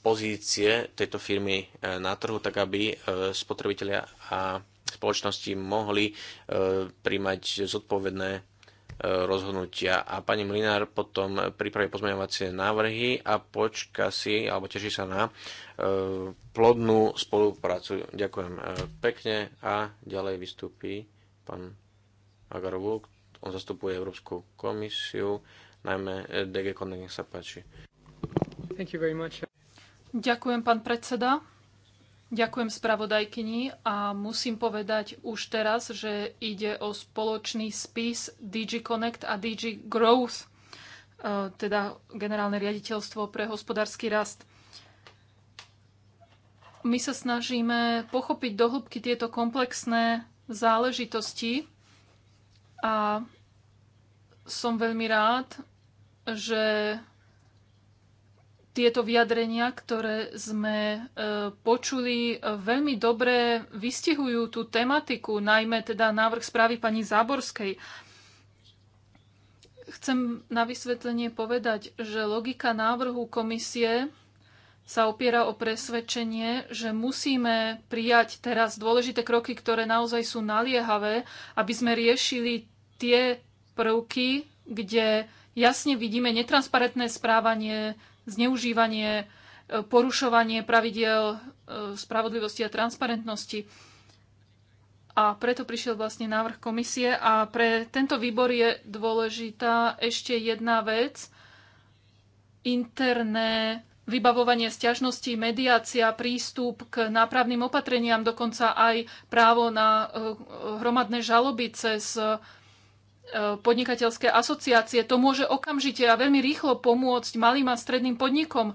pozície tejto firmy na trhu, tak aby spotrebitelia a spoločnosti mohli e, príjmať zodpovedné e, rozhodnutia. A pani Mlinár potom pripraví pozmeňovacie návrhy a počka si, alebo teší sa na e, plodnú spoluprácu. Ďakujem pekne a ďalej vystúpi pán Agarovú. On zastupuje Európsku komisiu, najmä DG Konek nech sa páči. Ďakujem, pán predseda. Ďakujem spravodajkyni a musím povedať už teraz, že ide o spoločný spis DG Connect a DG Growth, e, teda generálne riaditeľstvo pre hospodársky rast. My sa snažíme pochopiť hĺbky tieto komplexné záležitosti a som veľmi rád, že tieto vyjadrenia, ktoré sme e, počuli, e, veľmi dobre vystihujú tú tematiku, najmä teda návrh správy pani Záborskej. Chcem na vysvetlenie povedať, že logika návrhu komisie sa opiera o presvedčenie, že musíme prijať teraz dôležité kroky, ktoré naozaj sú naliehavé, aby sme riešili tie prvky, kde jasne vidíme netransparentné správanie zneužívanie, e, porušovanie pravidiel e, spravodlivosti a transparentnosti. A preto prišiel vlastne návrh komisie a pre tento výbor je dôležitá ešte jedna vec. Interné vybavovanie stiažností, mediácia, prístup k nápravným opatreniam, dokonca aj právo na e, hromadné žaloby cez E, podnikateľské asociácie. To môže okamžite a veľmi rýchlo pomôcť malým a stredným podnikom, e,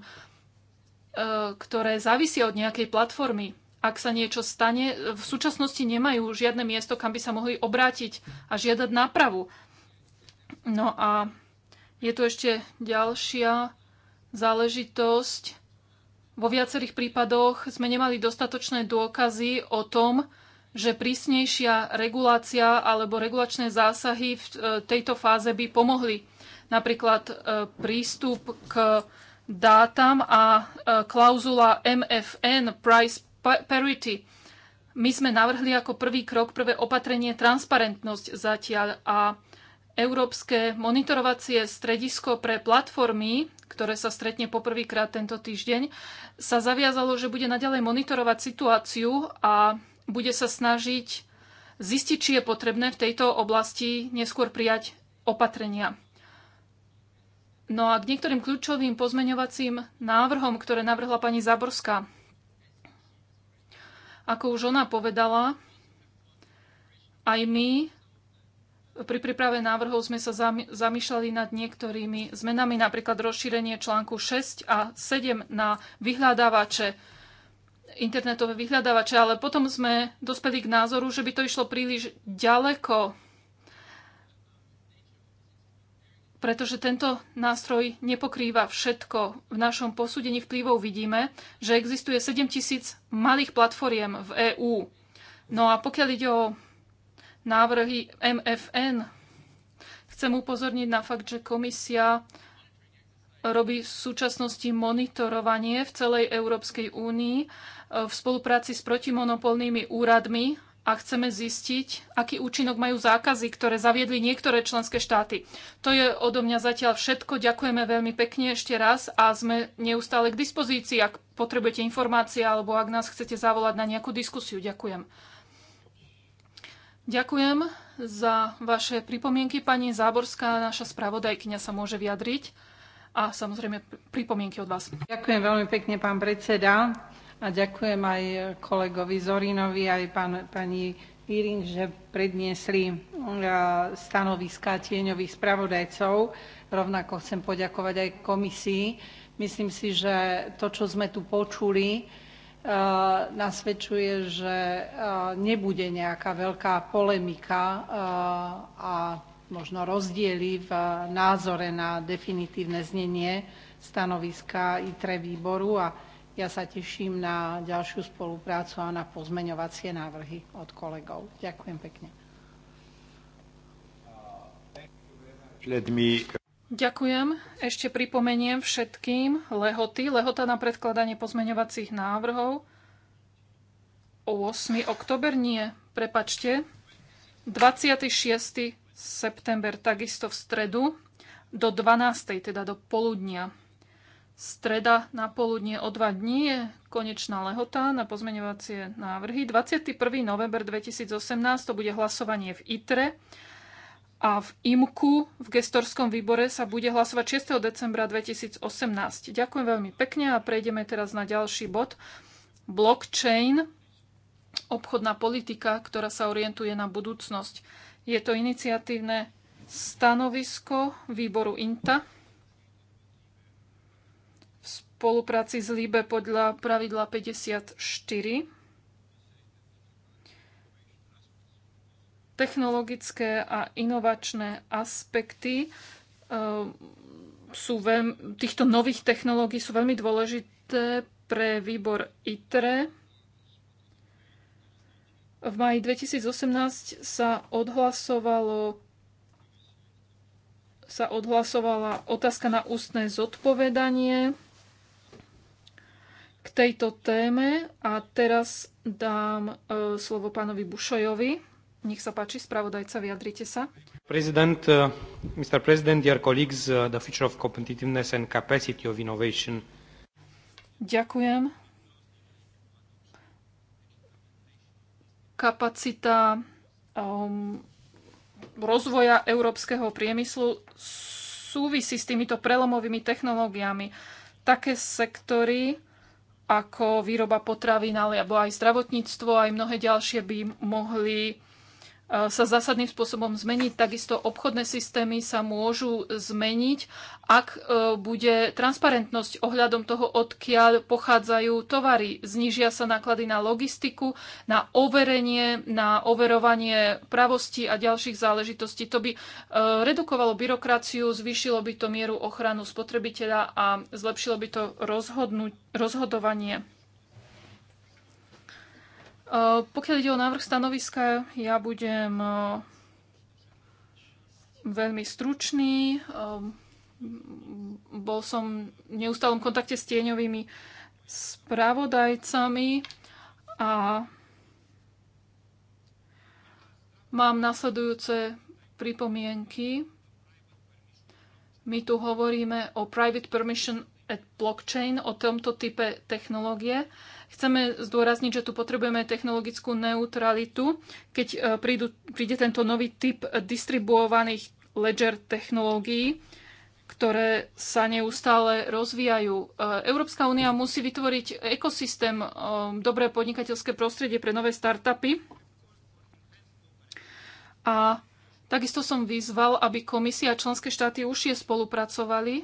ktoré závisia od nejakej platformy. Ak sa niečo stane, v súčasnosti nemajú žiadne miesto, kam by sa mohli obrátiť a žiadať nápravu. No a je tu ešte ďalšia záležitosť. Vo viacerých prípadoch sme nemali dostatočné dôkazy o tom, že prísnejšia regulácia alebo regulačné zásahy v e, tejto fáze by pomohli. Napríklad e, prístup k dátam a e, klauzula MFN, Price Parity. My sme navrhli ako prvý krok prvé opatrenie transparentnosť zatiaľ a Európske monitorovacie stredisko pre platformy, ktoré sa stretne poprvýkrát tento týždeň, sa zaviazalo, že bude naďalej monitorovať situáciu a bude sa snažiť zistiť, či je potrebné v tejto oblasti neskôr prijať opatrenia. No a k niektorým kľúčovým pozmeňovacím návrhom, ktoré navrhla pani Zaborská. Ako už ona povedala, aj my pri príprave návrhov sme sa zamýšľali nad niektorými zmenami, napríklad rozšírenie článku 6 a 7 na vyhľadávače internetové vyhľadávače, ale potom sme dospeli k názoru, že by to išlo príliš ďaleko, pretože tento nástroj nepokrýva všetko. V našom posúdení vplyvov vidíme, že existuje 7000 malých platformiem v EÚ. No a pokiaľ ide o návrhy MFN, chcem upozorniť na fakt, že komisia robí v súčasnosti monitorovanie v celej Európskej únii e, v spolupráci s protimonopolnými úradmi a chceme zistiť, aký účinok majú zákazy, ktoré zaviedli niektoré členské štáty. To je odo mňa zatiaľ všetko. Ďakujeme veľmi pekne ešte raz a sme neustále k dispozícii, ak potrebujete informácie alebo ak nás chcete zavolať na nejakú diskusiu. Ďakujem. Ďakujem za vaše pripomienky. Pani Záborská, naša spravodajkynia sa môže vyjadriť a samozrejme pripomienky od vás. Ďakujem veľmi pekne, pán predseda. A ďakujem aj kolegovi Zorinovi, aj pán, pani Íring, že predniesli stanoviská tieňových spravodajcov. Rovnako chcem poďakovať aj komisii. Myslím si, že to, čo sme tu počuli, nasvedčuje, že nebude nejaká veľká polemika a možno rozdiely v eh, názore na definitívne znenie stanoviska ITRE výboru a ja sa teším na ďalšiu spoluprácu a na pozmeňovacie návrhy od kolegov. Ďakujem pekne. Ďakujem. Ešte pripomeniem všetkým lehoty. Lehota na predkladanie pozmeňovacích návrhov 8. oktober nie, prepačte, 26 september takisto v stredu do 12. teda do poludnia. Streda na poludnie o dva dní je konečná lehota na pozmeňovacie návrhy. 21. november 2018 to bude hlasovanie v ITRE a v IMKU v gestorskom výbore sa bude hlasovať 6. decembra 2018. Ďakujem veľmi pekne a prejdeme teraz na ďalší bod. Blockchain, obchodná politika, ktorá sa orientuje na budúcnosť. Je to iniciatívne stanovisko výboru INTA v spolupráci s LIBE podľa pravidla 54. Technologické a inovačné aspekty e, sú veľmi, týchto nových technológií sú veľmi dôležité pre výbor ITRE v maji 2018 sa odhlasovalo sa odhlasovala otázka na ústne zodpovedanie k tejto téme a teraz dám e, slovo pánovi Bušojovi. Nech sa páči, spravodajca, vyjadrite sa. President, uh, e, Mr. President, dear colleagues, uh, the future of competitiveness and capacity of innovation. Ďakujem. kapacita um, rozvoja európskeho priemyslu súvisí s týmito prelomovými technológiami. Také sektory ako výroba potravín alebo aj zdravotníctvo, aj mnohé ďalšie by mohli sa zásadným spôsobom zmeniť. Takisto obchodné systémy sa môžu zmeniť, ak e, bude transparentnosť ohľadom toho, odkiaľ pochádzajú tovary. Znižia sa náklady na logistiku, na overenie, na overovanie pravosti a ďalších záležitostí. To by e, redukovalo byrokraciu, zvýšilo by to mieru ochranu spotrebiteľa a zlepšilo by to rozhodovanie. Pokiaľ ide o návrh stanoviska, ja budem veľmi stručný. Bol som v neustálom kontakte s tieňovými spravodajcami a mám nasledujúce pripomienky. My tu hovoríme o private permission at blockchain, o tomto type technológie. Chceme zdôrazniť, že tu potrebujeme technologickú neutralitu, keď e, prídu, príde tento nový typ distribuovaných ledger technológií, ktoré sa neustále rozvíjajú. E, Európska únia musí vytvoriť ekosystém, e, dobré podnikateľské prostredie pre nové startupy. A takisto som vyzval, aby komisia a členské štáty užšie spolupracovali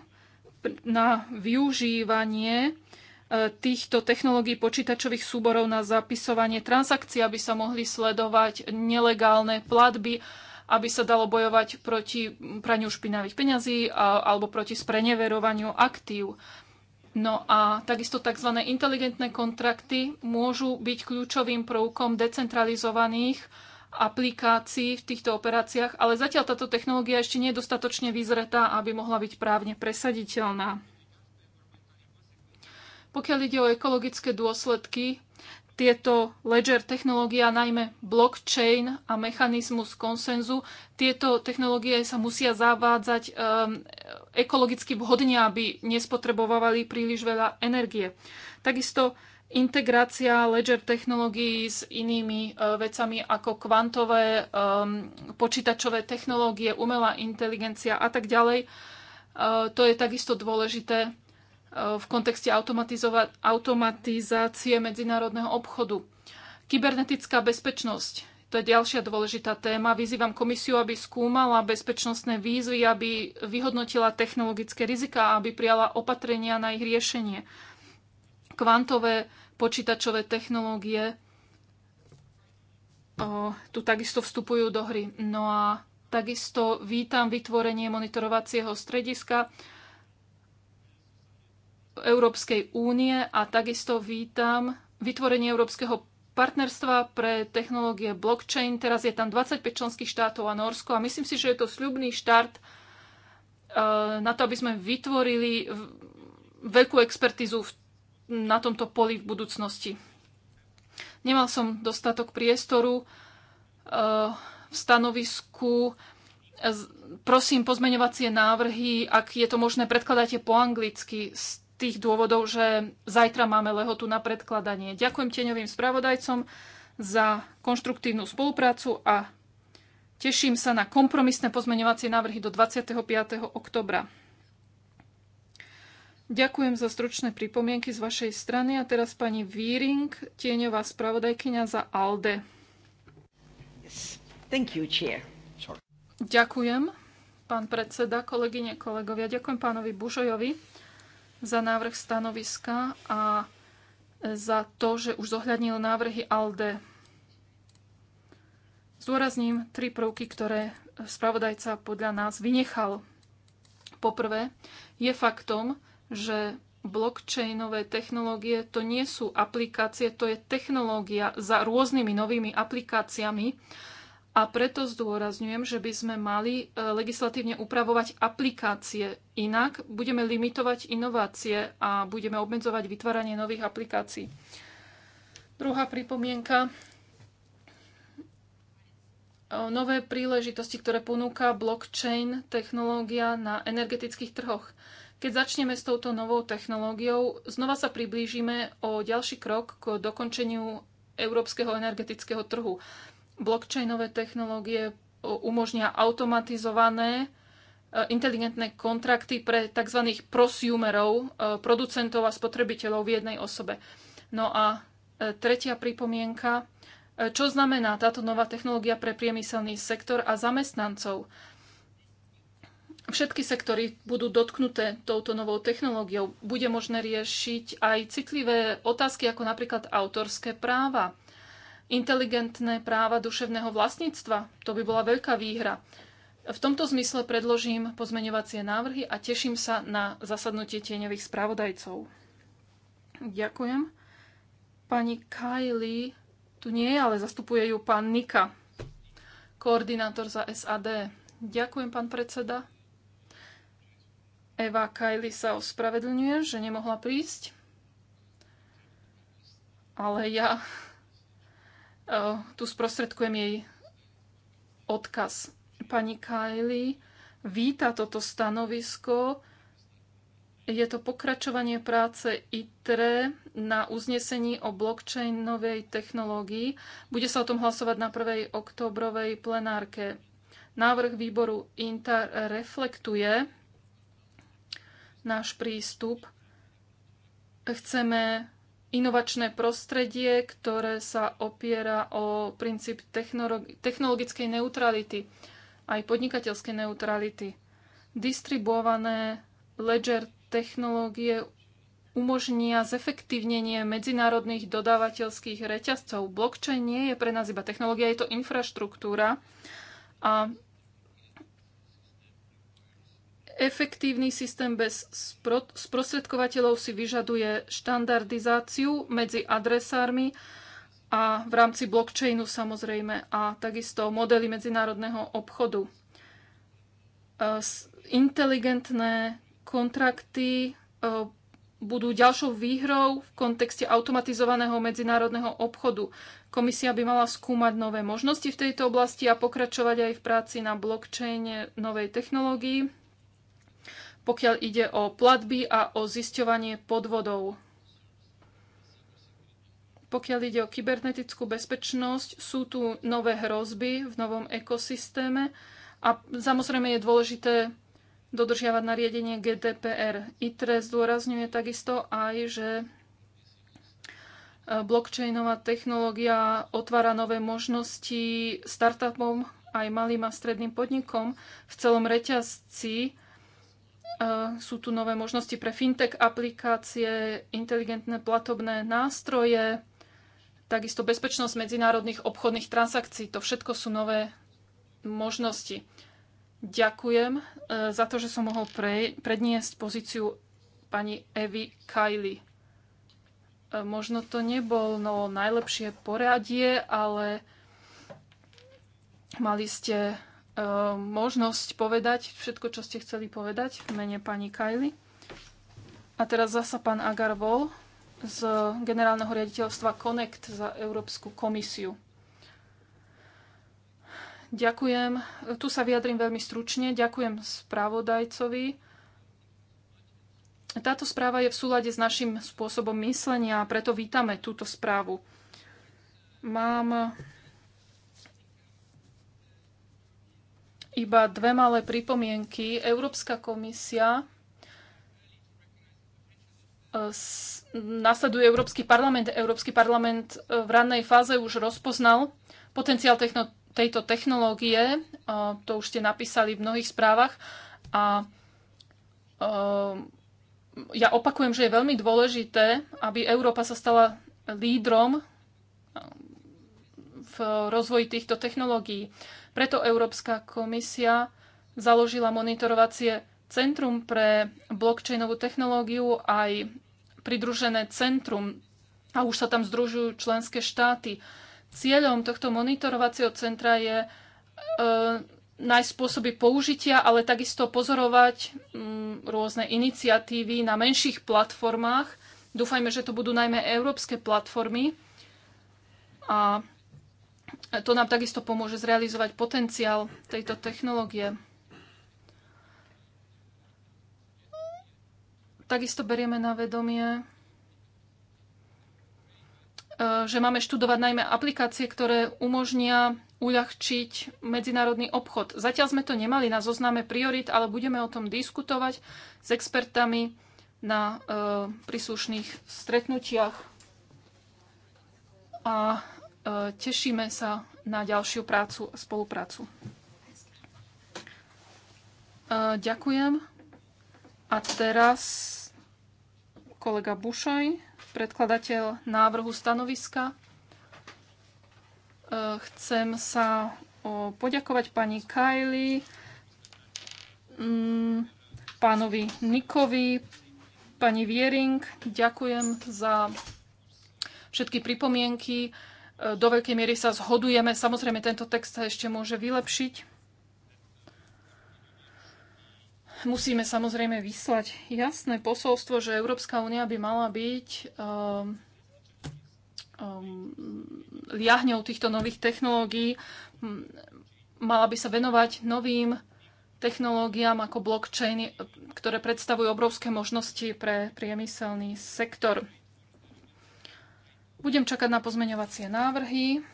na využívanie E, týchto technológií počítačových súborov na zapisovanie transakcií, aby sa mohli sledovať nelegálne platby, aby sa dalo bojovať proti praniu špinavých peňazí alebo proti spreneverovaniu aktív. No a takisto tzv. inteligentné kontrakty môžu byť kľúčovým prvkom decentralizovaných aplikácií v týchto operáciách, ale zatiaľ táto technológia ešte nie je dostatočne vyzretá, aby mohla byť právne presaditeľná. Pokiaľ ide o ekologické dôsledky, tieto ledger technológia, najmä blockchain a mechanizmus konsenzu, tieto technológie sa musia zavádzať um, ekologicky vhodne, aby nespotrebovali príliš veľa energie. Takisto integrácia ledger technológií s inými uh, vecami ako kvantové um, počítačové technológie, umelá inteligencia a tak ďalej. Uh, to je takisto dôležité v kontexte automatizácie medzinárodného obchodu. Kybernetická bezpečnosť. To je ďalšia dôležitá téma. Vyzývam komisiu, aby skúmala bezpečnostné výzvy, aby vyhodnotila technologické rizika a aby prijala opatrenia na ich riešenie. Kvantové počítačové technológie o, tu takisto vstupujú do hry. No a takisto vítam vytvorenie monitorovacieho strediska, Európskej únie a takisto vítam vytvorenie Európskeho partnerstva pre technológie blockchain. Teraz je tam 25 členských štátov a Norsko a myslím si, že je to sľubný štart eh, na to, aby sme vytvorili veľkú expertizu na tomto poli v budúcnosti. Nemal som dostatok priestoru eh, v stanovisku. Prosím, pozmeňovacie návrhy, ak je to možné, predkladajte po anglicky. S tých dôvodov, že zajtra máme lehotu na predkladanie. Ďakujem tieňovým spravodajcom za konštruktívnu spoluprácu a teším sa na kompromisné pozmeňovacie návrhy do 25. oktobra. Ďakujem za stručné pripomienky z vašej strany a teraz pani Víring, tieňová spravodajkyňa za ALDE. Yes. Thank you, chair. Ďakujem, pán predseda, kolegyne, kolegovia. Ďakujem pánovi Bužojovi za návrh stanoviska a za to, že už zohľadnil návrhy ALDE. Zdôrazním tri prvky, ktoré spravodajca podľa nás vynechal. Poprvé, je faktom, že blockchainové technológie to nie sú aplikácie, to je technológia za rôznymi novými aplikáciami, a preto zdôrazňujem, že by sme mali e, legislatívne upravovať aplikácie. Inak budeme limitovať inovácie a budeme obmedzovať vytváranie nových aplikácií. Druhá pripomienka. E, nové príležitosti, ktoré ponúka blockchain technológia na energetických trhoch. Keď začneme s touto novou technológiou, znova sa priblížime o ďalší krok k dokončeniu európskeho energetického trhu blockchainové technológie e, umožnia automatizované e, inteligentné kontrakty pre tzv. prosumerov, e, producentov a spotrebiteľov v jednej osobe. No a tretia pripomienka, čo znamená táto nová technológia pre priemyselný sektor a zamestnancov? Všetky sektory budú dotknuté touto novou technológiou. Bude možné riešiť aj citlivé otázky, ako napríklad autorské práva inteligentné práva duševného vlastníctva. To by bola veľká výhra. V tomto zmysle predložím pozmeňovacie návrhy a teším sa na zasadnutie tieňových spravodajcov. Ďakujem. Pani Kylie tu nie je, ale zastupuje ju pán Nika, koordinátor za SAD. Ďakujem, pán predseda. Eva Kylie sa ospravedlňuje, že nemohla prísť. Ale ja tu sprostredkujem jej odkaz. Pani Kylie víta toto stanovisko. Je to pokračovanie práce ITRE na uznesení o blockchainovej technológii. Bude sa o tom hlasovať na 1. oktobrovej plenárke. Návrh výboru INTA reflektuje náš prístup. Chceme inovačné prostredie, ktoré sa opiera o princíp technologickej neutrality, aj podnikateľskej neutrality. Distribuované ledger technológie umožnia zefektívnenie medzinárodných dodávateľských reťazcov. Blockchain nie je pre nás iba technológia, je to infraštruktúra a Efektívny systém bez sprostredkovateľov si vyžaduje štandardizáciu medzi adresármi a v rámci blockchainu samozrejme a takisto modely medzinárodného obchodu. E, inteligentné kontrakty e, budú ďalšou výhrou v kontexte automatizovaného medzinárodného obchodu. Komisia by mala skúmať nové možnosti v tejto oblasti a pokračovať aj v práci na blockchaine novej technológii pokiaľ ide o platby a o zisťovanie podvodov. Pokiaľ ide o kybernetickú bezpečnosť, sú tu nové hrozby v novom ekosystéme a samozrejme je dôležité dodržiavať nariadenie GDPR. ITRE zdôrazňuje takisto aj, že e, blockchainová technológia otvára nové možnosti startupom aj malým a stredným podnikom v celom reťazci sú tu nové možnosti pre fintech aplikácie, inteligentné platobné nástroje, takisto bezpečnosť medzinárodných obchodných transakcií. To všetko sú nové možnosti. Ďakujem e, za to, že som mohol pre, predniesť pozíciu pani Evy Kajli. E, možno to nebol no, najlepšie poradie, ale mali ste možnosť povedať všetko, čo ste chceli povedať v mene pani Kajly. A teraz zasa pán Agar Vol z generálneho riaditeľstva Connect za Európsku komisiu. Ďakujem. Tu sa vyjadrím veľmi stručne. Ďakujem správodajcovi. Táto správa je v súlade s našim spôsobom myslenia a preto vítame túto správu. Mám Iba dve malé pripomienky. Európska komisia e, nasleduje Európsky parlament. Európsky parlament e, v rannej fáze už rozpoznal potenciál techno- tejto technológie. E, to už ste napísali v mnohých správach. A ja opakujem, že je veľmi dôležité, aby Európa sa stala lídrom v rozvoji týchto technológií. Preto Európska komisia založila monitorovacie centrum pre blockchainovú technológiu aj pridružené centrum a už sa tam združujú členské štáty. Cieľom tohto monitorovacieho centra je e, nájsť spôsoby použitia, ale takisto pozorovať m, mm, rôzne iniciatívy na menších platformách. Dúfajme, že to budú najmä európske platformy. A to nám takisto pomôže zrealizovať potenciál tejto technológie. Takisto berieme na vedomie, e, že máme študovať najmä aplikácie, ktoré umožnia uľahčiť medzinárodný obchod. Zatiaľ sme to nemali na zozname priorit, ale budeme o tom diskutovať s expertami na e, príslušných stretnutiach. A E, tešíme sa na ďalšiu prácu a spoluprácu. E, ďakujem. A teraz kolega Bušoj, predkladateľ návrhu stanoviska. E, chcem sa poďakovať pani Kajli, mm, pánovi Nikovi, pani Viering. Ďakujem za všetky pripomienky E, do veľkej miery sa zhodujeme. Samozrejme, tento text sa ešte môže vylepšiť. Musíme samozrejme vyslať jasné posolstvo, že Európska únia by mala byť um, um, liahňou týchto nových technológií. Mala by sa venovať novým technológiám ako blockchain, ktoré predstavujú obrovské možnosti pre priemyselný sektor. Budem čakať na pozmeňovacie návrhy,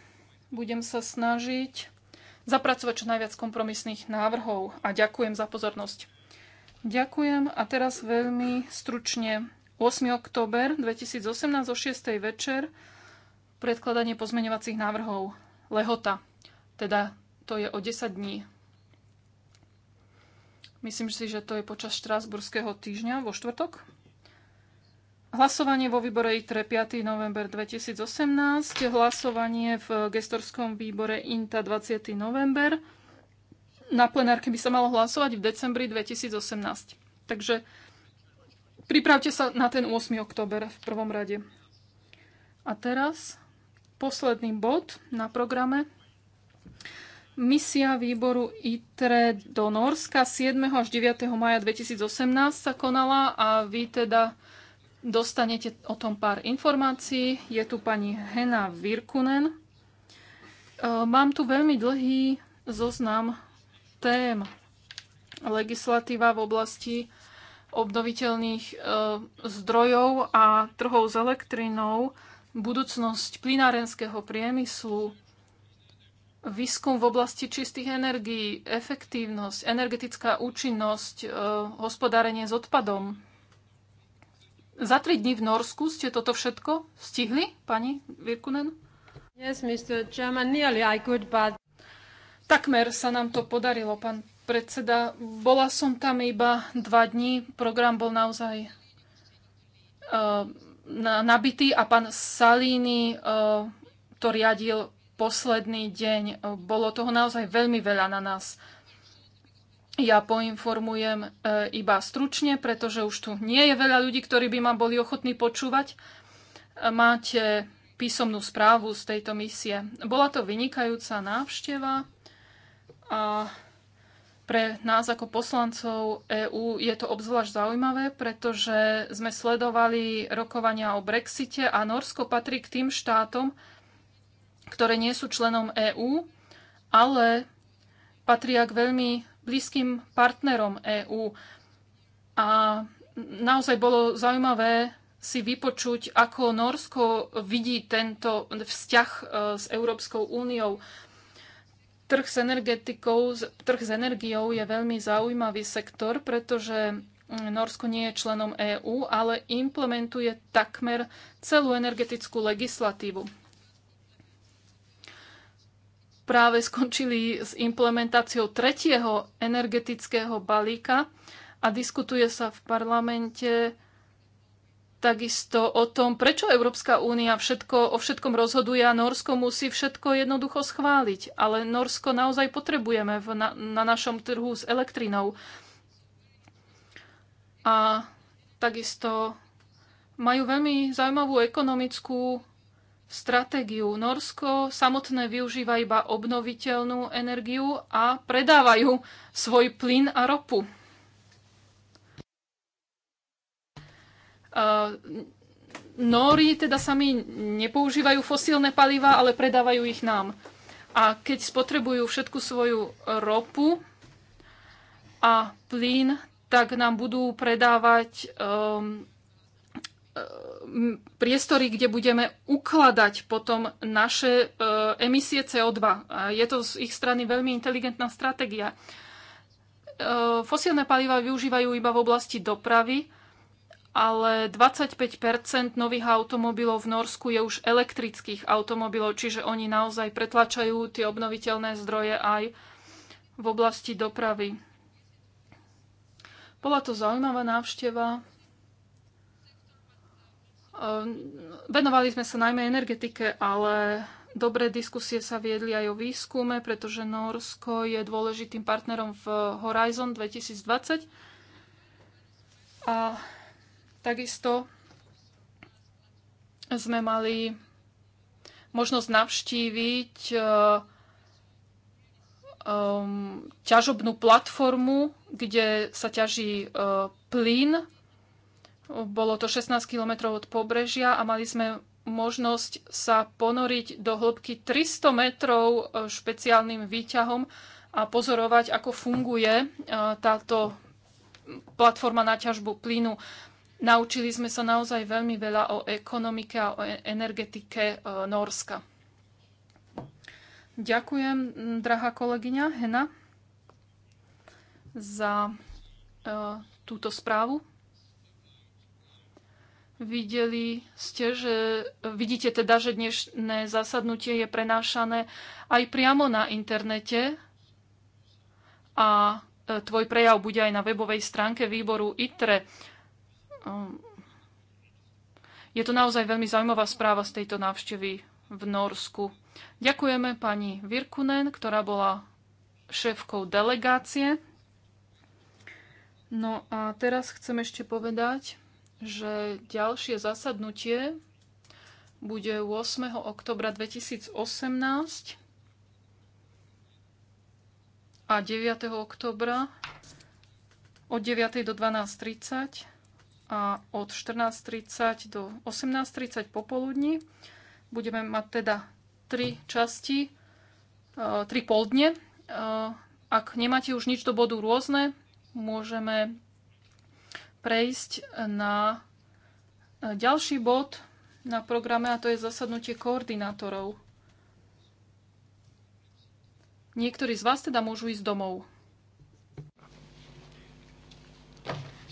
budem sa snažiť zapracovať čo najviac kompromisných návrhov a ďakujem za pozornosť. Ďakujem a teraz veľmi stručne 8. október 2018 o 6. večer predkladanie pozmeňovacích návrhov lehota. Teda to je o 10 dní. Myslím si, že to je počas štrásburského týždňa vo štvrtok. Hlasovanie vo výbore ITRE 5. november 2018, hlasovanie v gestorskom výbore INTA 20. november. Na plenárke by sa malo hlasovať v decembri 2018. Takže pripravte sa na ten 8. október v prvom rade. A teraz posledný bod na programe. Misia výboru ITRE do Norska 7. až 9. maja 2018 sa konala a vy teda Dostanete o tom pár informácií. Je tu pani Hena Virkunen. E, mám tu veľmi dlhý zoznam tém. Legislatíva v oblasti obnoviteľných e, zdrojov a trhov s elektrinou, budúcnosť plinárenského priemyslu, výskum v oblasti čistých energií, efektívnosť, energetická účinnosť, e, hospodárenie s odpadom. Za tri dní v Norsku ste toto všetko stihli, pani Virkunen? Yes, Mr. Chairman, nearly I could, but... Takmer sa nám to podarilo, pán predseda. Bola som tam iba dva dní. Program bol naozaj uh, nabitý a pán Salini uh, to riadil posledný deň. Bolo toho naozaj veľmi veľa na nás. Ja poinformujem e, iba stručne, pretože už tu nie je veľa ľudí, ktorí by ma boli ochotní počúvať. E, máte písomnú správu z tejto misie. Bola to vynikajúca návšteva a pre nás ako poslancov EÚ je to obzvlášť zaujímavé, pretože sme sledovali rokovania o Brexite a Norsko patrí k tým štátom, ktoré nie sú členom EÚ, ale patria k veľmi blízkym partnerom EÚ. A naozaj bolo zaujímavé si vypočuť, ako Norsko vidí tento vzťah e, s Európskou úniou. Trh s, energetikou, trh s energiou je veľmi zaujímavý sektor, pretože mm, Norsko nie je členom EÚ, ale implementuje takmer celú energetickú legislatívu práve skončili s implementáciou tretieho energetického balíka a diskutuje sa v parlamente takisto o tom, prečo Európska únia všetko, o všetkom rozhoduje a Norsko musí všetko jednoducho schváliť. Ale Norsko naozaj potrebujeme v, na, na našom trhu s elektrinou. A takisto majú veľmi zaujímavú ekonomickú stratégiu. Norsko samotné využíva iba obnoviteľnú energiu a predávajú svoj plyn a ropu. E, Nóri teda sami nepoužívajú fosílne paliva, ale predávajú ich nám. A keď spotrebujú všetku svoju ropu a plyn, tak nám budú predávať um, priestory, kde budeme ukladať potom naše e, emisie CO2. Je to z ich strany veľmi inteligentná stratégia. E, fosílne paliva využívajú iba v oblasti dopravy, ale 25 nových automobilov v Norsku je už elektrických automobilov, čiže oni naozaj pretlačajú tie obnoviteľné zdroje aj v oblasti dopravy. Bola to zaujímavá návšteva. Ehm, venovali sme sa najmä energetike, ale dobré diskusie sa viedli aj o výskume, pretože Norsko je dôležitým partnerom v Horizon 2020. A takisto sme mali možnosť navštíviť ehm, ehm, ťažobnú platformu, kde sa ťaží plyn bolo to 16 kilometrov od pobrežia a mali sme možnosť sa ponoriť do hĺbky 300 metrov e, špeciálnym výťahom a pozorovať, ako funguje e, táto platforma na ťažbu plynu. Naučili sme sa naozaj veľmi veľa o ekonomike a o e-, energetike Norska. Ďakujem, drahá kolegyňa Hena, za túto správu. Videli ste, že, vidíte teda, že dnešné zasadnutie je prenášané aj priamo na internete a e, tvoj prejav bude aj na webovej stránke výboru ITRE. Ehm, je to naozaj veľmi zaujímavá správa z tejto návštevy v Norsku. Ďakujeme pani Virkunen, ktorá bola šéfkou delegácie. No a teraz chcem ešte povedať, že ďalšie zasadnutie bude 8. oktobra 2018 a 9. oktobra od 9. do 12.30 a od 14.30 do 18.30 popoludní. Budeme mať teda tri časti, e, tri poldne. E, ak nemáte už nič do bodu rôzne, môžeme prejsť na e, ďalší bod na programe a to je zasadnutie koordinátorov. Niektorí z vás teda môžu ísť domov.